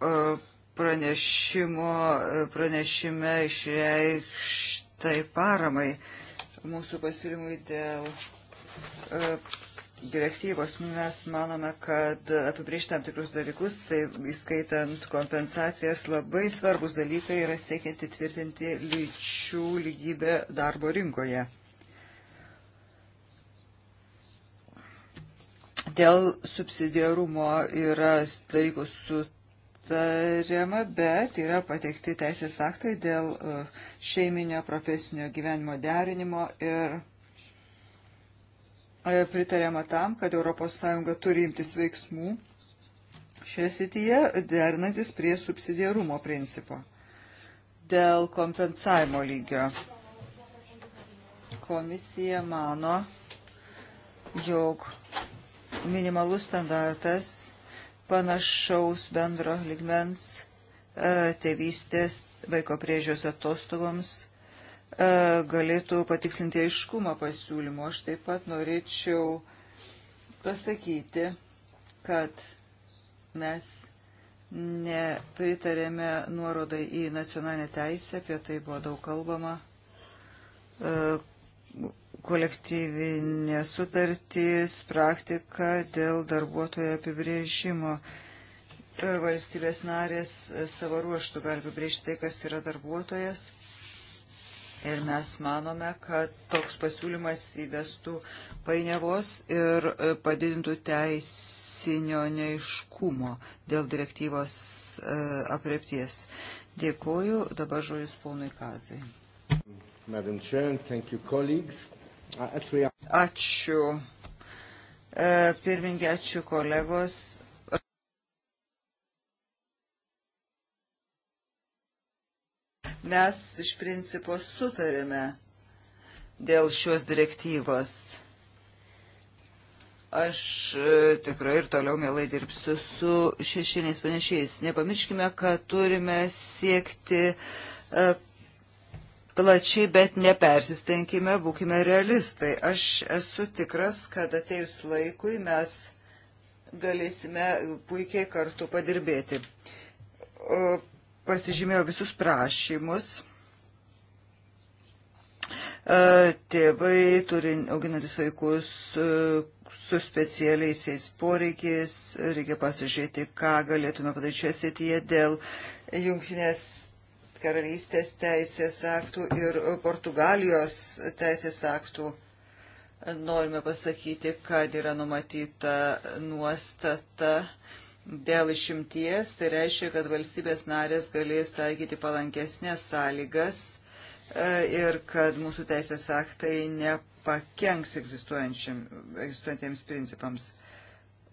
E, pranešimo, e, pranešime išreikštai paramai mūsų pasiūlymui dėl e, direktyvos. Mes manome, kad apibriežti tam tikrus dalykus, tai įskaitant kompensacijas, labai svarbus dalykai yra siekiant įtvirtinti lyčių lygybę darbo rinkoje. Dėl subsidiarumo yra dalykų su aptariama, bet yra pateikti teisės aktai dėl e, šeiminio profesinio gyvenimo derinimo ir e, pritariama tam, kad ES turi imtis veiksmų šioje sityje, derinantis prie subsidiarumo principo dėl kompensavimo lygio. Komisija mano, jog minimalus standartas panašaus bendro ligmens e, tėvystės vaiko priežios atostogoms e, galėtų patikslinti aiškumą pasiūlymo. Aš taip pat norėčiau pasakyti, kad mes nepritarėme nuorodai į nacionalinę teisę, apie tai buvo daug kalbama e, kolektyvinė sutartys, praktika dėl darbuotojo apibrėžimo. E, valstybės narės e, savo ruoštų gali apibrėžti tai, kas yra darbuotojas. Ir mes manome, kad toks pasiūlymas įvestų painiavos ir e, padidintų teisinio neiškumo dėl direktyvos apriepties. Dėkuoju, dabar žodis ponui Kazai. Madam Chair, thank you colleagues. Ačiū. E, pirmininkė, ačiū kolegos. Mes iš principo sutarėme dėl šios direktyvos. Aš e, tikrai ir toliau mielai dirbsiu su šešiniais panešiais. Nepamirškime, kad turime siekti e, plačiai, bet nepersistenkime, būkime realistai. Aš esu tikras, kad atėjus laikui mes galėsime puikiai kartu padirbėti. Pasižymėjau visus prašymus. Tėvai turi auginantis vaikus su specialiaisiais poreikiais. Reikia pasižiūrėti, ką galėtume padaryti šioje srityje dėl jungtinės karalystės teisės aktų ir Portugalijos teisės aktų. Norime pasakyti, kad yra numatyta nuostata dėl išimties, tai reiškia, kad valstybės narės galės taikyti palankesnės sąlygas e, ir kad mūsų teisės aktai nepakenks egzistuojantiems principams.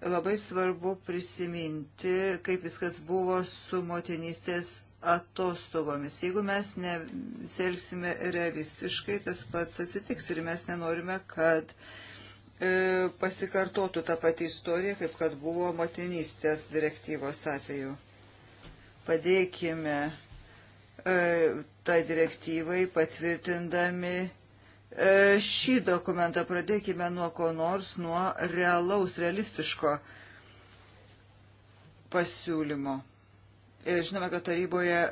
Labai svarbu prisiminti, kaip viskas buvo su motinystės atostogomis. Jeigu mes nesielgsime realistiškai, tas pats atsitiks ir mes nenorime, kad e, pasikartotų tą patį istoriją, kaip kad buvo motinystės direktyvos atveju. Padėkime e, tą tai direktyvai patvirtindami e, šį dokumentą pradėkime nuo ko nors, nuo realaus, realistiško pasiūlymo. Žinome, kad taryboje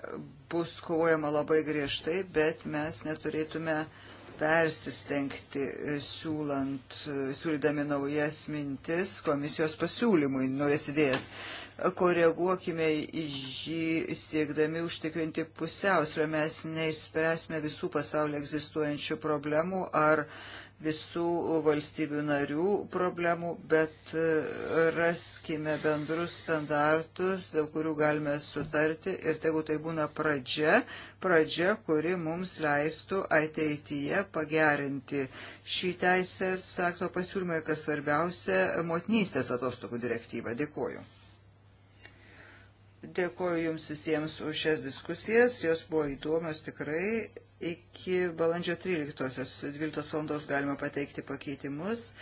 bus kovojama labai griežtai, bet mes neturėtume persistengti siūlant, siūlydami naujas mintis komisijos pasiūlymui, naujas idėjas. Koreguokime jį siekdami užtikrinti pusiausvę. Mes neįspręsime visų pasaulio egzistuojančių problemų ar uh, visų valstybių narių problemų, bet e, raskime bendrus standartus, dėl kurių galime sutarti ir tegu tai būna pradžia, pradžia, kuri mums leistų ateityje pagerinti šį teisės akto pasiūlymą ir, kas svarbiausia, motinystės atostogų direktyvą. Dėkuoju. Dėkuoju Jums visiems už šias diskusijas, jos buvo įdomios tikrai iki balandžio 13-osios 12 valandos galima pateikti pakeitimus.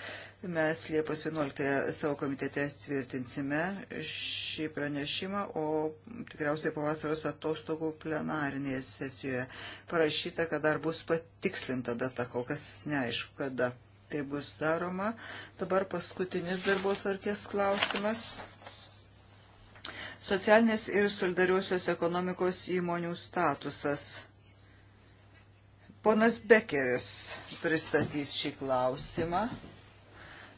Mes Liepos 11 savo komitete tvirtinsime šį pranešimą, o tikriausiai pavasaros atostogų plenarinėje sesijoje parašyta, kad dar bus patikslinta data, kol kas neaišku kada tai bus daroma. Dabar paskutinis darbo tvarkės klausimas. Socialinės ir solidariosios ekonomikos įmonių statusas. Ponas Bekeris pristatys šį klausimą.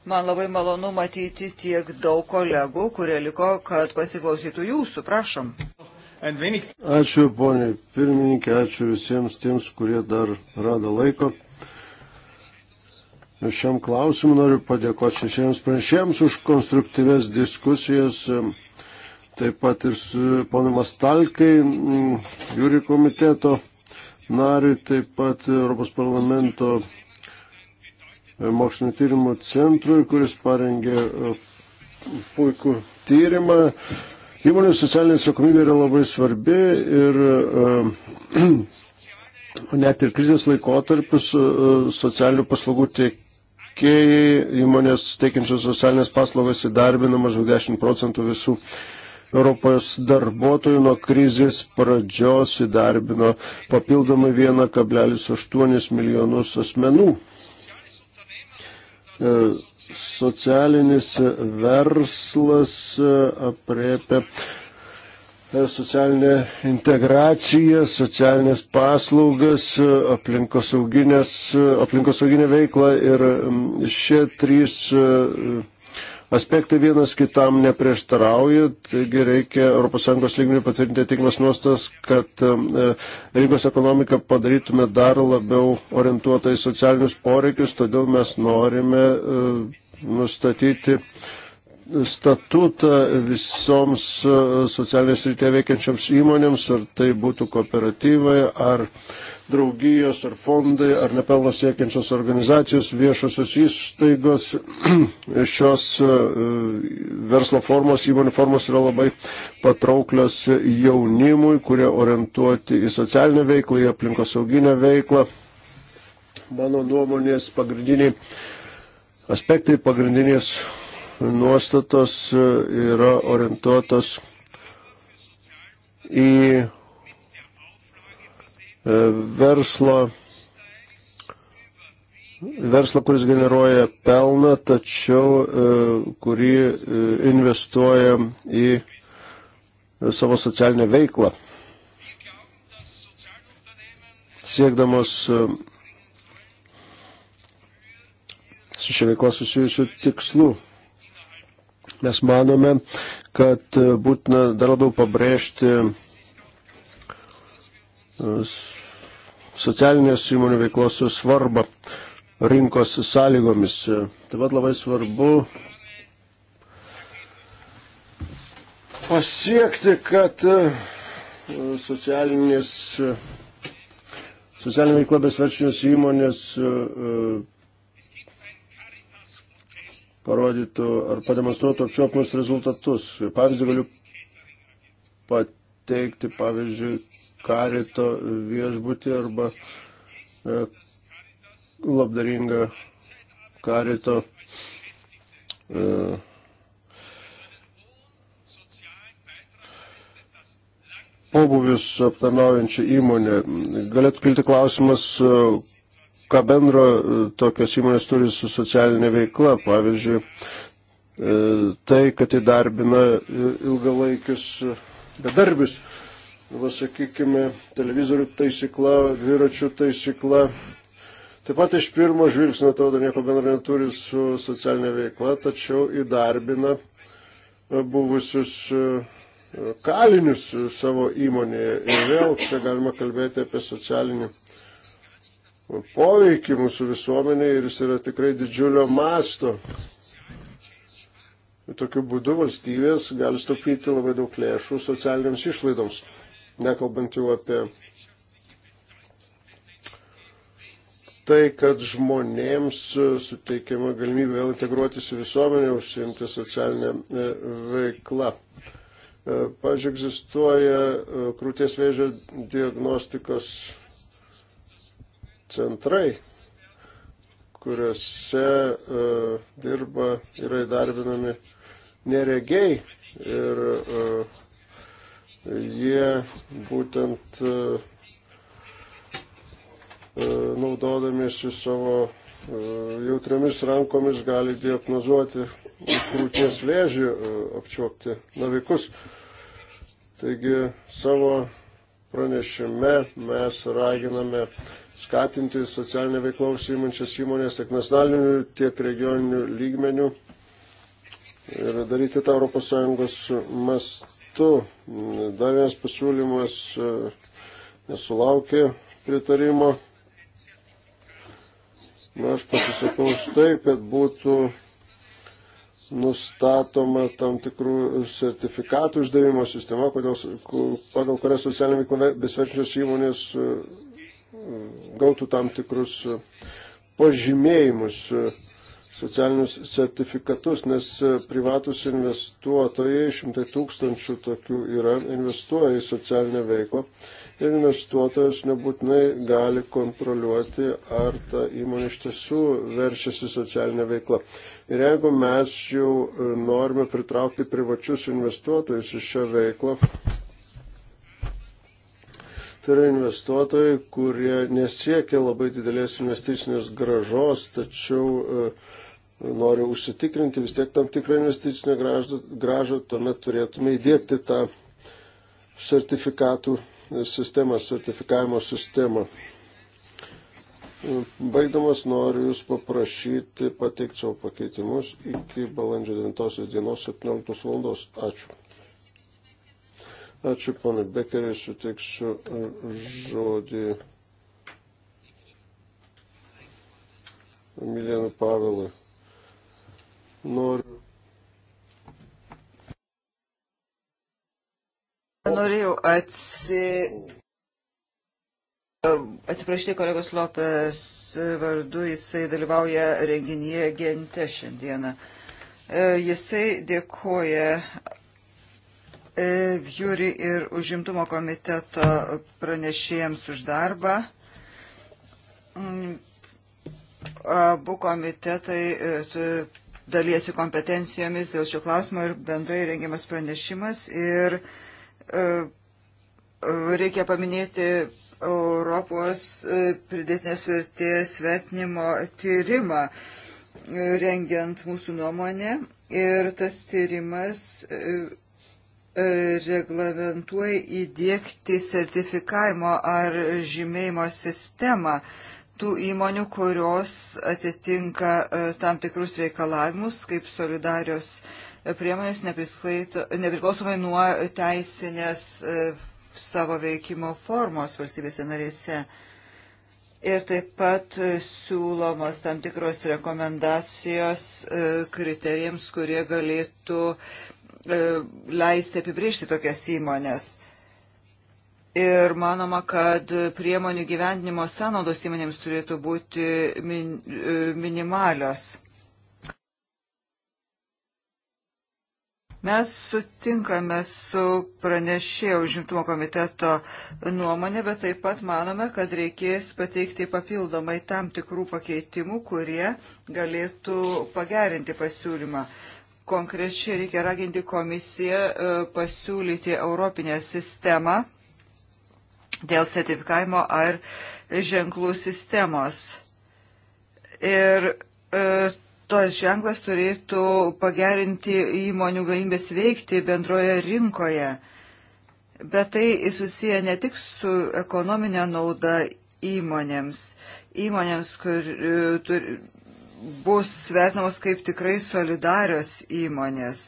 Man labai malonu matyti tiek daug kolegų, kurie liko, kad pasiklausytų jūsų. Prašom. Ačiū, ponė pirmininkė, ačiū visiems tiems, kurie dar rado laiko. Šiam klausimui noriu padėkoti šešiems pranešėjams už konstruktyves diskusijas, taip pat ir su ponimas Talkai, jūri komiteto nariui, taip pat Europos parlamento e, mokslinio tyrimų centrui, kuris parengė e, puikų tyrimą. Įmonių socialinė atsakomybė yra labai svarbi ir e, net ir krizės laikotarpius socialinių paslaugų tiekėjai įmonės teikiančios socialinės paslaugas įdarbina maždaug 10 procentų visų Europos darbuotojų nuo krizės pradžios įdarbino papildomai 1,8 milijonus asmenų. E, socialinis verslas e, apriepia e, socialinė integracija, socialinės paslaugas, aplinkosauginė aplinkos veiklą ir šie trys aspektai vienas kitam neprieštarauja, taigi reikia ES lygmenį patvirtinti atitinkamas nuostas, kad e, rinkos ekonomiką padarytume dar labiau orientuotą į socialinius poreikius, todėl mes norime e, nustatyti statutą visoms e, socialinės rytė veikiančioms įmonėms, ar tai būtų kooperatyvai, ar uh, draugijos ar fondai ar nepelno siekiančios organizacijos, viešosios įstaigos, šios e, verslo formos, įmonių formos yra labai patrauklios jaunimui, kurie orientuoti į socialinę veiklą, į aplinkosauginę veiklą. Mano nuomonės pagrindiniai aspektai, pagrindinės nuostatos e, yra orientuotos į E, verslo, verslo kuris generuoja pelną, tačiau e, kurį e, investuoja į savo socialinę veiklą. Siekdamos su šia veikla susijusių tikslų. Mes manome, kad būtina dar labiau pabrėžti socialinės įmonių veiklos svarbą rinkos sąlygomis. Taip pat labai svarbu pasiekti, kad e, socialinės, socialinė veikla besverčios įmonės e, e, parodytų ar pademonstruotų apčiopimus rezultatus. Pavyzdį galiu pat teikti, pavyzdžiui, karito viešbutį arba e, labdaringą karito e, pobūvius aptarnaujančią įmonę. Galėtų kilti klausimas, e, ką bendro tokios įmonės turi su socialinė veikla. Pavyzdžiui, tai, kad įdarbina ilgalaikius bedarbius. Va, sakykime, televizorių taisykla, dviračių taisykla. Taip pat iš pirmo žvilgsnio atrodo nieko bendro neturi su socialinė veikla, tačiau įdarbina e, buvusius e, kalinius e, savo įmonėje. Ir vėl čia galima kalbėti apie socialinį poveikį mūsų visuomenėje ir jis yra tikrai didžiulio masto. Tokiu būdu valstybės gali stopyti labai daug lėšų socialiniams išlaidoms, nekalbant jau apie tai, kad žmonėms suteikiama galimybė vėl integruotis į visuomenę, užsiimti socialinę e, veiklą. E, pavyzdžiui, egzistuoja e, krūties vėžio diagnostikos centrai, kuriuose dirba, yra įdarbinami neregiai ir uh, jie būtent uh, naudodamiesi savo jautriomis rankomis gali diagnozuoti krūties vėžį, apčiuopti navikus. Taigi savo pranešime mes raginame skatinti socialinę veiklą užsiimančias įmonės tiek nacionaliniu, tiek regioniniu lygmeniu ir daryti tą ES mastu. Dar vienas pasiūlymas e, nesulaukė pritarimo. Na, aš pasisakau už tai, kad būtų nustatoma tam tikrų sertifikatų išdavimo sistema, kodėl, pagal kurią socialiniai veiklai besvečios įmonės e, gautų tam tikrus e, pažymėjimus socialinius sertifikatus, nes privatus investuotojai, šimtai tūkstančių tokių yra, investuoja į socialinę veiklą ir investuotojas nebūtinai gali kontroliuoti, ar ta įmonė iš tiesų veršiasi socialinę veiklą. Ir jeigu mes jau norime pritraukti privačius investuotojus į šią veiklą, tai yra investuotojai, kurie nesiekia labai didelės investicinės gražos, tačiau uh, nori užsitikrinti vis tiek tam tikrą investicinę gražą, gražą tuomet turėtume įdėkti tą sertifikatų sistemą, sertifikavimo sistemą. Baigdamas noriu Jūs paprašyti pateikti savo pakeitimus iki balandžio 9 dienos 17 valandos. Ačiū. Ačiū, ponai Bekeriai, suteiksiu e, žodį Emilienu Pavelui. Noriu. Norėjau atsi... atsiprašyti kolegos Lopes vardu, jisai dalyvauja renginyje Gente šiandieną. E, jisai dėkoja e, Jūri ir užimtumo komiteto pranešėjams už darbą. Mm, abu komitetai e, dalyjasi kompetencijomis dėl šio klausimo ir bendrai rengiamas pranešimas. Ir e, e, reikia paminėti Europos e, pridėtinės vertės vertinimo tyrimą, rengiant mūsų nuomonę. Ir tas tyrimas reglamentuoja įdėkti sertifikavimo ar žymėjimo sistemą tų įmonių, kurios atitinka e, tam tikrus reikalavimus, kaip solidarios e, priemonės nepriklausomai nuo teisinės e, savo veikimo formos valstybėse narėse. Ir taip pat siūlomos tam tikros rekomendacijos kriterijams, kurie galėtų leisti apibriežti tokias įmonės. Ir manoma, kad priemonių gyvendinimo sąnaudos įmonėms turėtų būti min, e, minimalios. Mes sutinkame su pranešėjo užimtumo komiteto nuomonė, bet taip pat manome, kad reikės pateikti papildomai tam tikrų pakeitimų, kurie galėtų pagerinti pasiūlymą. Konkrečiai reikia raginti komisiją e, pasiūlyti Europinę sistemą dėl sertifikavimo ar ženklų sistemos. Ir e, tos ženklas turėtų pagerinti įmonių galimybės veikti bendroje rinkoje. Bet tai susiję ne tik su ekonominė nauda įmonėms, įmonėms, kur e, tur, bus vertinamos kaip tikrai solidarios įmonės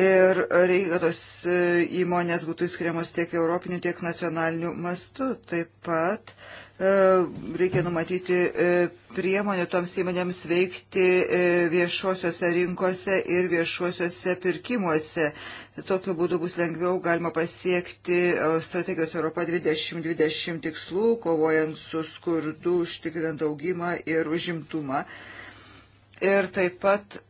Ir reikia, kad tos e, įmonės būtų įskiriamos tiek europinių, tiek nacionalinių mastų. Taip pat e, reikia numatyti e, priemonių toms įmonėms veikti viešuosiuose rinkose ir viešuosiuose pirkimuose. Tokiu būdu bus lengviau galima pasiekti strategijos Europa 2020 tikslų, kovojant su skurdu, užtikrinant augimą ir užimtumą. Ir taip pat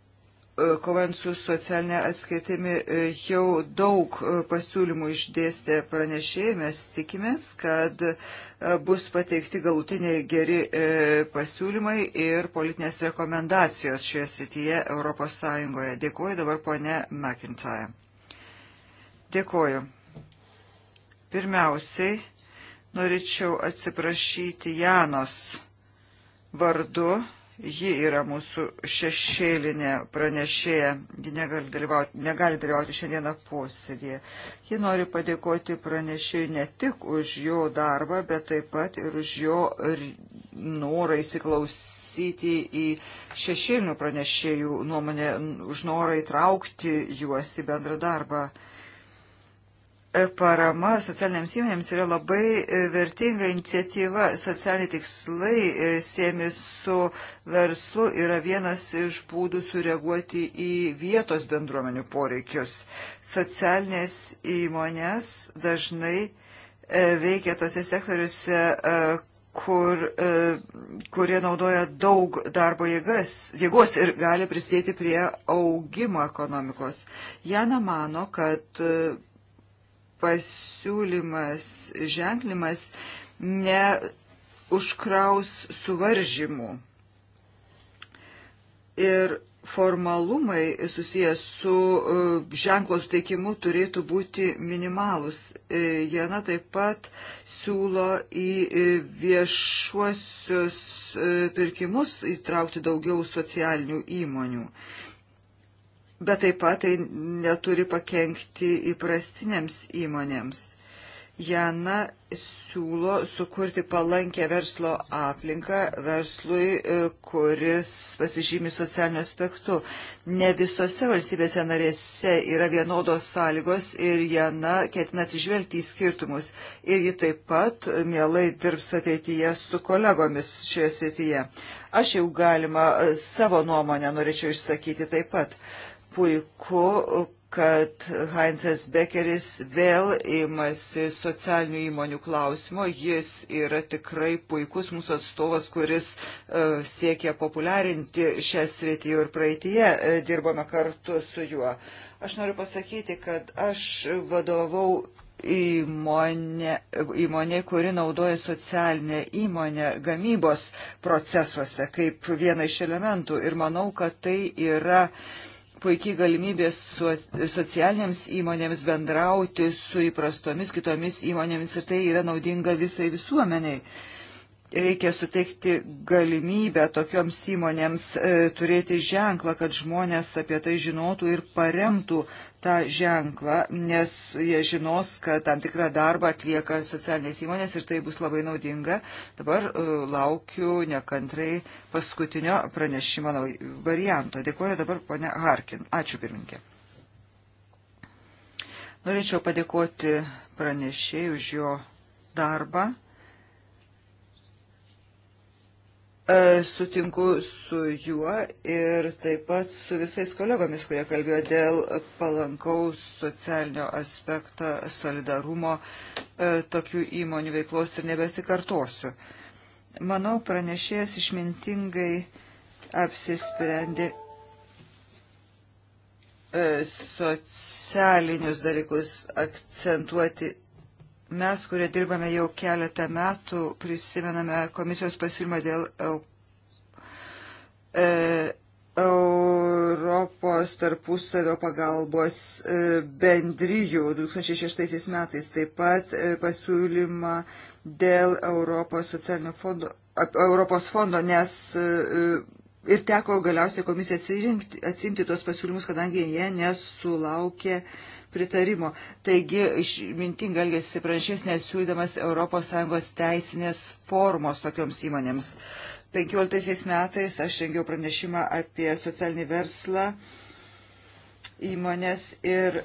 E, kovant su socialinė atskirtimi e, jau daug e, pasiūlymų išdėstė pranešėjai. Mes tikimės, kad bus pateikti galutiniai geri pasiūlymai ir politinės rekomendacijos šioje srityje ES. Dėkuoju dabar ponė McIntyre. Dėkuoju. Pirmiausiai norėčiau atsiprašyti Janos vardu Ji yra mūsų šešėlinė pranešėja, ji negali dalyvauti, negali dalyvauti šiandieną posėdėje. Ji nori padėkoti pranešėjui ne tik už jo darbą, bet taip pat ir už jo norą įsiklausyti į šešėlinių pranešėjų nuomonę, už norą įtraukti juos į bendrą darbą parama socialiniams įmonėms yra labai e, vertinga iniciatyva. Socialiniai tikslai e, siemi su verslu yra vienas iš būdų sureaguoti į vietos bendruomenių poreikius. Socialinės įmonės dažnai e, veikia tose sektoriuose, kur, kurie naudoja daug darbo jėgas, jėgos ir gali prisidėti prie augimo ekonomikos. Jana mano, kad pasiūlymas, ženklimas neužkraus suvaržymų. Ir formalumai susijęs su e, ženklo suteikimu turėtų būti minimalus. E, Jena taip pat siūlo į e, viešuosius pirkimus įtraukti daugiau socialinių įmonių bet taip pat tai neturi pakengti įprastinėms įmonėms. Jana siūlo sukurti palankę verslo aplinką verslui, e, kuris pasižymi socialiniu aspektu. Ne visose valstybėse narėse yra vienodos sąlygos ir Jana ketina atsižvelgti į skirtumus. Ir ji taip pat e, mielai dirbs ateityje su kolegomis šioje srityje. Aš jau galima e, savo nuomonę norėčiau išsakyti taip pat. Uh, puiku, kad Heinzas Bekeris vėl įmasi socialinių įmonių klausimo. Jis yra tikrai puikus mūsų atstovas, kuris uh, siekia populiarinti šią sritį ir praeitie uh, e, dirbome kartu su juo. Aš noriu pasakyti, kad aš vadovau įmonė, įmonė, kuri naudoja socialinę įmonę gamybos procesuose kaip vieną iš elementų ir manau, kad tai yra uh, puikiai galimybė su socialinėms įmonėms bendrauti su įprastomis kitomis įmonėmis ir tai yra naudinga visai visuomeniai. Uh, reikia suteikti galimybę tokioms įmonėms e, turėti ženklą, kad žmonės apie tai žinotų ir paremtų tą ženklą, nes jie žinos, kad tam tikrą darbą atlieka socialinės įmonės ir tai bus labai naudinga. Dabar e, laukiu nekantrai paskutinio pranešimo varianto. Dėkuoju dabar ponia Harkin. Ačiū pirminkė. Norėčiau padėkoti pranešėjai už jo darbą. E, sutinku su juo ir taip pat su visais kolegomis, kurie kalbėjo dėl palankaus socialinio aspekto solidarumo e, tokių įmonių veiklos ir nebesikartosiu. Manau, pranešėjas išmintingai apsisprendė e, socialinius dalykus akcentuoti Mes, kurie dirbame jau keletą metų, prisimename komisijos pasiūlymą dėl e, Europos tarpusavio pagalbos e, bendryjų 2006 metais, taip pat e, pasiūlymą dėl Europos socialinio fondo, Europos fondo, nes e, ir teko galiausiai komisija atsimti tos pasiūlymus, kadangi jie nesulaukė uh, pritarimo. Taigi, išmintingai elgėsi pranešės nesiūlydamas ES teisinės formos tokioms įmonėms. 15 metais aš rengiau pranešimą apie socialinį verslą įmonės ir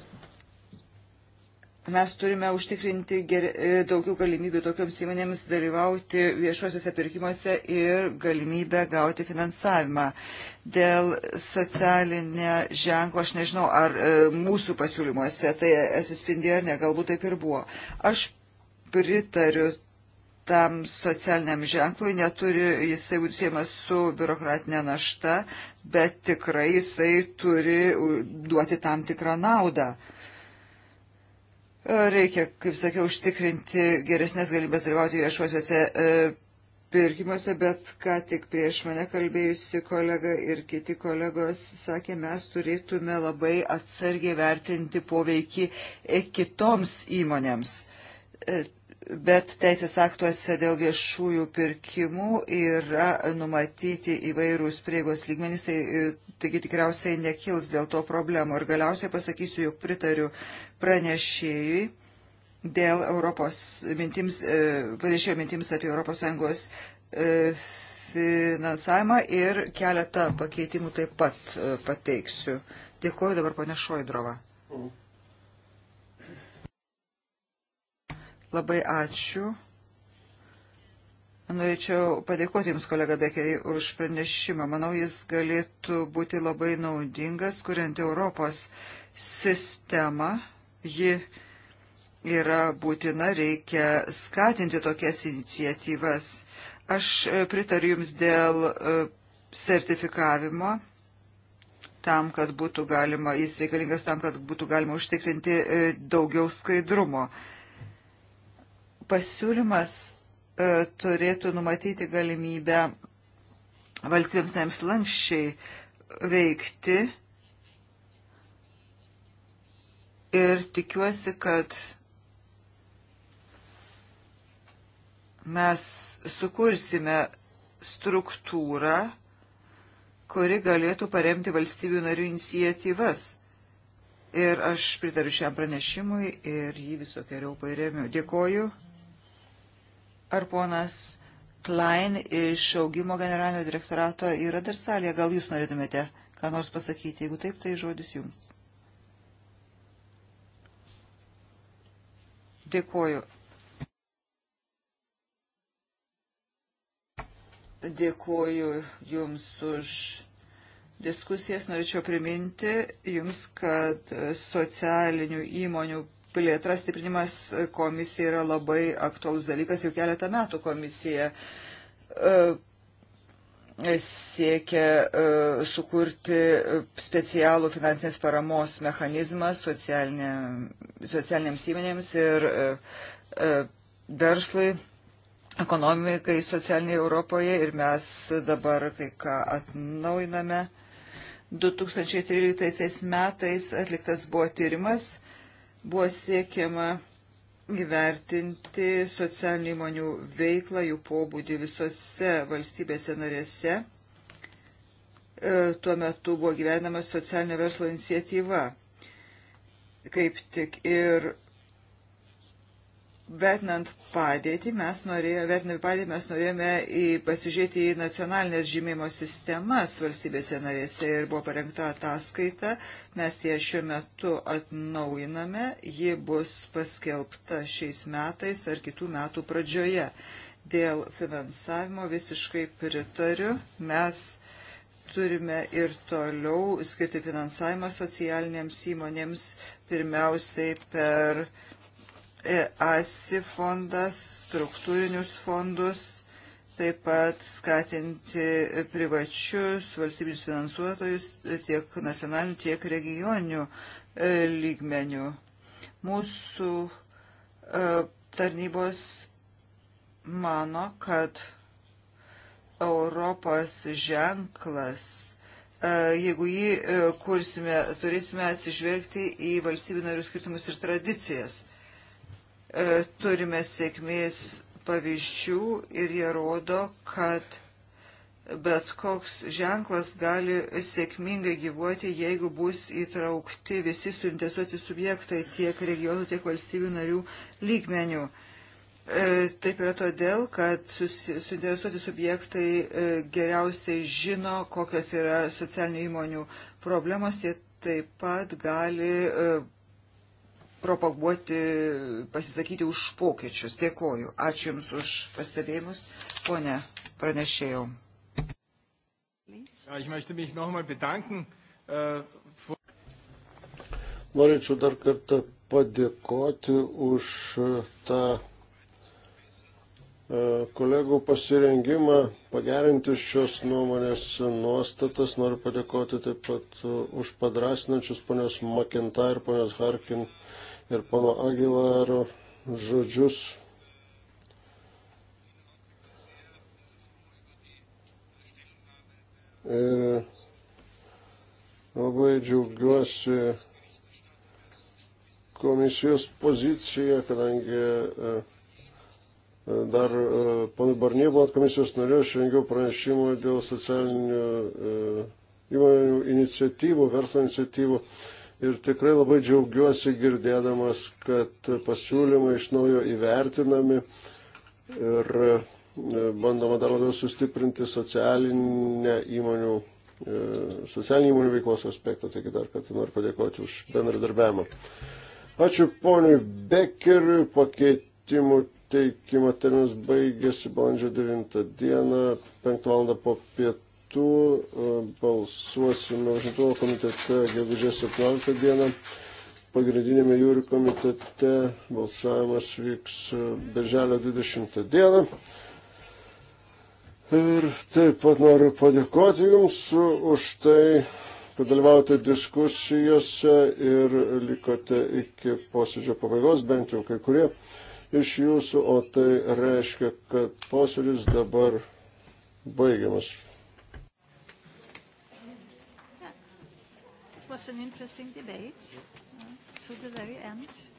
mes turime užtikrinti ger, e, daugiau galimybių tokioms įmonėms dalyvauti viešuosiuose pirkimuose ir galimybę gauti finansavimą. Dėl socialinė ženklo aš nežinau, ar e, mūsų pasiūlymuose tai atsispindėjo ar ne, galbūt taip ir buvo. Aš pritariu tam socialiniam ženklui, neturi jisai būti siemas su biurokratinė našta, bet tikrai jisai turi duoti tam tikrą naudą. E, Reikia, kaip sakiau, užtikrinti geresnės galimybės dalyvauti viešuosiuose e, pirkimuose, bet ką tik prieš mane kalbėjusi kolega ir kiti kolegos sakė, mes turėtume labai atsargiai vertinti poveikį e, kitoms įmonėms. E, bet teisės aktuose dėl viešųjų pirkimų yra numatyti įvairūs priegos lygmenys, tai, taigi tikriausiai nekils dėl to problemų. Ir galiausiai pasakysiu, jog pritariu pranešėjui dėl Europos mintims, e, pranešėjo mintims apie ES e, finansavimą ir keletą pakeitimų taip pat e, pateiksiu. Dėkuoju dabar ponė Šoidrova. Labai ačiū. Norėčiau padėkoti Jums, kolega Bekeriai, už pranešimą. Manau, jis galėtų būti labai naudingas, kuriant Europos sistemą ji yra būtina, reikia skatinti tokias iniciatyvas. Aš e, pritariu Jums dėl e, sertifikavimo tam, kad būtų galima, jis reikalingas tam, kad būtų galima užtikrinti e, daugiau skaidrumo. Pasiūlymas turėtų numatyti galimybę valstybėms neims lankščiai veikti ir tikiuosi, kad mes sukursime struktūrą, kuri galėtų paremti valstybių narių inicijatyvas. Ir aš pritariu šiam pranešimui ir jį visokeriau pairemiu. Dėkoju. Ar ponas Klein iš augimo generalinio direktorato yra dar salėje? Gal jūs norėtumėte ką nors pasakyti? Jeigu taip, tai žodis jums. Dėkuoju. Dėkuoju Jums už diskusijas. Norėčiau priminti Jums, kad socialinių įmonių plėtra stiprinimas komisija yra labai aktualus dalykas. Jau keletą metų komisija siekia e, sukurti specialų finansinės paramos mechanizmą socialinė, socialinėms įmonėms ir e, e, verslui, ekonomikai, socialiniai Europoje ir mes dabar kai ką atnaujiname. 2013 metais atliktas buvo tyrimas, buvo siekiama įvertinti socialinių įmonių veiklą, jų pobūdį visose valstybėse narėse. E, tuo metu buvo gyvenama socialinio verslo iniciatyva. Kaip tik ir vertinant padėtį, mes norėjome, vertinant padėtį, mes norėjome į, pasižiūrėti į nacionalinės žymėjimo sistemas valstybėse narėse ir buvo parengta ataskaita. Mes ją šiuo metu atnaujiname, ji bus paskelbta šiais metais ar kitų metų pradžioje. Dėl finansavimo visiškai pritariu. Mes turime ir toliau skirti finansavimą socialinėms įmonėms, pirmiausiai per uh, EASI fondas, struktūrinius fondus, taip pat skatinti privačius valstybinius finansuotojus tiek nacionalinių, tiek regioninių e, lygmenių. Mūsų e, tarnybos mano, kad Europos ženklas, e, jeigu jį kursime, turėsime atsižvelgti į valstybių narių skirtumus ir tradicijas – E, turime sėkmės pavyzdžių ir jie rodo, kad bet koks ženklas gali sėkmingai gyvuoti, jeigu bus įtraukti visi suinteresuoti subjektai tiek regionų, tiek valstybių narių lygmenių. E, taip yra todėl, kad suinteresuoti subjektai e, geriausiai žino, kokios yra socialinių įmonių problemos, jie taip pat gali propaguoti, pasisakyti už pokyčius. Dėkoju. Ačiū Jums už pastebėjimus. Pone, pranešėjau. Äh, Norėčiau dar kartą padėkoti už äh, tą äh, kolegų pasirengimą pagerinti šios nuomonės nuostatas. Noriu padėkoti taip pat už padrasinančius ponios Makinta ir ponios Harkin ir pono Agilaro žodžius. Ir labai džiaugiuosi komisijos poziciją, kadangi e, e, dar e, ponui Barnie buvant komisijos nariu, aš rengiau pranešimą dėl socialinių įmonių iniciatyvų, verslo iniciatyvų Ir tikrai labai džiaugiuosi girdėdamas, kad pasiūlymai iš naujo įvertinami ir e, bandoma dar labiau sustiprinti socialinę įmonių e, socialinių įmonių veiklos aspektą. Taigi dar kartą noriu padėkoti už bendradarbiavimą. Ačiū poniai Bekeriui. Pakeitimų teikimo terminas baigėsi balandžio 9 dieną, 5 val. po pietų metu e, balsuosime užimtumo komitete gegužės 17 dieną. Pagrindinėme jūrių komitete balsavimas vyks e, birželio 20 dieną. Ir taip pat noriu padėkoti Jums už tai, kad dalyvaujate diskusijose ir likote iki posėdžio pabaigos, bent jau kai kurie iš Jūsų, o tai reiškia, kad posėdis dabar baigiamas. was an interesting debate uh, to the very end.